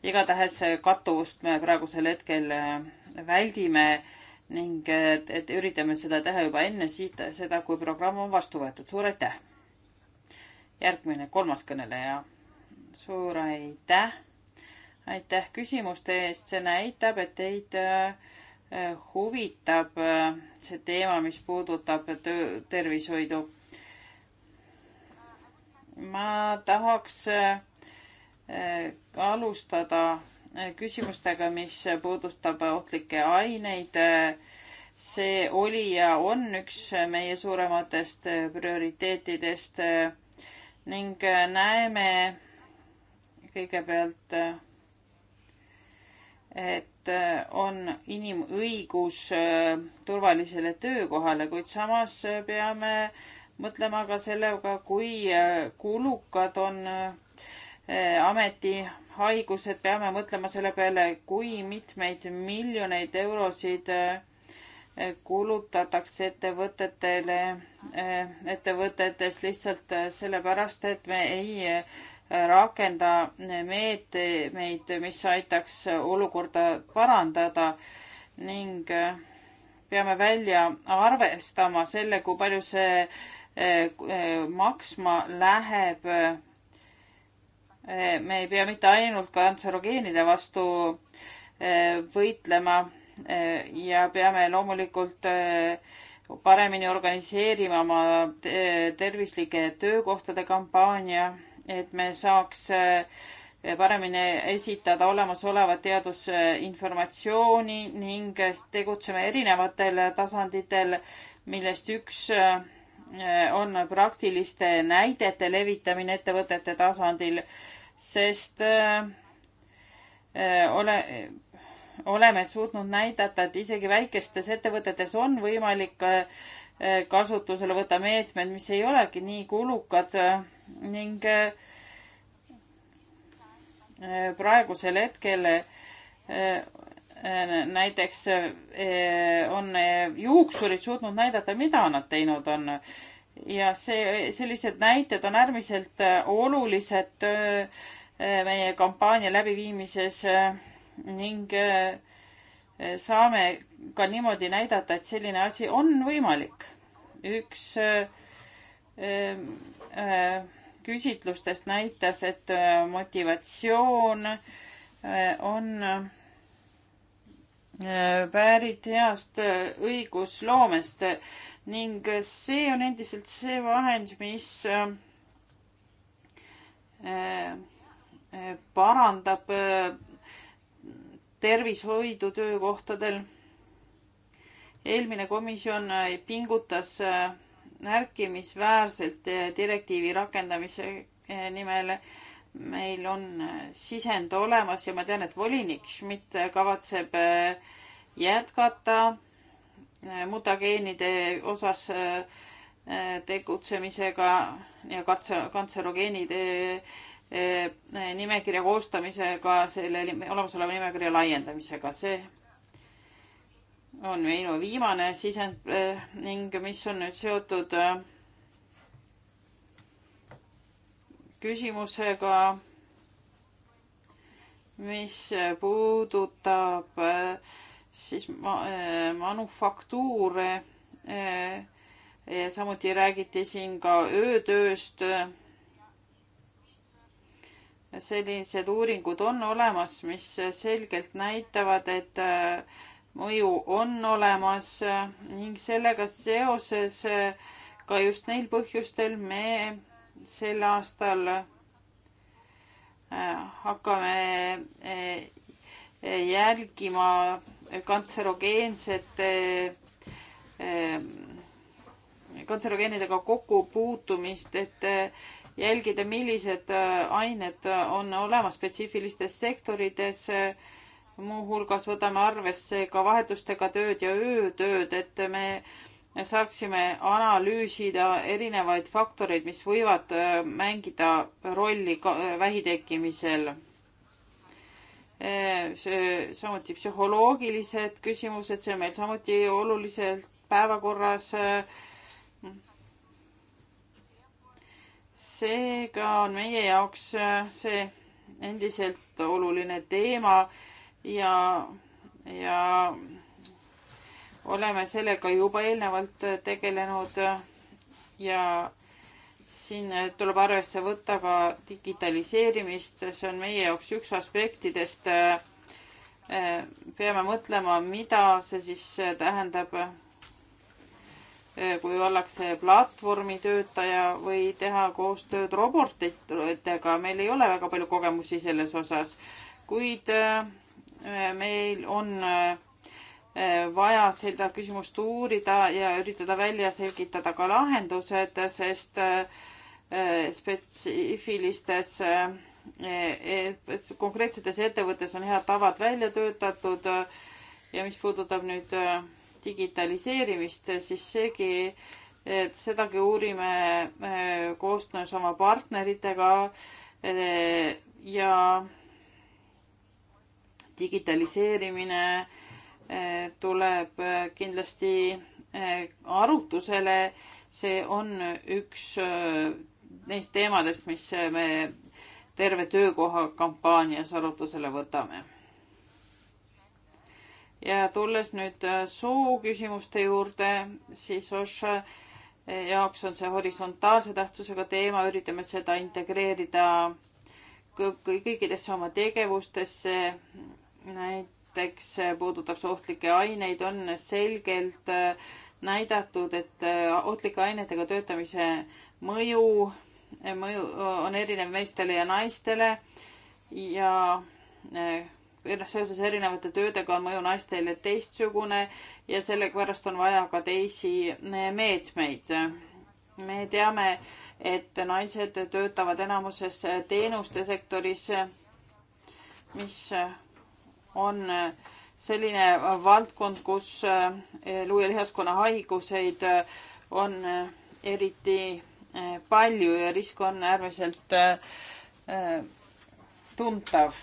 igatahes kattuvust me praegusel hetkel äh, väldime ning äh, et, et üritame seda teha juba enne siis seda, kui programm on vastu võetud. suur aitäh! järgmine, kolmas kõneleja. suur aitäh! aitäh küsimuste eest, see näitab, et teid äh, huvitab äh, see teema, mis puudutab töö, tervishoidu. ma tahaks äh, alustada äh, küsimustega, mis puudutab ohtlikke aineid. see oli ja on üks meie suurematest prioriteetidest ning näeme kõigepealt, et Eh, on inimõigus eh, turvalisele töökohale, kuid samas eh, peame mõtlema ka sellega, kui kulukad on ametihaigused, peame mõtlema selle peale, kui mitmeid miljoneid eurosid kulutatakse ettevõtetele, ettevõtetes lihtsalt sellepärast, et me ei rakenda meetmeid, mis aitaks olukorda parandada ning peame välja arvestama selle, kui palju see eh, maksma läheb. Eh, me ei pea mitte ainult kantserogeenide vastu eh, võitlema ja peame loomulikult paremini organiseerima oma tervislike töökohtade kampaania et me saaks äh, paremini esitada olemasolevat teadusinformatsiooni ning tegutseme erinevatel tasanditel, millest üks äh, on praktiliste näidete levitamine ettevõtete tasandil, sest äh, ole, oleme suutnud näidata, et isegi väikestes ettevõtetes on võimalik kasutusele võtta meetmed, mis ei olegi nii kulukad ning eh, praegusel hetkel eh, näiteks eh, on juuksurid suutnud näidata, mida nad teinud on. ja see, sellised näited on äärmiselt olulised meie kampaania läbiviimises ning äh, saame ka niimoodi näidata, et selline asi on võimalik. üks äh, äh, küsitlustest näitas, et äh, motivatsioon on pärit heast õigusloomest ning see on endiselt see vahend, mis parandab tervishoidu töökohtadel. eelmine komisjon äh, pingutas äh, märkimisväärselt äh, direktiivi rakendamise nimel. meil on sisend olemas ja ma tean, et volinik Schmidt kavatseb jätkata mutageenide osas tegutsemisega ja kantserogeenide Eh, nimekirja koostamisega, selle olemasoleva nimekirja laiendamisega, see on minu viimane sisend eh, ning mis on nüüd seotud eh, küsimusega, mis puudutab siis ma, manufaktuure. samuti räägiti siin ka öötööst sellised uuringud on olemas, mis selgelt näitavad, et äh, mõju on olemas äh, ning sellega seoses äh, ka just neil põhjustel me sel aastal hakkame jälgima kantserogeensete, kantserogeenidega kokkupuutumist, et jälgida, millised äh, ained äh, on olemas spetsiifilistes sektorites. Äh, muuhulgas võtame arvesse ka vahetustega tööd ja öötööd, et me saaksime analüüsida erinevaid faktoreid, mis võivad mängida rolli vähi tekkimisel. samuti psühholoogilised küsimused, see on meil samuti oluliselt päevakorras seega on meie jaoks äh, see endiselt oluline teema ja, ja oleme sellega juba eelnevalt äh, tegelenud äh, ja siin tuleb arvesse võtta ka digitaliseerimist, see on meie jaoks üks aspektidest. peame mõtlema, mida see siis tähendab Eh, kui ollakse platvormi töötaja või teha koostööd robotitega, meil ei ole väga palju kogemusi selles osas, kuid eh, meil on eh, vaja seda küsimust uurida ja üritada välja selgitada ka lahendused, sest spetsiifilistes konkreetsetes ettevõttes on head tavad välja töötatud ja mis puudutab nüüd digitaliseerimist, siis seegi, et sedagi uurime eh, koostöös oma partneritega eh, ja digitaliseerimine eh, tuleb kindlasti arutusele. see on üks neist teemadest, mis me terve töökoha kampaanias arutusele võtame ja tulles nüüd äh, sooküsimuste juurde, siis OSHA äh, jaoks on see horisontaalse tähtsusega teema, üritame seda integreerida kõikidesse oma tegevustesse. näiteks äh, puudutab see ohtlikke aineid, on selgelt näidatud, et ohtlike ainetega töötamise mõju, mõju on erinev meestele ja naistele ja Noh, seoses erinevate töödega on mõju naistele teistsugune ja sellepärast on vaja ka teisi eh, meetmeid. me teame, et naised töötavad enamuses eh, teenuste sektoris, eh, mis on selline valdkond, kus luu- ja lihaskonna haiguseid on eriti palju ja risk on äärmiselt tuntav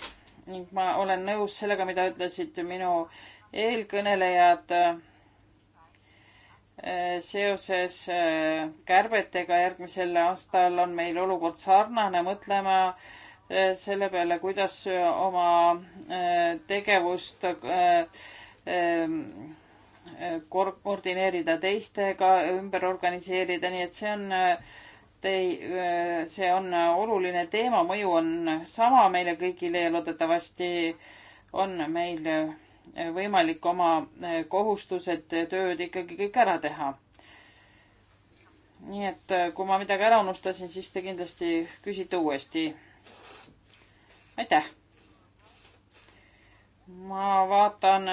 ning ma olen nõus sellega, mida ütlesid minu eelkõnelejad eh, seoses eh, kärbetega järgmisel aastal on meil olukord sarnane, mõtlema eh, selle peale, kuidas oma tegevust koordineerida teistega, ümber organiseerida, nii et see on Te, äh, see on oluline teema, mõju on sama meile kõigile ja loodetavasti on meil äh, võimalik oma äh, kohustused, tööd ikkagi kõik ära teha. nii et kui ma midagi ära unustasin, siis te kindlasti küsite uuesti. aitäh! ma vaatan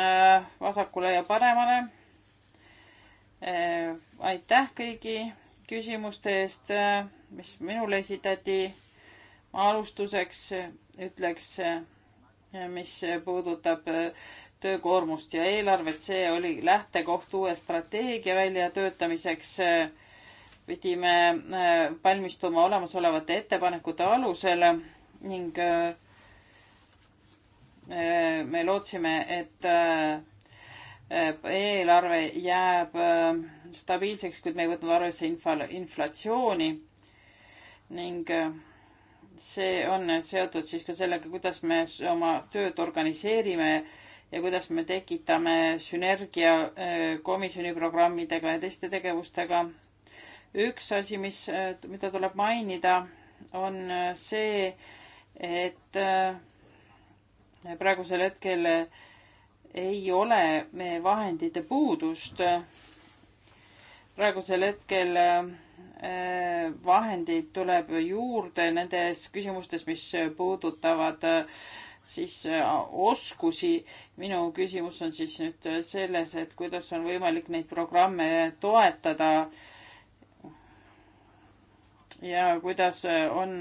vasakule ja paremale. aitäh kõigi küsimuste eest, mis minule esitati. ma alustuseks ütleks, mis puudutab töökoormust ja eelarvet, see oli lähtekoht uue strateegia väljatöötamiseks. pidime äh, valmistuma olemasolevate ettepanekute alusel ning äh, me lootsime, et äh, Äh, eelarve jääb äh, stabiilseks, kuid me ei võtnud arvesse infal-, inflatsiooni ning äh, see on seotud siis ka sellega, kuidas me oma tööd organiseerime ja kuidas me tekitame sünergia komisjoni programmidega ja teiste tegevustega. üks asi, mis, mida tuleb mainida, on see, et praegusel hetkel äh, ei ole me vahendite puudust. praegusel hetkel äh, vahendeid tuleb juurde nendes küsimustes, mis puudutavad äh, siis äh, oskusi. minu küsimus on siis nüüd selles, et kuidas on võimalik neid programme toetada. ja kuidas on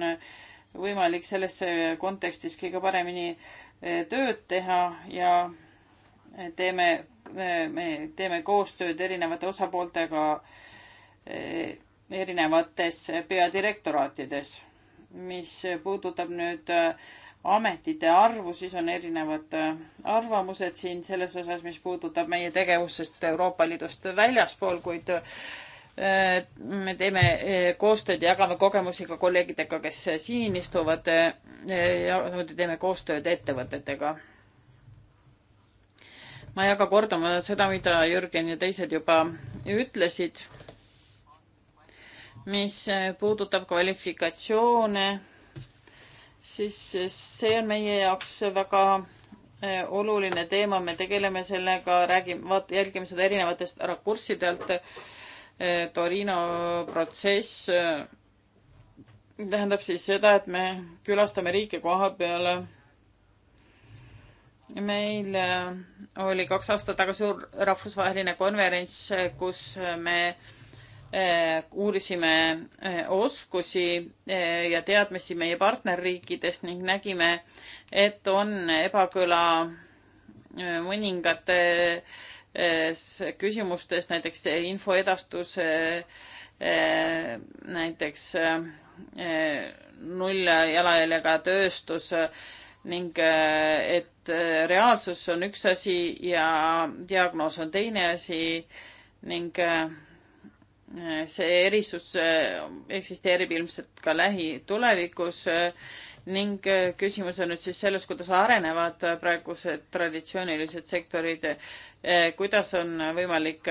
võimalik selles kontekstis kõige paremini tööd teha ja teeme, me teeme koostööd erinevate osapooltega eh, erinevates peadirektoraatides. mis puudutab nüüd eh, ametite arvu, siis on erinevad eh, arvamused siin selles osas, mis puudutab meie tegevusest Euroopa Liidust väljaspool, kuid me teeme koostööd ja jagame kogemusi ka kolleegidega, kes siin istuvad ja samuti teeme koostööd ettevõtetega ma ei hakka kordama seda, mida Jürgen ja teised juba ütlesid, mis puudutab kvalifikatsioone, siis see on meie jaoks väga eh, oluline teema, me tegeleme sellega, räägime, vaat-, jälgime seda erinevatest rakurssidelt. Eh, Torino protsess eh, tähendab siis seda, et me külastame riike koha peale meil äh, oli kaks aastat tagasi suur rahvusvaheline konverents, äh, kus äh, me uurisime oskusi ja teadmisi meie partnerriikidest ning nägime, et on ebakõla mõningates küsimustes, näiteks info edastus, näiteks null jalajäljega tööstus ning äh, et äh, reaalsus on üks asi ja diagnoos on teine asi ning äh, see erisus eksisteerib ilmselt ka lähitulevikus ning küsimus on nüüd siis selles, kuidas arenevad praegused traditsioonilised sektorid, kuidas on võimalik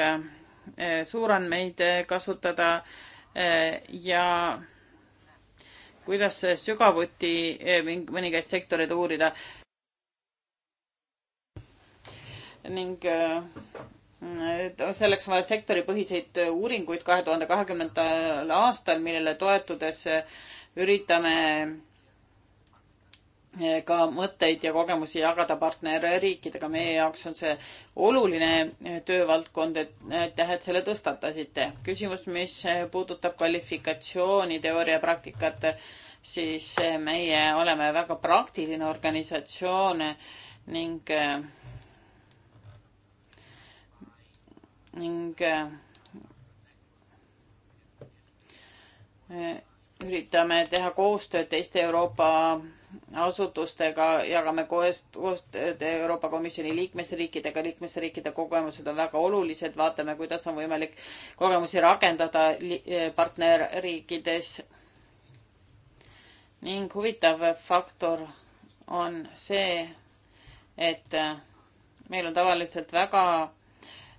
suurandmeid kasutada ja kuidas sügavuti eh, mõningaid sektoreid uurida. ning eh, selleks on vaja sektoripõhiseid uuringuid kahe tuhande kahekümnendal aastal, millele toetudes eh, üritame ka mõtteid ja kogemusi jagada partnerriikidega. meie jaoks on see oluline töövaldkond, et aitäh, et selle tõstatasite. küsimus, mis puudutab kvalifikatsiooni, teooria, praktikat, siis meie oleme väga praktiline organisatsioon ning ning üritame teha koostööd teiste Euroopa asutustega, jagame koostööd Euroopa Komisjoni liikmesriikidega, liikmesriikide kogemused on väga olulised, vaatame, kuidas on võimalik kogemusi rakendada partnerriikides. ning huvitav faktor on see, et meil on tavaliselt väga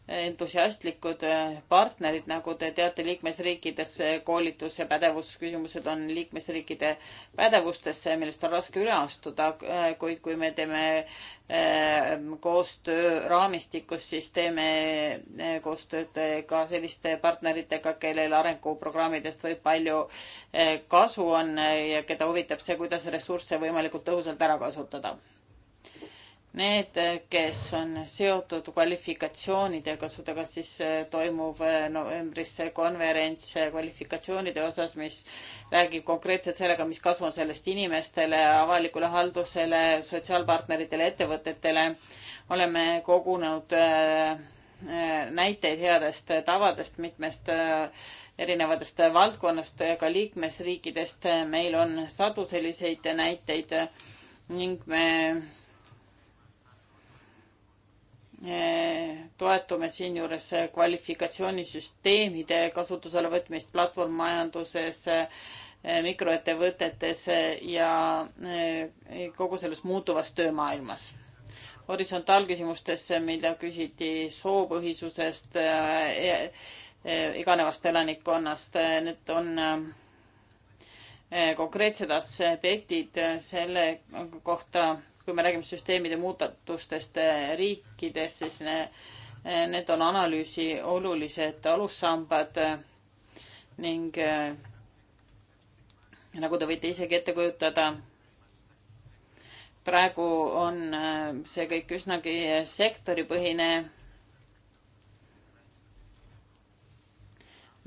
entusiastlikud äh, partnerid, nagu te teate, liikmesriikides äh, koolitus ja pädevusküsimused on liikmesriikide pädevustesse, millest on raske üle astuda, äh, kuid kui me teeme koostöö raamistikus, siis teeme koostööd ka selliste partneritega, kellel arenguprogrammidest võib palju kasu on ja keda huvitab see, kuidas ressursse võimalikult tõhusalt ära kasutada need, kes on seotud kvalifikatsioonidega, seda kas siis eh, toimub eh, novembris see konverents eh, kvalifikatsioonide osas, mis räägib konkreetselt sellega, mis kasu on sellest inimestele, avalikule haldusele, sotsiaalpartneritele, ettevõtetele. oleme kogunud näiteid headest tavadest mitmest erinevatest valdkonnast, ka liikmesriikidest. meil on sadu selliseid näiteid ning me toetume siinjuures kvalifikatsioonisüsteemide kasutusele võtmist platvormmajanduses, mikroettevõtetes ja eh, kogu selles muutuvas töömaailmas. horisontaalküsimustesse, mida küsiti soopõhisusest e, iganevast elanikkonnast, need on konkreetsed aspektid selle kohta kui me räägime süsteemide muudatustest riikides, siis ne, need on analüüsi olulised alussambad ning nagu te võite isegi ette kujutada, praegu on see kõik üsnagi sektoripõhine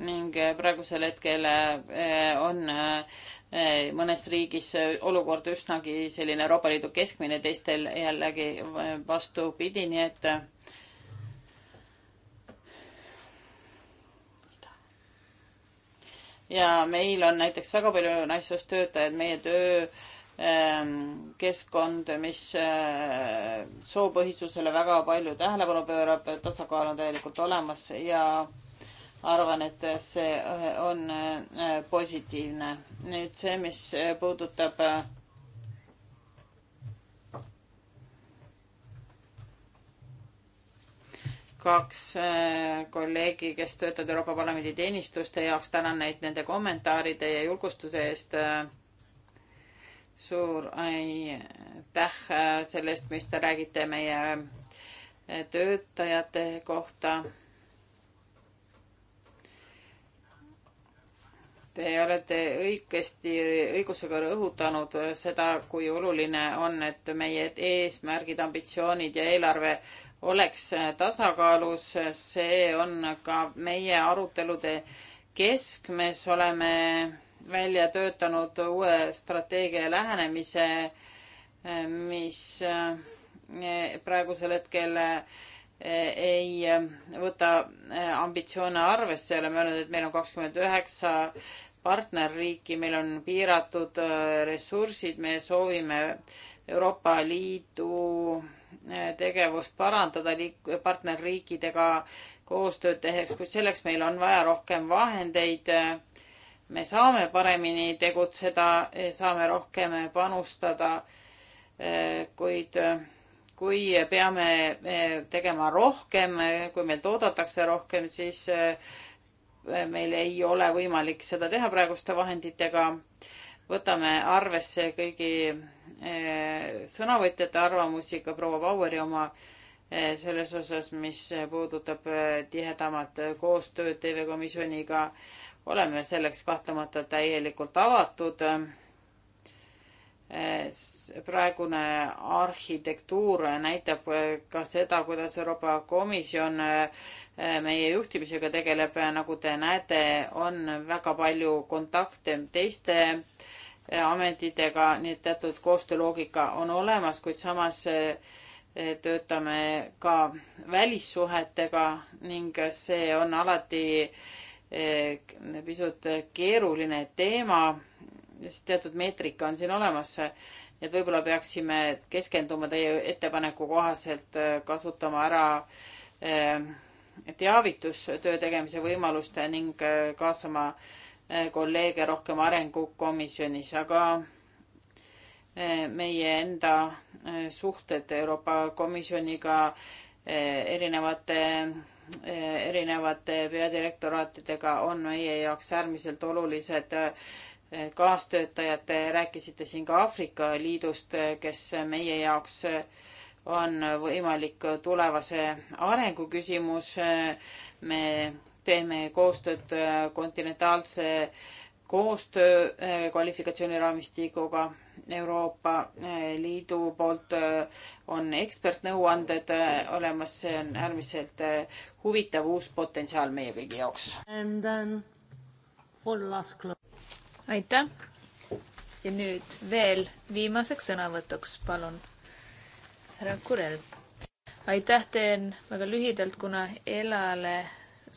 ning eh, praegusel hetkel eh, on eh, mõnes riigis olukord üsnagi selline Euroopa Liidu keskmine, teistel jällegi vastupidi, nii et ja meil on näiteks väga palju naissoost töötajaid, meie töökeskkond, ehm, mis soopõhisusele väga palju tähelepanu pöörab, tasakaal on täielikult olemas ja arvan, et see äh, on äh, positiivne. nüüd see, mis äh, puudutab kaks kolleegi, kes töötavad Euroopa Parlamendi teenistuste jaoks, tänan neid nende kommentaaride ja julgustuse eest. suur aitäh selle eest, mis te räägite meie töötajate kohta Te olete õigesti, õigusega rõhutanud seda, kui oluline on, et meie eesmärgid, ambitsioonid ja eelarve oleks tasakaalus. see on ka meie arutelude keskmes, oleme välja töötanud uue strateegia lähenemise, mis eh, praegusel hetkel eh, ei võta eh, ambitsioone arvesse, oleme öelnud, et meil on kakskümmend üheksa partnerriiki, meil on piiratud äh, ressursid, me soovime Euroopa Liidu äh, tegevust parandada liik-, partnerriikidega koostööd tehes, kuid selleks meil on vaja rohkem vahendeid. Äh, me saame paremini tegutseda, saame rohkem panustada, kuid kui peame tegema rohkem, kui meilt oodatakse rohkem, siis meil ei ole võimalik seda teha praeguste vahenditega. võtame arvesse kõigi eh, sõnavõtjate arvamusi, ka proua Baueri oma eh, selles osas, mis puudutab eh, tihedamat koostööd TV Komisjoniga. oleme selleks kahtlemata täielikult avatud praegune arhitektuur näitab ka seda, kuidas Euroopa Komisjon eh, meie juhtimisega tegeleb, nagu te näete, on väga palju kontakte teiste eh, ametitega, nii et teatud koostööloogika on olemas, kuid samas eh, töötame ka välissuhetega ning see on alati pisut keeruline teema sest teatud meetrika on siin olemas, nii et võib-olla peaksime keskenduma teie ettepaneku kohaselt äh, kasutama ära äh, teavitustöö tegemise võimaluste ning äh, kaasama kolleege rohkem arengukomisjonis, aga meie enda suhted Euroopa Komisjoniga erinevate erinevate peadirektoraatidega on meie jaoks äärmiselt olulised kaastöötajad, rääkisite siin ka Aafrika Liidust, kes meie jaoks on võimalik tulevase arengu küsimus. me teeme koostööd kontinentaalse koostöö kvalifikatsiooniraamistikuga Euroopa Liidu poolt on ekspertnõuanded olemas, see on äärmiselt huvitav uus potentsiaal meie kõigi jaoks aitäh. ja nüüd veel viimaseks sõnavõtuks, palun, härra Kurel. aitäh, teen väga lühidalt, kuna Elale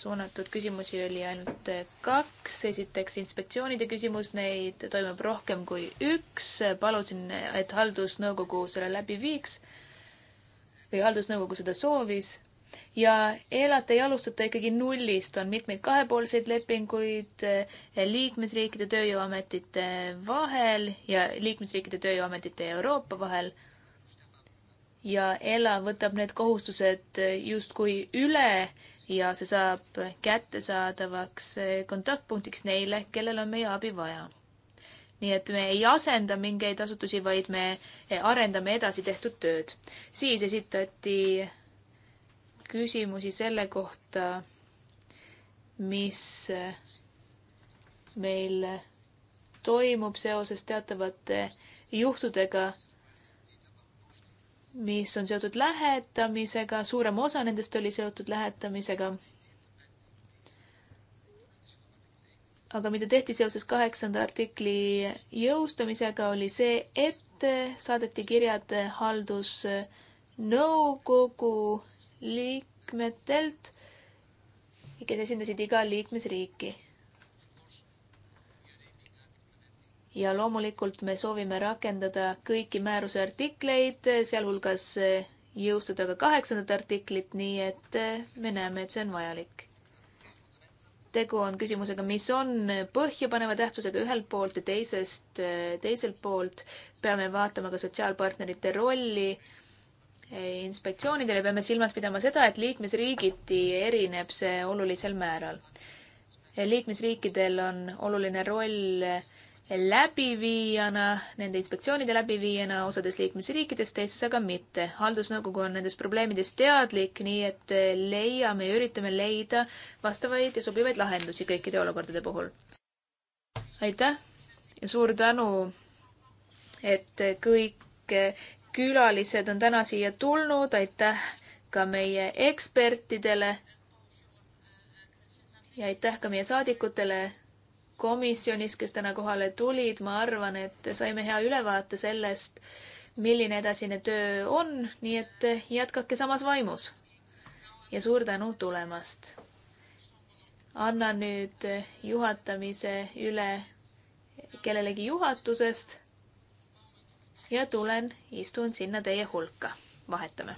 suunatud küsimusi oli ainult kaks. esiteks inspektsioonide küsimus, neid toimub rohkem kui üks. palusin, et haldusnõukogu selle läbi viiks või haldusnõukogu seda soovis ja ELAT ei alustata ikkagi nullist, on mitmeid kahepoolseid lepinguid eh, liikmesriikide tööjõuametite vahel ja liikmesriikide tööjõuametite ja Euroopa vahel. ja ELA võtab need kohustused justkui üle ja see saab kättesaadavaks eh, kontaktpunktiks neile, kellel on meie abi vaja. nii et me ei asenda mingeid asutusi, vaid me eh, arendame edasi tehtud tööd. siis esitati küsimusi selle kohta, mis meil toimub seoses teatavate juhtudega, mis on seotud lähetamisega, suurem osa nendest oli seotud lähetamisega. aga mida tehti seoses kaheksanda artikli jõustumisega, oli see, et saadeti kirjad haldusnõukogu liikmetelt, kes esindasid iga liikmesriiki. ja loomulikult me soovime rakendada kõiki määruse artikleid, sealhulgas jõustuda ka kaheksandat artiklit, nii et me näeme, et see on vajalik. tegu on küsimusega, mis on põhjapaneva tähtsusega ühelt poolt ja teisest, teiselt poolt peame vaatama ka sotsiaalpartnerite rolli inspektsioonidele, peame silmas pidama seda, et liikmesriigiti erineb see olulisel määral. liikmesriikidel on oluline roll läbiviijana, nende inspektsioonide läbiviijana osades liikmesriikides, teistes aga mitte. haldusnõukogu on nendest probleemidest teadlik, nii et leiame ja üritame leida vastavaid ja sobivaid lahendusi kõikide olukordade puhul. aitäh ja suur tänu, et kõik külalised on täna siia tulnud, aitäh ka meie ekspertidele. ja aitäh ka meie saadikutele komisjonis, kes täna kohale tulid, ma arvan, et saime hea ülevaate sellest, milline edasine töö on, nii et jätkake samas vaimus. ja suur tänu tulemast. annan nüüd juhatamise üle kellelegi juhatusest ja tulen, istun sinna teie hulka, vahetame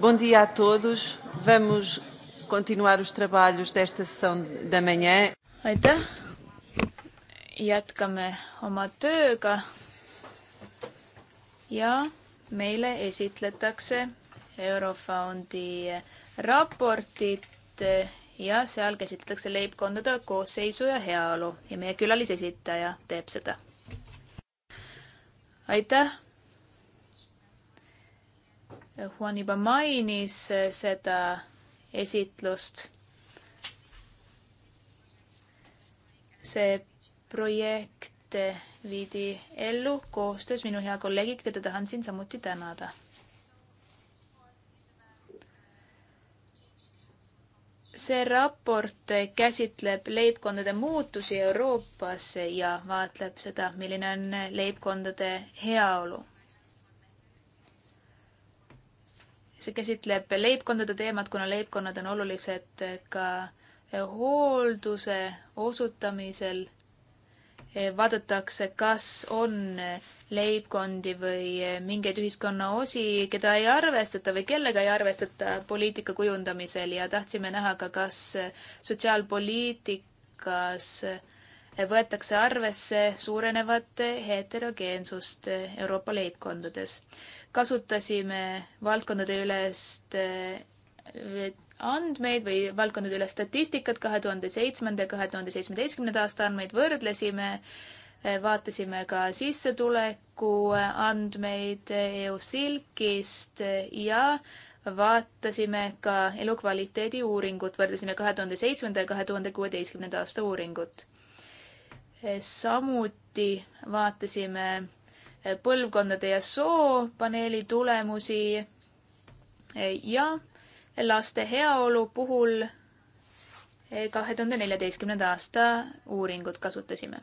Bom dia a todos. Vamos continuar os trabalhos desta sessão da manhã. aitäh, jätkame oma tööga. ja meile esitletakse Eurofondi raportit ja seal käsitletakse leibkondade koosseisu ja heaolu ja meie külalisesitaja teeb seda. aitäh Juan juba mainis seda esitlust. see projekt viidi ellu koostöös minu hea kolleegiga, keda tahan siin samuti tänada. see raport käsitleb leibkondade muutusi Euroopas ja vaatleb seda, milline on leibkondade heaolu see käsitleb leibkondade teemat, kuna leibkonnad on olulised ka hoolduse osutamisel. vaadatakse, kas on leibkondi või mingeid ühiskonna osi, keda ei arvestata või kellega ei arvestata poliitika kujundamisel ja tahtsime näha ka, kas sotsiaalpoliitikas võetakse arvesse suurenevat heterogeensust Euroopa leibkondades kasutasime valdkondadeülest eh, andmeid või valdkondadeülest statistikat, kahe tuhande seitsmenda ja kahe tuhande seitsmeteistkümnenda aasta andmeid võrdlesime, eh, vaatasime ka sissetuleku andmeid EU-Silkist eh, ja vaatasime ka elukvaliteedi uuringut, võrdlesime kahe tuhande seitsmenda ja kahe tuhande kuueteistkümnenda aasta uuringut. samuti vaatasime põlvkondade ja soopaneeli tulemusi ja laste heaolu puhul eh, kahe tuhande neljateistkümnenda aasta uuringut kasutasime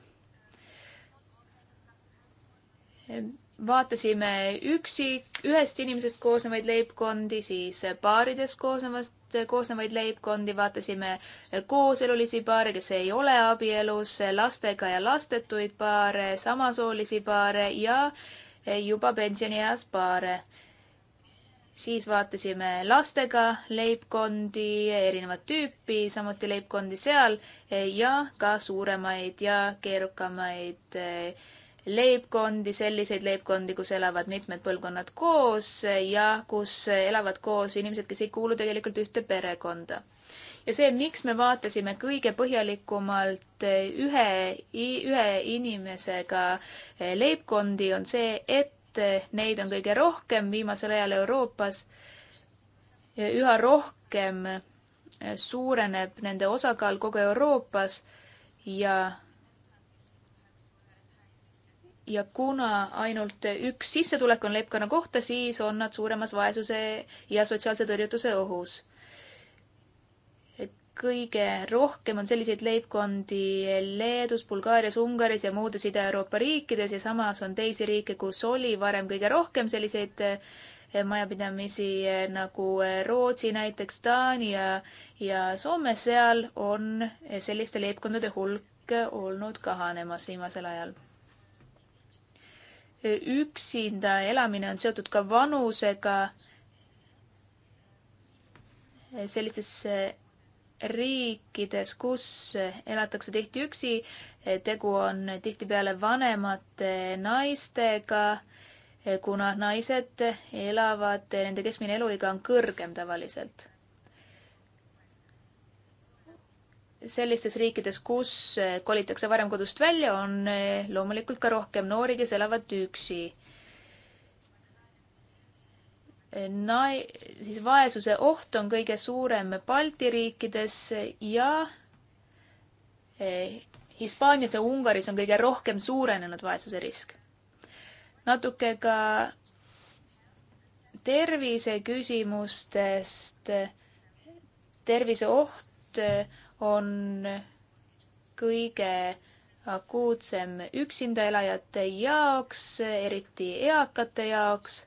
vaatasime üksi, ühest inimesest koosnevaid leibkondi, siis paaridest koosnevast, koosnevaid leibkondi, vaatasime kooselulisi paare, kes ei ole abielus, lastega ja lastetuid paare, samasoolisi paare ja juba pensionieas paare. siis vaatasime lastega leibkondi, erinevat tüüpi, samuti leibkondi seal ja ka suuremaid ja keerukamaid äh, leibkondi, selliseid leibkondi, kus elavad mitmed põlvkonnad koos ja kus elavad koos inimesed, kes ei kuulu tegelikult ühte perekonda. ja see, miks me vaatasime kõige põhjalikumalt ühe, ühe inimesega leibkondi, on see, et neid on kõige rohkem viimasel ajal Euroopas. üha rohkem suureneb nende osakaal kogu Euroopas ja ja kuna ainult üks sissetulek on leibkonna kohta, siis on nad suuremas vaesuse ja sotsiaalse tõrjutuse ohus. kõige rohkem on selliseid leibkondi Leedus, Bulgaarias, Ungaris ja muudes Ida-Euroopa riikides ja samas on teisi riike, kus oli varem kõige rohkem selliseid eh, majapidamisi eh, nagu eh, Rootsi näiteks, Taani ja, ja Soome, seal on selliste leibkondade hulk olnud kahanemas viimasel ajal üksinda elamine on seotud ka vanusega. sellises riikides, kus elatakse tihti üksi, tegu on tihtipeale vanemate naistega, kuna naised elavad, nende keskmine eluiga on kõrgem tavaliselt. sellistes riikides, kus eh, kolitakse varem kodust välja, on eh, loomulikult ka rohkem noori, kes elavad üksi. Eh, nai-, siis vaesuse oht on kõige suurem Balti riikides ja Hispaanias ja Ungaris on kõige rohkem suurenenud vaesuse risk. natuke ka terviseküsimustest, terviseoht on kõige akuutsem üksinda elajate jaoks, eriti eakate jaoks.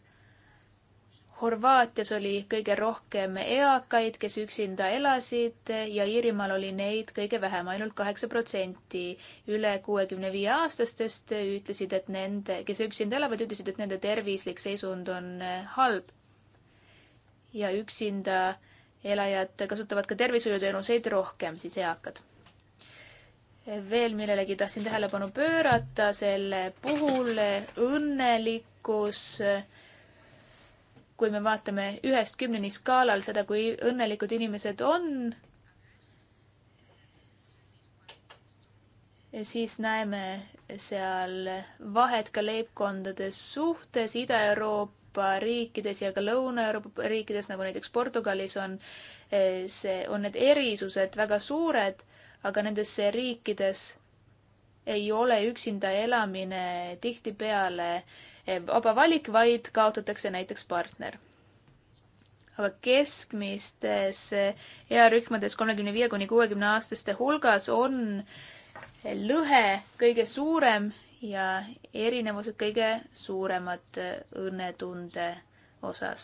Horvaatias oli kõige rohkem eakaid, kes üksinda elasid ja Iirimaal oli neid kõige vähem ainult, ainult kaheksa protsenti. üle kuuekümne viie aastastest ütlesid, et nende, kes üksinda elavad, ütlesid, et nende tervislik seisund on halb. ja üksinda elajad kasutavad ka tervishoiuteenuseid rohkem, siis eakad. veel millelegi tahtsin tähelepanu pöörata, selle puhul õnnelikkus, kui me vaatame ühest kümneni skaalal seda, kui õnnelikud inimesed on, siis näeme seal vahet ka leibkondade suhtes Ida-Euroopa Euroopa riikides ja ka Lõuna-Euroopa riikides, nagu näiteks Portugalis on eh, see, on need erisused väga suured, aga nendes riikides ei ole üksinda elamine tihtipeale eh, vaba valik, vaid kaotatakse näiteks partner aga keskmistes eh, earühmades kolmekümne viie kuni kuuekümne aastaste hulgas on lõhe kõige suurem ja erinevused kõige suuremad õnnetunde osas.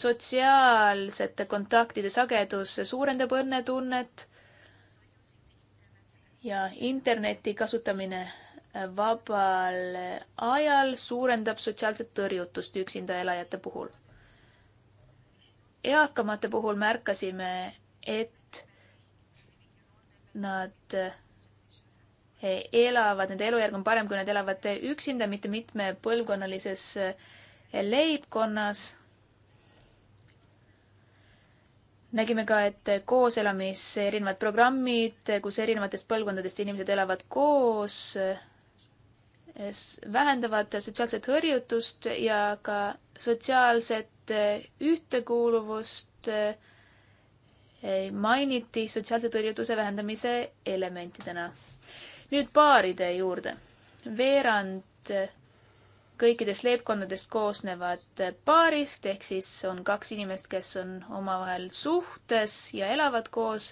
sotsiaalsete kontaktide sagedus suurendab õnnetunnet ja interneti kasutamine vabal ajal suurendab sotsiaalset tõrjutust üksinda elajate puhul. eakamate puhul märkasime, et nad elavad, nende elujärg on parem, kui nad elavad üksinda, mitte mitmepõlvkonnalises eh, leibkonnas. nägime ka, et kooselamis erinevad programmid, kus erinevatest põlvkondadest inimesed elavad koos, eh, vähendavad sotsiaalset hõrjutust ja ka sotsiaalset eh, ühtekuuluvust mainiti sotsiaalse tõrjutuse vähendamise elementidena nüüd baaride juurde. veerand kõikidest leibkondadest koosnevad paarist ehk siis on kaks inimest, kes on omavahel suhtes ja elavad koos.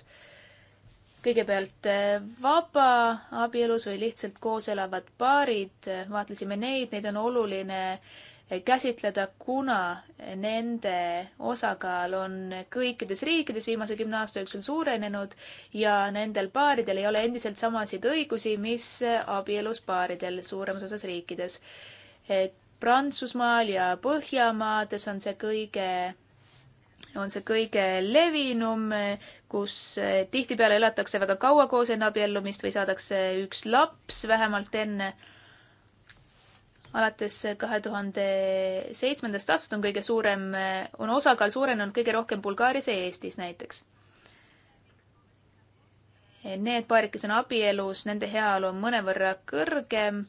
kõigepealt eh, vabaabielus või lihtsalt koos elavad paarid, vaatlesime neid, neid on oluline käsitleda, kuna nende osakaal on kõikides riikides viimase kümne aasta jooksul suurenenud ja nendel paaridel ei ole endiselt samasid õigusi, mis abielus paaridel suuremas osas riikides. Prantsusmaal ja Põhjamaades on see kõige on see kõige levinum, kus tihtipeale elatakse väga kaua koos enne abiellumist või saadakse üks laps vähemalt enne alates kahe tuhande seitsmendast aastast on kõige suurem, on osakaal suurenenud kõige rohkem Bulgaarias ja Eestis näiteks. Need paarid, kes on abielus, nende heaolu on mõnevõrra kõrgem,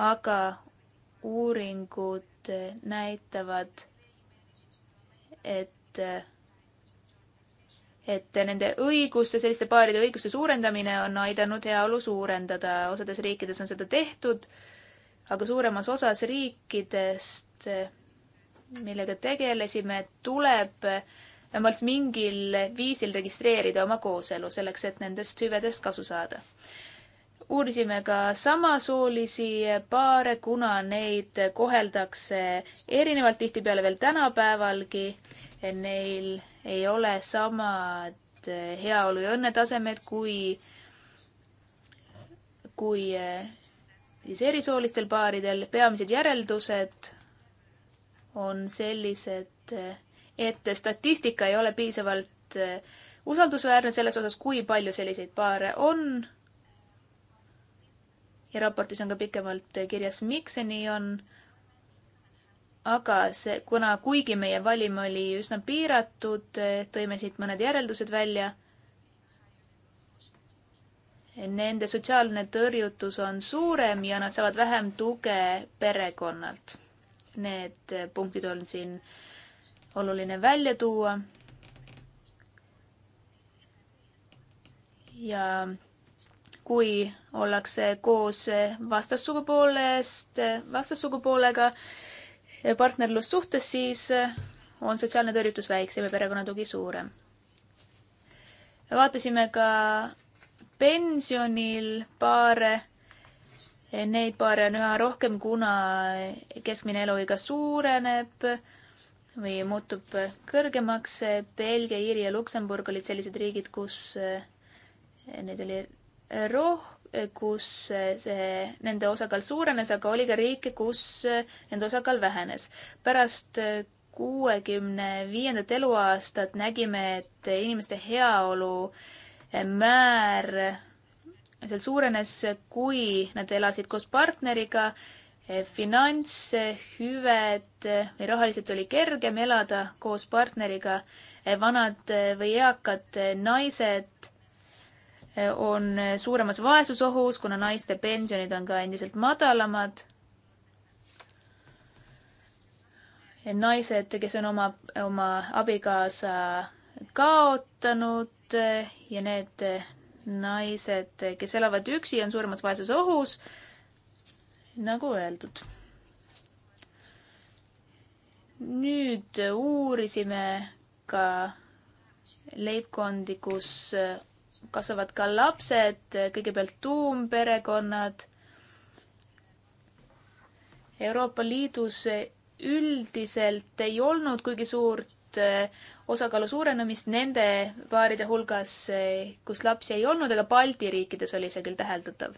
aga uuringud näitavad, et, et nende õiguste, selliste paaride õiguste suurendamine on aidanud heaolu suurendada. osades riikides on seda tehtud äh, aga suuremas osas riikidest, millega tegelesime, tuleb vähemalt mingil viisil registreerida oma kooselu selleks, et nendest hüvedest kasu saada. uurisime ka samasoolisi paare, kuna neid koheldakse erinevalt, tihtipeale veel tänapäevalgi. Neil ei ole samad heaolu ja õnnetasemed kui, kui siis erisoolistel paaridel peamised järeldused on sellised, et statistika ei ole piisavalt eh, usaldusväärne selles osas, kui palju selliseid paare on. ja raportis on ka pikemalt kirjas, miks see nii on. aga see, kuna, kuigi meie valim oli üsna piiratud, eh, tõime siit mõned järeldused välja nende sotsiaalne tõrjutus on suurem ja nad saavad vähem tuge perekonnalt. Need punktid on siin oluline välja tuua. ja kui ollakse koos vastassugupoolest, vastassugupoolega partnerlussuhtes, siis on sotsiaalne tõrjutus väiksem ja perekonnatugi suurem. vaatasime ka pensionil paare. Neid paare on üha rohkem, kuna keskmine eluiga suureneb või muutub kõrgemaks. Belgia, Iiri ja Luksemburg olid sellised riigid, kus eh, neid oli roh-, kus eh, see, nende osakaal suurenes, aga oli ka riike, kus eh, nende osakaal vähenes. pärast kuuekümne viiendat eluaastat nägime, et inimeste heaolu määr seal suurenes, kui nad elasid koos partneriga, finantshüved või rahaliselt oli kergem elada koos partneriga, vanad või eakad naised on suuremas vaesusohus, kuna naiste pensionid on ka endiselt madalamad. naised, kes on oma, oma abikaasa kaotanud, töötud ja need naised, kes elavad üksi, on suuremas vaesusohus, nagu öeldud. nüüd uurisime ka leibkondi, kus kasvavad ka lapsed, kõigepealt tuumperekonnad. Euroopa Liidus üldiselt ei olnud kuigi suurt osakaalu suurenemist nende paaride hulgas, kus lapsi ei olnud, aga Balti riikides oli see küll täheldatav.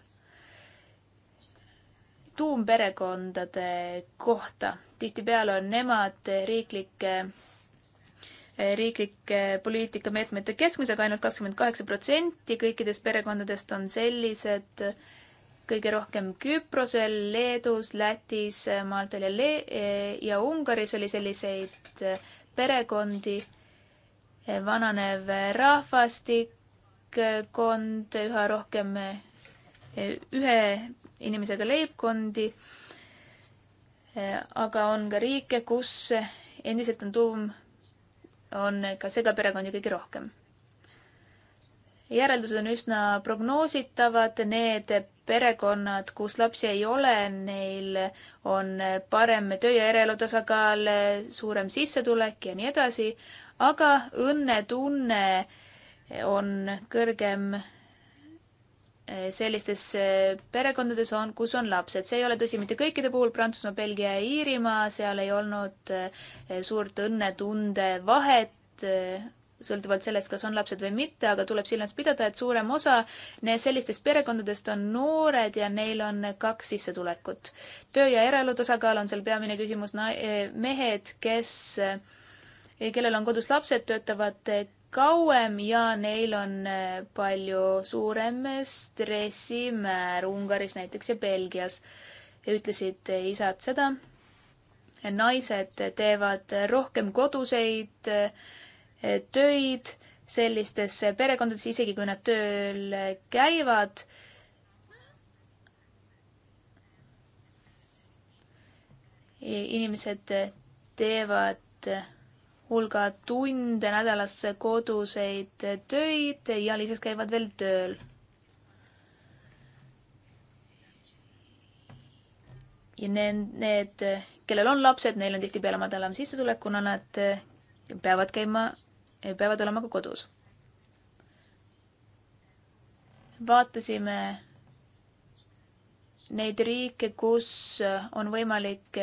tuumperekondade kohta. tihtipeale on nemad riiklike, riiklike poliitikameetmete keskmes, aga ainult kakskümmend kaheksa protsenti kõikidest perekondadest on sellised, kõige rohkem Küprosel, Leedus, Lätis, Maltal ja Le- ja Ungaris oli selliseid perekondi, vananev rahvastikkond, üha rohkem eh, ühe inimesega leibkondi. Eh, aga on ka riike, kus endiselt on tuum, on ka segaperekondi kõige rohkem järeldused on üsna prognoositavad, need perekonnad, kus lapsi ei ole, neil on parem töö ja eraelu tasakaal, suurem sissetulek ja nii edasi, aga õnnetunne on kõrgem eh, sellistes eh, perekondades on, kus on lapsed. see ei ole tõsi mitte kõikide puhul, Prantsusmaa, Belgia ja Iirimaa, seal ei olnud eh, suurt õnnetunde vahet, sõltuvalt sellest, kas on lapsed või mitte, aga tuleb silmas pidada, et suurem osa sellistest perekondadest on noored ja neil on kaks sissetulekut. töö ja eraelu tasakaal on seal peamine küsimus, mehed, kes, eh, kellel on kodus lapsed, töötavad eh, kauem ja neil on eh, palju suurem stressimäär Ungaris näiteks ja Belgias, ütlesid isad seda. naised teevad rohkem koduseid äh, Eh, töid sellistesse perekondadesse, isegi kui nad tööl käivad. inimesed teevad hulga tunde nädalas koduseid töid ja lisaks käivad veel tööl. ja need, need, kellel on lapsed, neil on tihtipeale madalam sissetulek, kuna nad peavad käima peavad olema ka kodus. vaatasime neid riike, kus on võimalik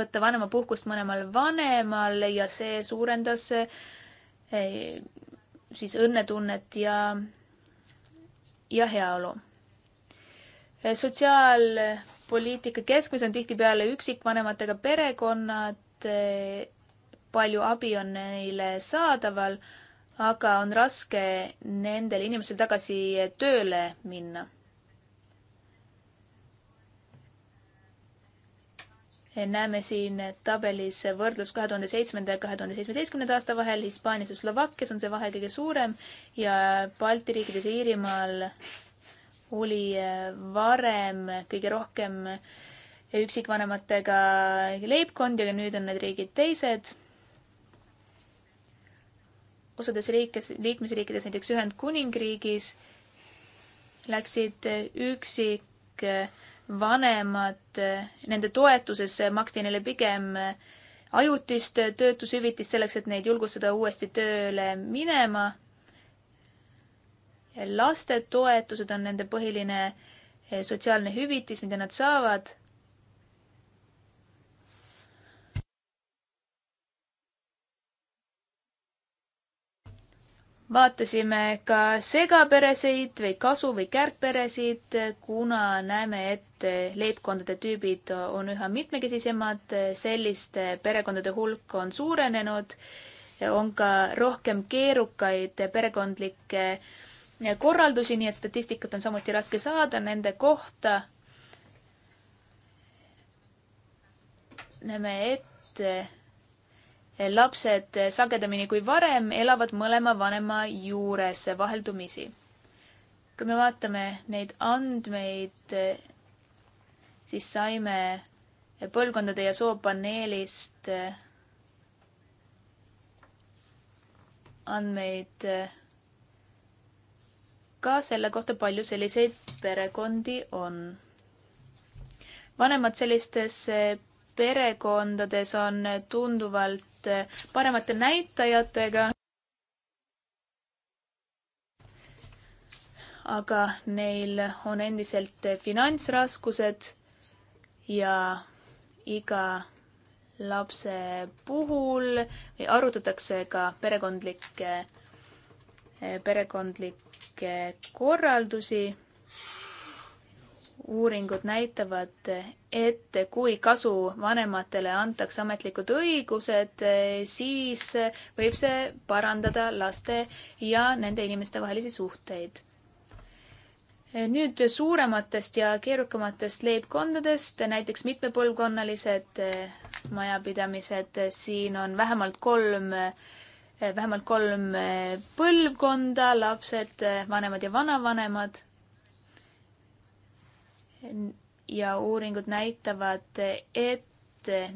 võtta vanemapuhkust mõlemal vanemal ja see suurendas eh, siis õnnetunnet ja, ja heaolu. Eh, sotsiaalpoliitika keskmes on tihtipeale üksikvanematega perekonnad eh, palju abi on neile saadaval, aga on raske nendel inimestel tagasi tööle minna näeme siin tabelis võrdlus kahe tuhande seitsmenda ja kahe tuhande seitsmeteistkümnenda aasta vahel. Hispaanias ja Slovakkias on see vahe kõige suurem ja Balti riikides ja Iirimaal oli varem kõige rohkem üksikvanematega leibkondi, aga nüüd on need riigid teised osades riikides, liikmesriikides, näiteks Ühendkuningriigis, läksid äh, üksikvanemad, äh, äh, nende toetuses maksti neile pigem ajutist töötushüvitist selleks, et neid julgustada uuesti tööle minema. lastetoetused on nende põhiline sotsiaalne hüvitis, mida nad saavad vaatasime ka segaperesid või kasu- või kärgperesid, kuna näeme, et leibkondade tüübid on üha mitmekesisemad, selliste perekondade hulk on suurenenud, on ka rohkem keerukaid perekondlikke korraldusi, nii et statistikat on samuti raske saada nende kohta. näeme ette lapsed sagedamini kui varem elavad mõlema vanema juures vaheldumisi. kui me vaatame neid andmeid, siis saime põlvkondade ja soopaneelist andmeid ka selle kohta, palju selliseid perekondi on. vanemad sellistes perekondades on tunduvalt paremate, eh, paremate näitajatega. aga neil on endiselt finantsraskused ja iga lapse puhul arutatakse ka perekondlikke, eh, perekondlikke korraldusi. uuringud näitavad, et kui kasu vanematele antakse ametlikud õigused, siis võib see parandada laste ja nende inimeste vahelisi suhteid. nüüd suurematest ja keerukamatest leibkondadest, näiteks mitmepõlvkonnalised majapidamised, siin on vähemalt kolm vähemalt kolm põlvkonda, lapsed, vanemad ja vanavanemad ja uuringud näitavad, et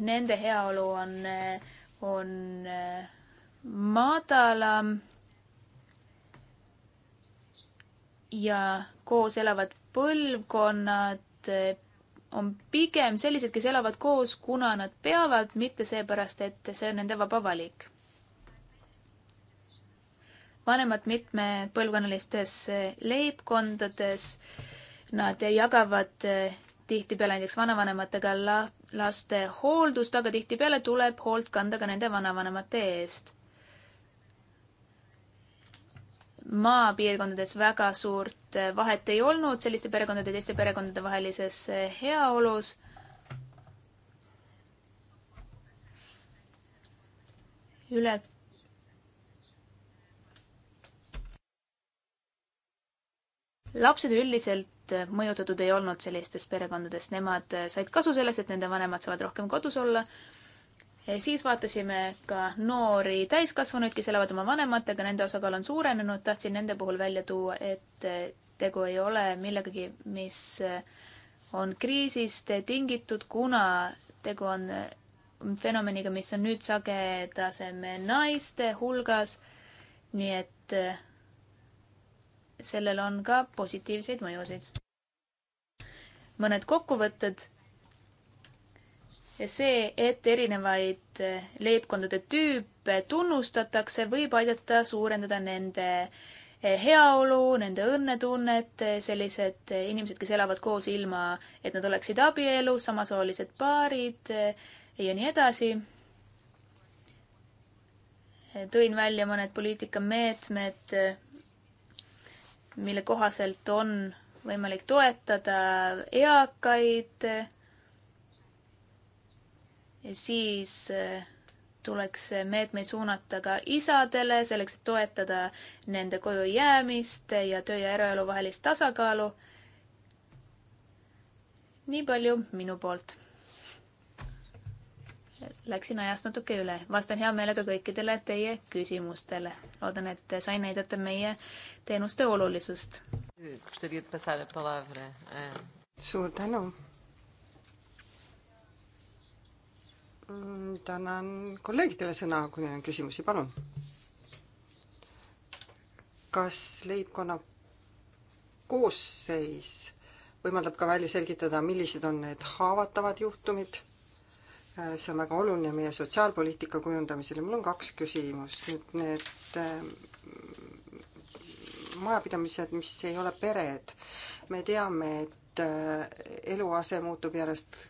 nende heaolu on, on madalam. ja koos elavad põlvkonnad on pigem sellised, kes elavad koos, kuna nad peavad, mitte seepärast, et see on nende vaba valik. vanemad mitmepõlvkonnalistes leibkondades, nad jagavad tihtipeale näiteks vanavanematega la-, laste hooldust, aga tihtipeale tuleb hoolt kanda ka nende vanavanemate eest. maapiirkondades väga suurt vahet ei olnud selliste perekondade ja teiste perekondade vahelises heaolus üle. lapsed üldiselt mõjutatud ei olnud sellistest perekondadest, nemad said kasu sellest, et nende vanemad saavad rohkem kodus olla. siis vaatasime ka noori täiskasvanuid, kes elavad oma vanematega, nende osakaal on suurenenud, tahtsin nende puhul välja tuua, et tegu ei ole millegagi, mis on kriisist tingitud, kuna tegu on fenomeniga, mis on nüüd sagedasem naiste hulgas. nii et sellel on ka positiivseid mõjusid. mõned kokkuvõtted. see, et erinevaid leibkondade tüüpe tunnustatakse, võib aidata suurendada nende heaolu, nende õnnetunnet, sellised inimesed, kes elavad koos ilma, et nad oleksid abielus, samasoolised paarid ja nii edasi. tõin välja mõned poliitikameetmed mille kohaselt on võimalik toetada eakaid, siis eh, tuleks meetmeid suunata ka isadele, selleks et toetada nende koju jäämist ja töö ja eraelu vahelist tasakaalu. nii palju minu poolt läksin ajast natuke üle. vastan hea meelega kõikidele teie küsimustele. loodan, et sain näidata meie teenuste olulisust. suur tänu. Mm, tänan kolleegidele sõna, kui neil on küsimusi, palun. kas leibkonna koosseis võimaldab ka välja selgitada, millised on need haavatavad juhtumid? see on väga oluline meie sotsiaalpoliitika kujundamisel ja mul on kaks küsimust. nüüd need ähm, majapidamised, mis ei ole pered, me teame, et äh, eluase muutub järjest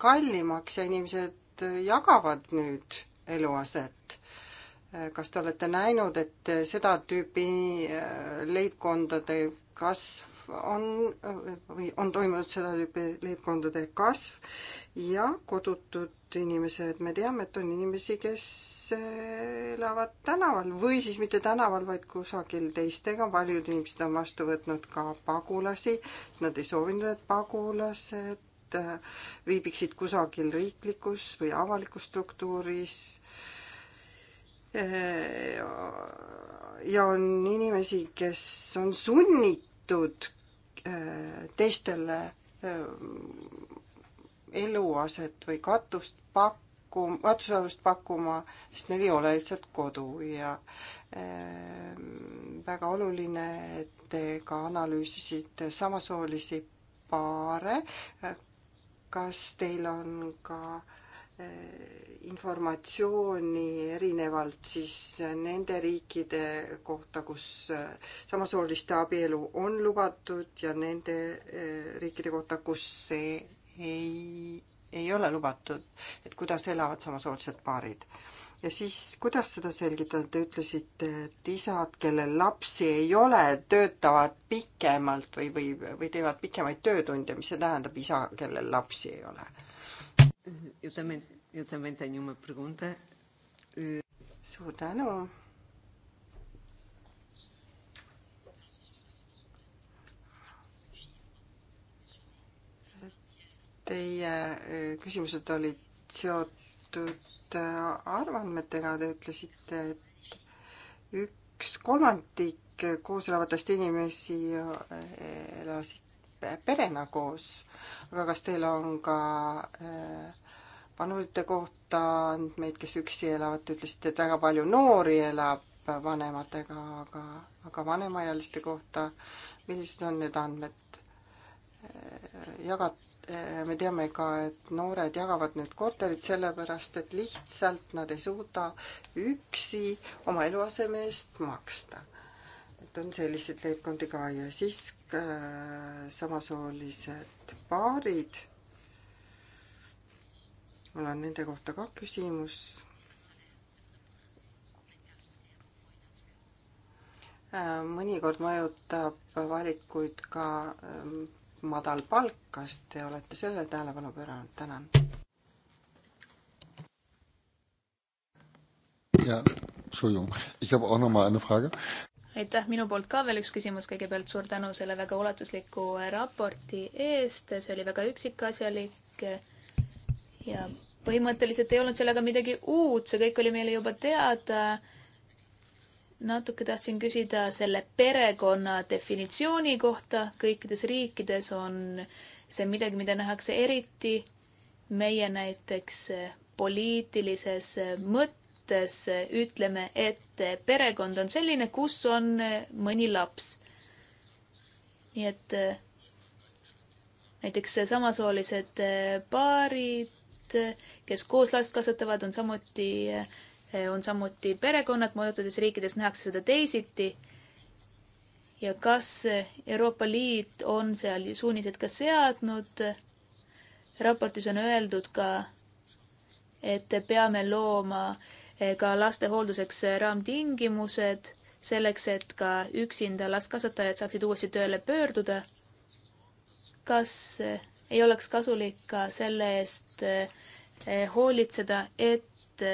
kallimaks ja inimesed jagavad nüüd eluaset. Äh, kas te olete näinud, et seda tüüpi äh, leibkondade kasv on, või on toimunud seda tüüpi leibkondade kasv ja kodutud inimesed, me teame, et on inimesi, kes eh, elavad tänaval või siis mitte tänaval, vaid kusagil teistega, paljud inimesed on vastu võtnud ka pagulasi, nad ei soovinud, et pagulased eh, viibiksid kusagil riiklikus või avalikus struktuuris eh, ja on inimesi, kes on sunnitud teistele eluaset või katust pakkuma, katusalust pakkuma, sest neil ei ole lihtsalt kodu ja äh, väga oluline, et te ka analüüsisite samasoolisi paare. kas teil on ka äh, informatsiooni erinevalt siis nende riikide kohta, kus eh, samasooliste abielu on lubatud ja nende eh, riikide kohta, kus see ei, ei ole lubatud, et kuidas elavad samasoolised paarid. ja siis, kuidas seda selgitada, te ütlesite, et isad, kellel lapsi ei ole, töötavad pikemalt või, või, või teevad pikemaid töötunde, mis see tähendab, isa, kellel lapsi ei ole? suur tänu Teie e, küsimused olid seotud e, arvandmetega, te ütlesite, et üks kolmandik koos elavatest inimesi e, elasid perena koos, aga kas teil on ka vanurite kohta andmeid, kes üksi elavad, te ütlesite, et väga palju noori elab vanematega, aga, aga vanemaealiste kohta, millised on need andmed? jagad, me teame ka, et noored jagavad nüüd korterit sellepärast, et lihtsalt nad ei suuda üksi oma eluaseme eest maksta. et on selliseid leibkondi ka ja siis äh, samasoolised paarid. mul on nende kohta ka küsimus äh,. mõnikord mõjutab valikuid ka äh, madal palk, kas te olete sellele tähelepanu pööranud, tänan. jaa, Entschuldigung, ich habe auch nochmal eine Frage aitäh minu poolt ka veel üks küsimus, kõigepealt suur tänu selle väga ulatusliku raporti eest, see oli väga üksikasjalik ja põhimõtteliselt ei olnud sellega midagi uut, see kõik oli meile juba teada natuke tahtsin küsida selle perekonna definitsiooni kohta. kõikides riikides on see midagi, mida nähakse eriti meie näiteks poliitilises mõttes ütleme, et perekond on selline, kus on mõni laps. nii et näiteks samasoolised paarid, kes koos last kasvatavad, on samuti äh, Eh, on samuti perekonnad, mõnedes riikides nähakse seda teisiti. ja kas eh, Euroopa Liit on seal suunised ka seadnud? raportis on öeldud ka, et peame looma eh, ka laste hoolduseks raamtingimused selleks, et ka üksinda last kasvatajad saaksid uuesti tööle pöörduda. kas ei oleks kasulik ka selle eest hoolitseda, et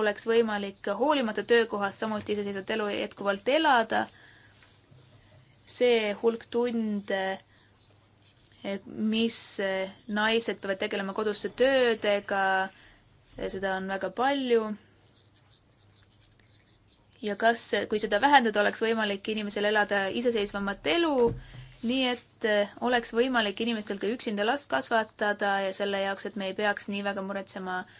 oleks võimalik hoolimata töökohast samuti iseseisvat elu jätkuvalt elada. see hulk tunde, mis naised peavad tegelema koduste töödega, seda on väga palju. ja kas, kui seda vähendada, oleks võimalik inimesel elada iseseisvamat elu, nii et oleks võimalik inimestel ka üksinda last kasvatada ja selle jaoks, et me ei peaks nii väga muretsema äh,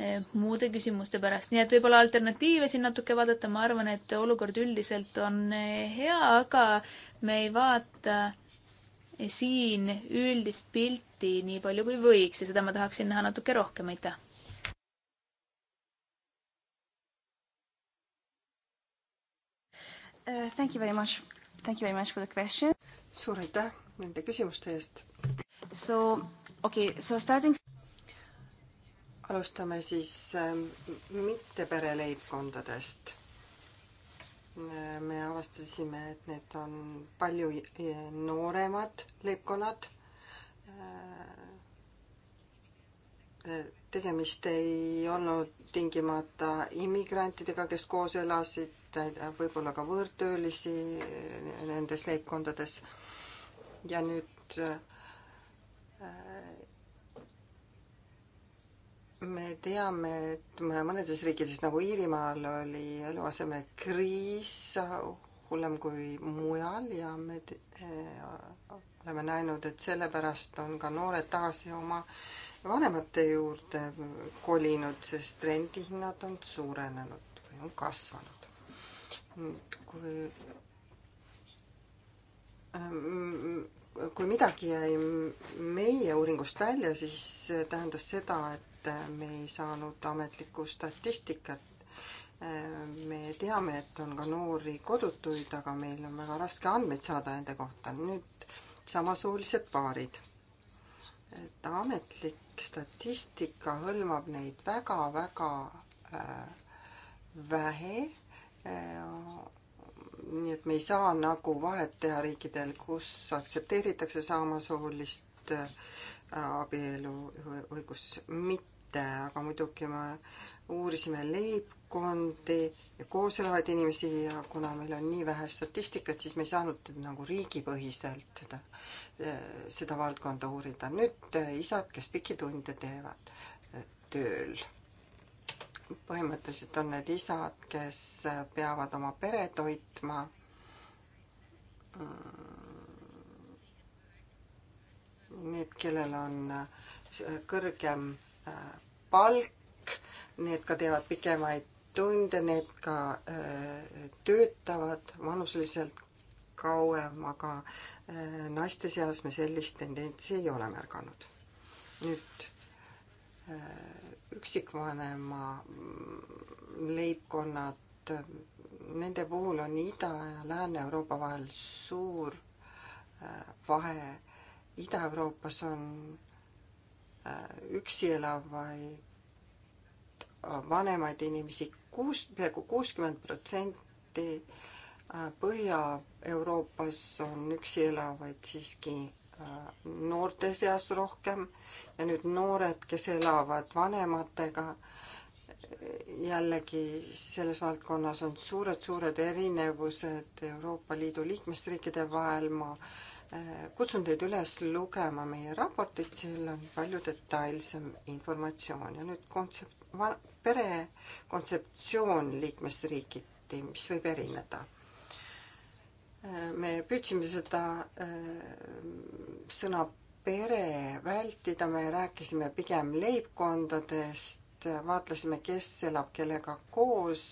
Eh, muude küsimuste pärast, nii et võib-olla alternatiive siin natuke vaadata, ma arvan, et olukord üldiselt on eh, hea, aga me ei vaata eh, siin üldist pilti nii palju kui võiks ja seda ma tahaksin näha natuke rohkem, aitäh. Uh, thank you very much. Thank you very much for the question. suur aitäh nende küsimuste eest. So okay, so starting alustame siis ähm, mitte pereleibkondadest. me avastasime, et need on palju äh, nooremad leibkonnad. Äh, äh, tegemist ei olnud tingimata immigrantidega, kes koos elasid, võib-olla ka võõrtöölisi nendes leibkondades. ja nüüd me teame, et mõnedes riikides nagu Iirimaal oli eluasemekriis hullem kui mujal ja me te, eh, oleme näinud, et sellepärast on ka noored tagasi oma vanemate juurde kolinud, sest rendihinnad on suurenenud või on kasvanud. nüüd kui ähm, kui midagi jäi meie uuringust välja, siis tähendas seda, et me ei saanud ametlikku statistikat. me teame, et on ka noori kodutuid, aga meil on väga raske andmeid saada nende kohta. nüüd samasoolised paarid. et ametlik statistika hõlmab neid väga-väga äh, vähe äh, nii et me ei saa nagu vahet teha riikidel, kus aktsepteeritakse samasoolist äh, abielu või kus mit-, mitte, äh, aga muidugi me uurisime leibkondi ja koos elavaid inimesi ja kuna meil on nii vähe statistikat, siis me ei saanud nagu riigipõhiselt seda, äh, seda valdkonda uurida. nüüd äh, isad, kes pikki tunde teevad tööl. põhimõtteliselt on need isad, kes peavad oma pere toitma mm, need, kellel on kõrgem Äh, palk, need ka teevad pikemaid tunde, need ka äh, töötavad vanuseliselt kauem, aga äh, naiste seas me sellist tendentsi ei ole märganud. nüüd üksikvanema mm, leibkonnad, nende puhul on Ida- ja Lääne-Euroopa vahel suur vahe. Ida-Euroopas on Äh, üksi elavaid äh, vanemaid inimesi, kuus, peaaegu kuuskümmend protsenti äh, Põhja-Euroopas on üksi elavaid siiski noorte seas rohkem ja nüüd noored, kes elavad vanematega, jällegi selles valdkonnas on suured-suured erinevused Euroopa Liidu liikmesriikide vahel, ma äh, kutsun teid üles lugema meie raportit, seal on palju detailsem informatsioon ja nüüd kontsept, pere kontseptsioon liikmesriigiti, mis võib erineda. me püüdsime seda sõna pere vältida, me rääkisime pigem leibkondadest, vaatlesime, kes elab kellega koos,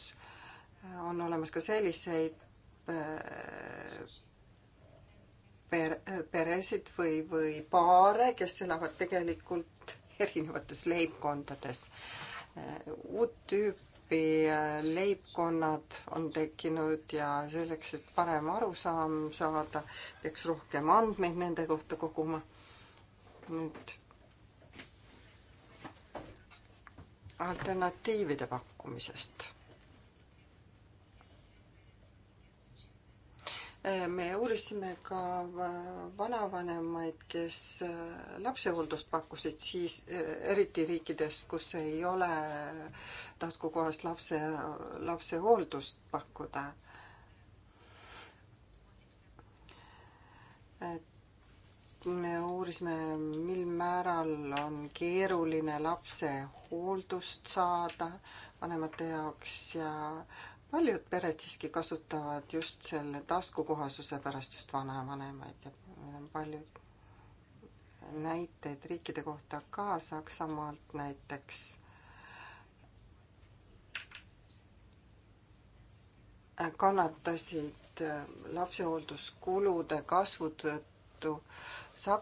on olemas ka selliseid per-, peresid või, või paare, kes elavad tegelikult erinevates leibkondades. uut tüüpi äh, leibkonnad on tekkinud ja selleks, et parem arusaam saada, peaks rohkem andmeid nende kohta koguma. nüüd alternatiivide pakkumisest me uurisime ka vanavanemaid, kes äh, lapsehooldust pakkusid siis, äh, eriti riikidest, kus ei ole taskukohast lapse, lapsehooldust pakkuda. et me uurisime, mil määral on keeruline lapse hooldust saada vanemate jaoks ja paljud pered siiski kasutavad just selle taskukohasuse pärast just vanavanemaid ja meil on palju näiteid riikide kohta ka Saksamaalt näiteks. kannatasid lapsehooldus kulude kasvu tõttu Saks-,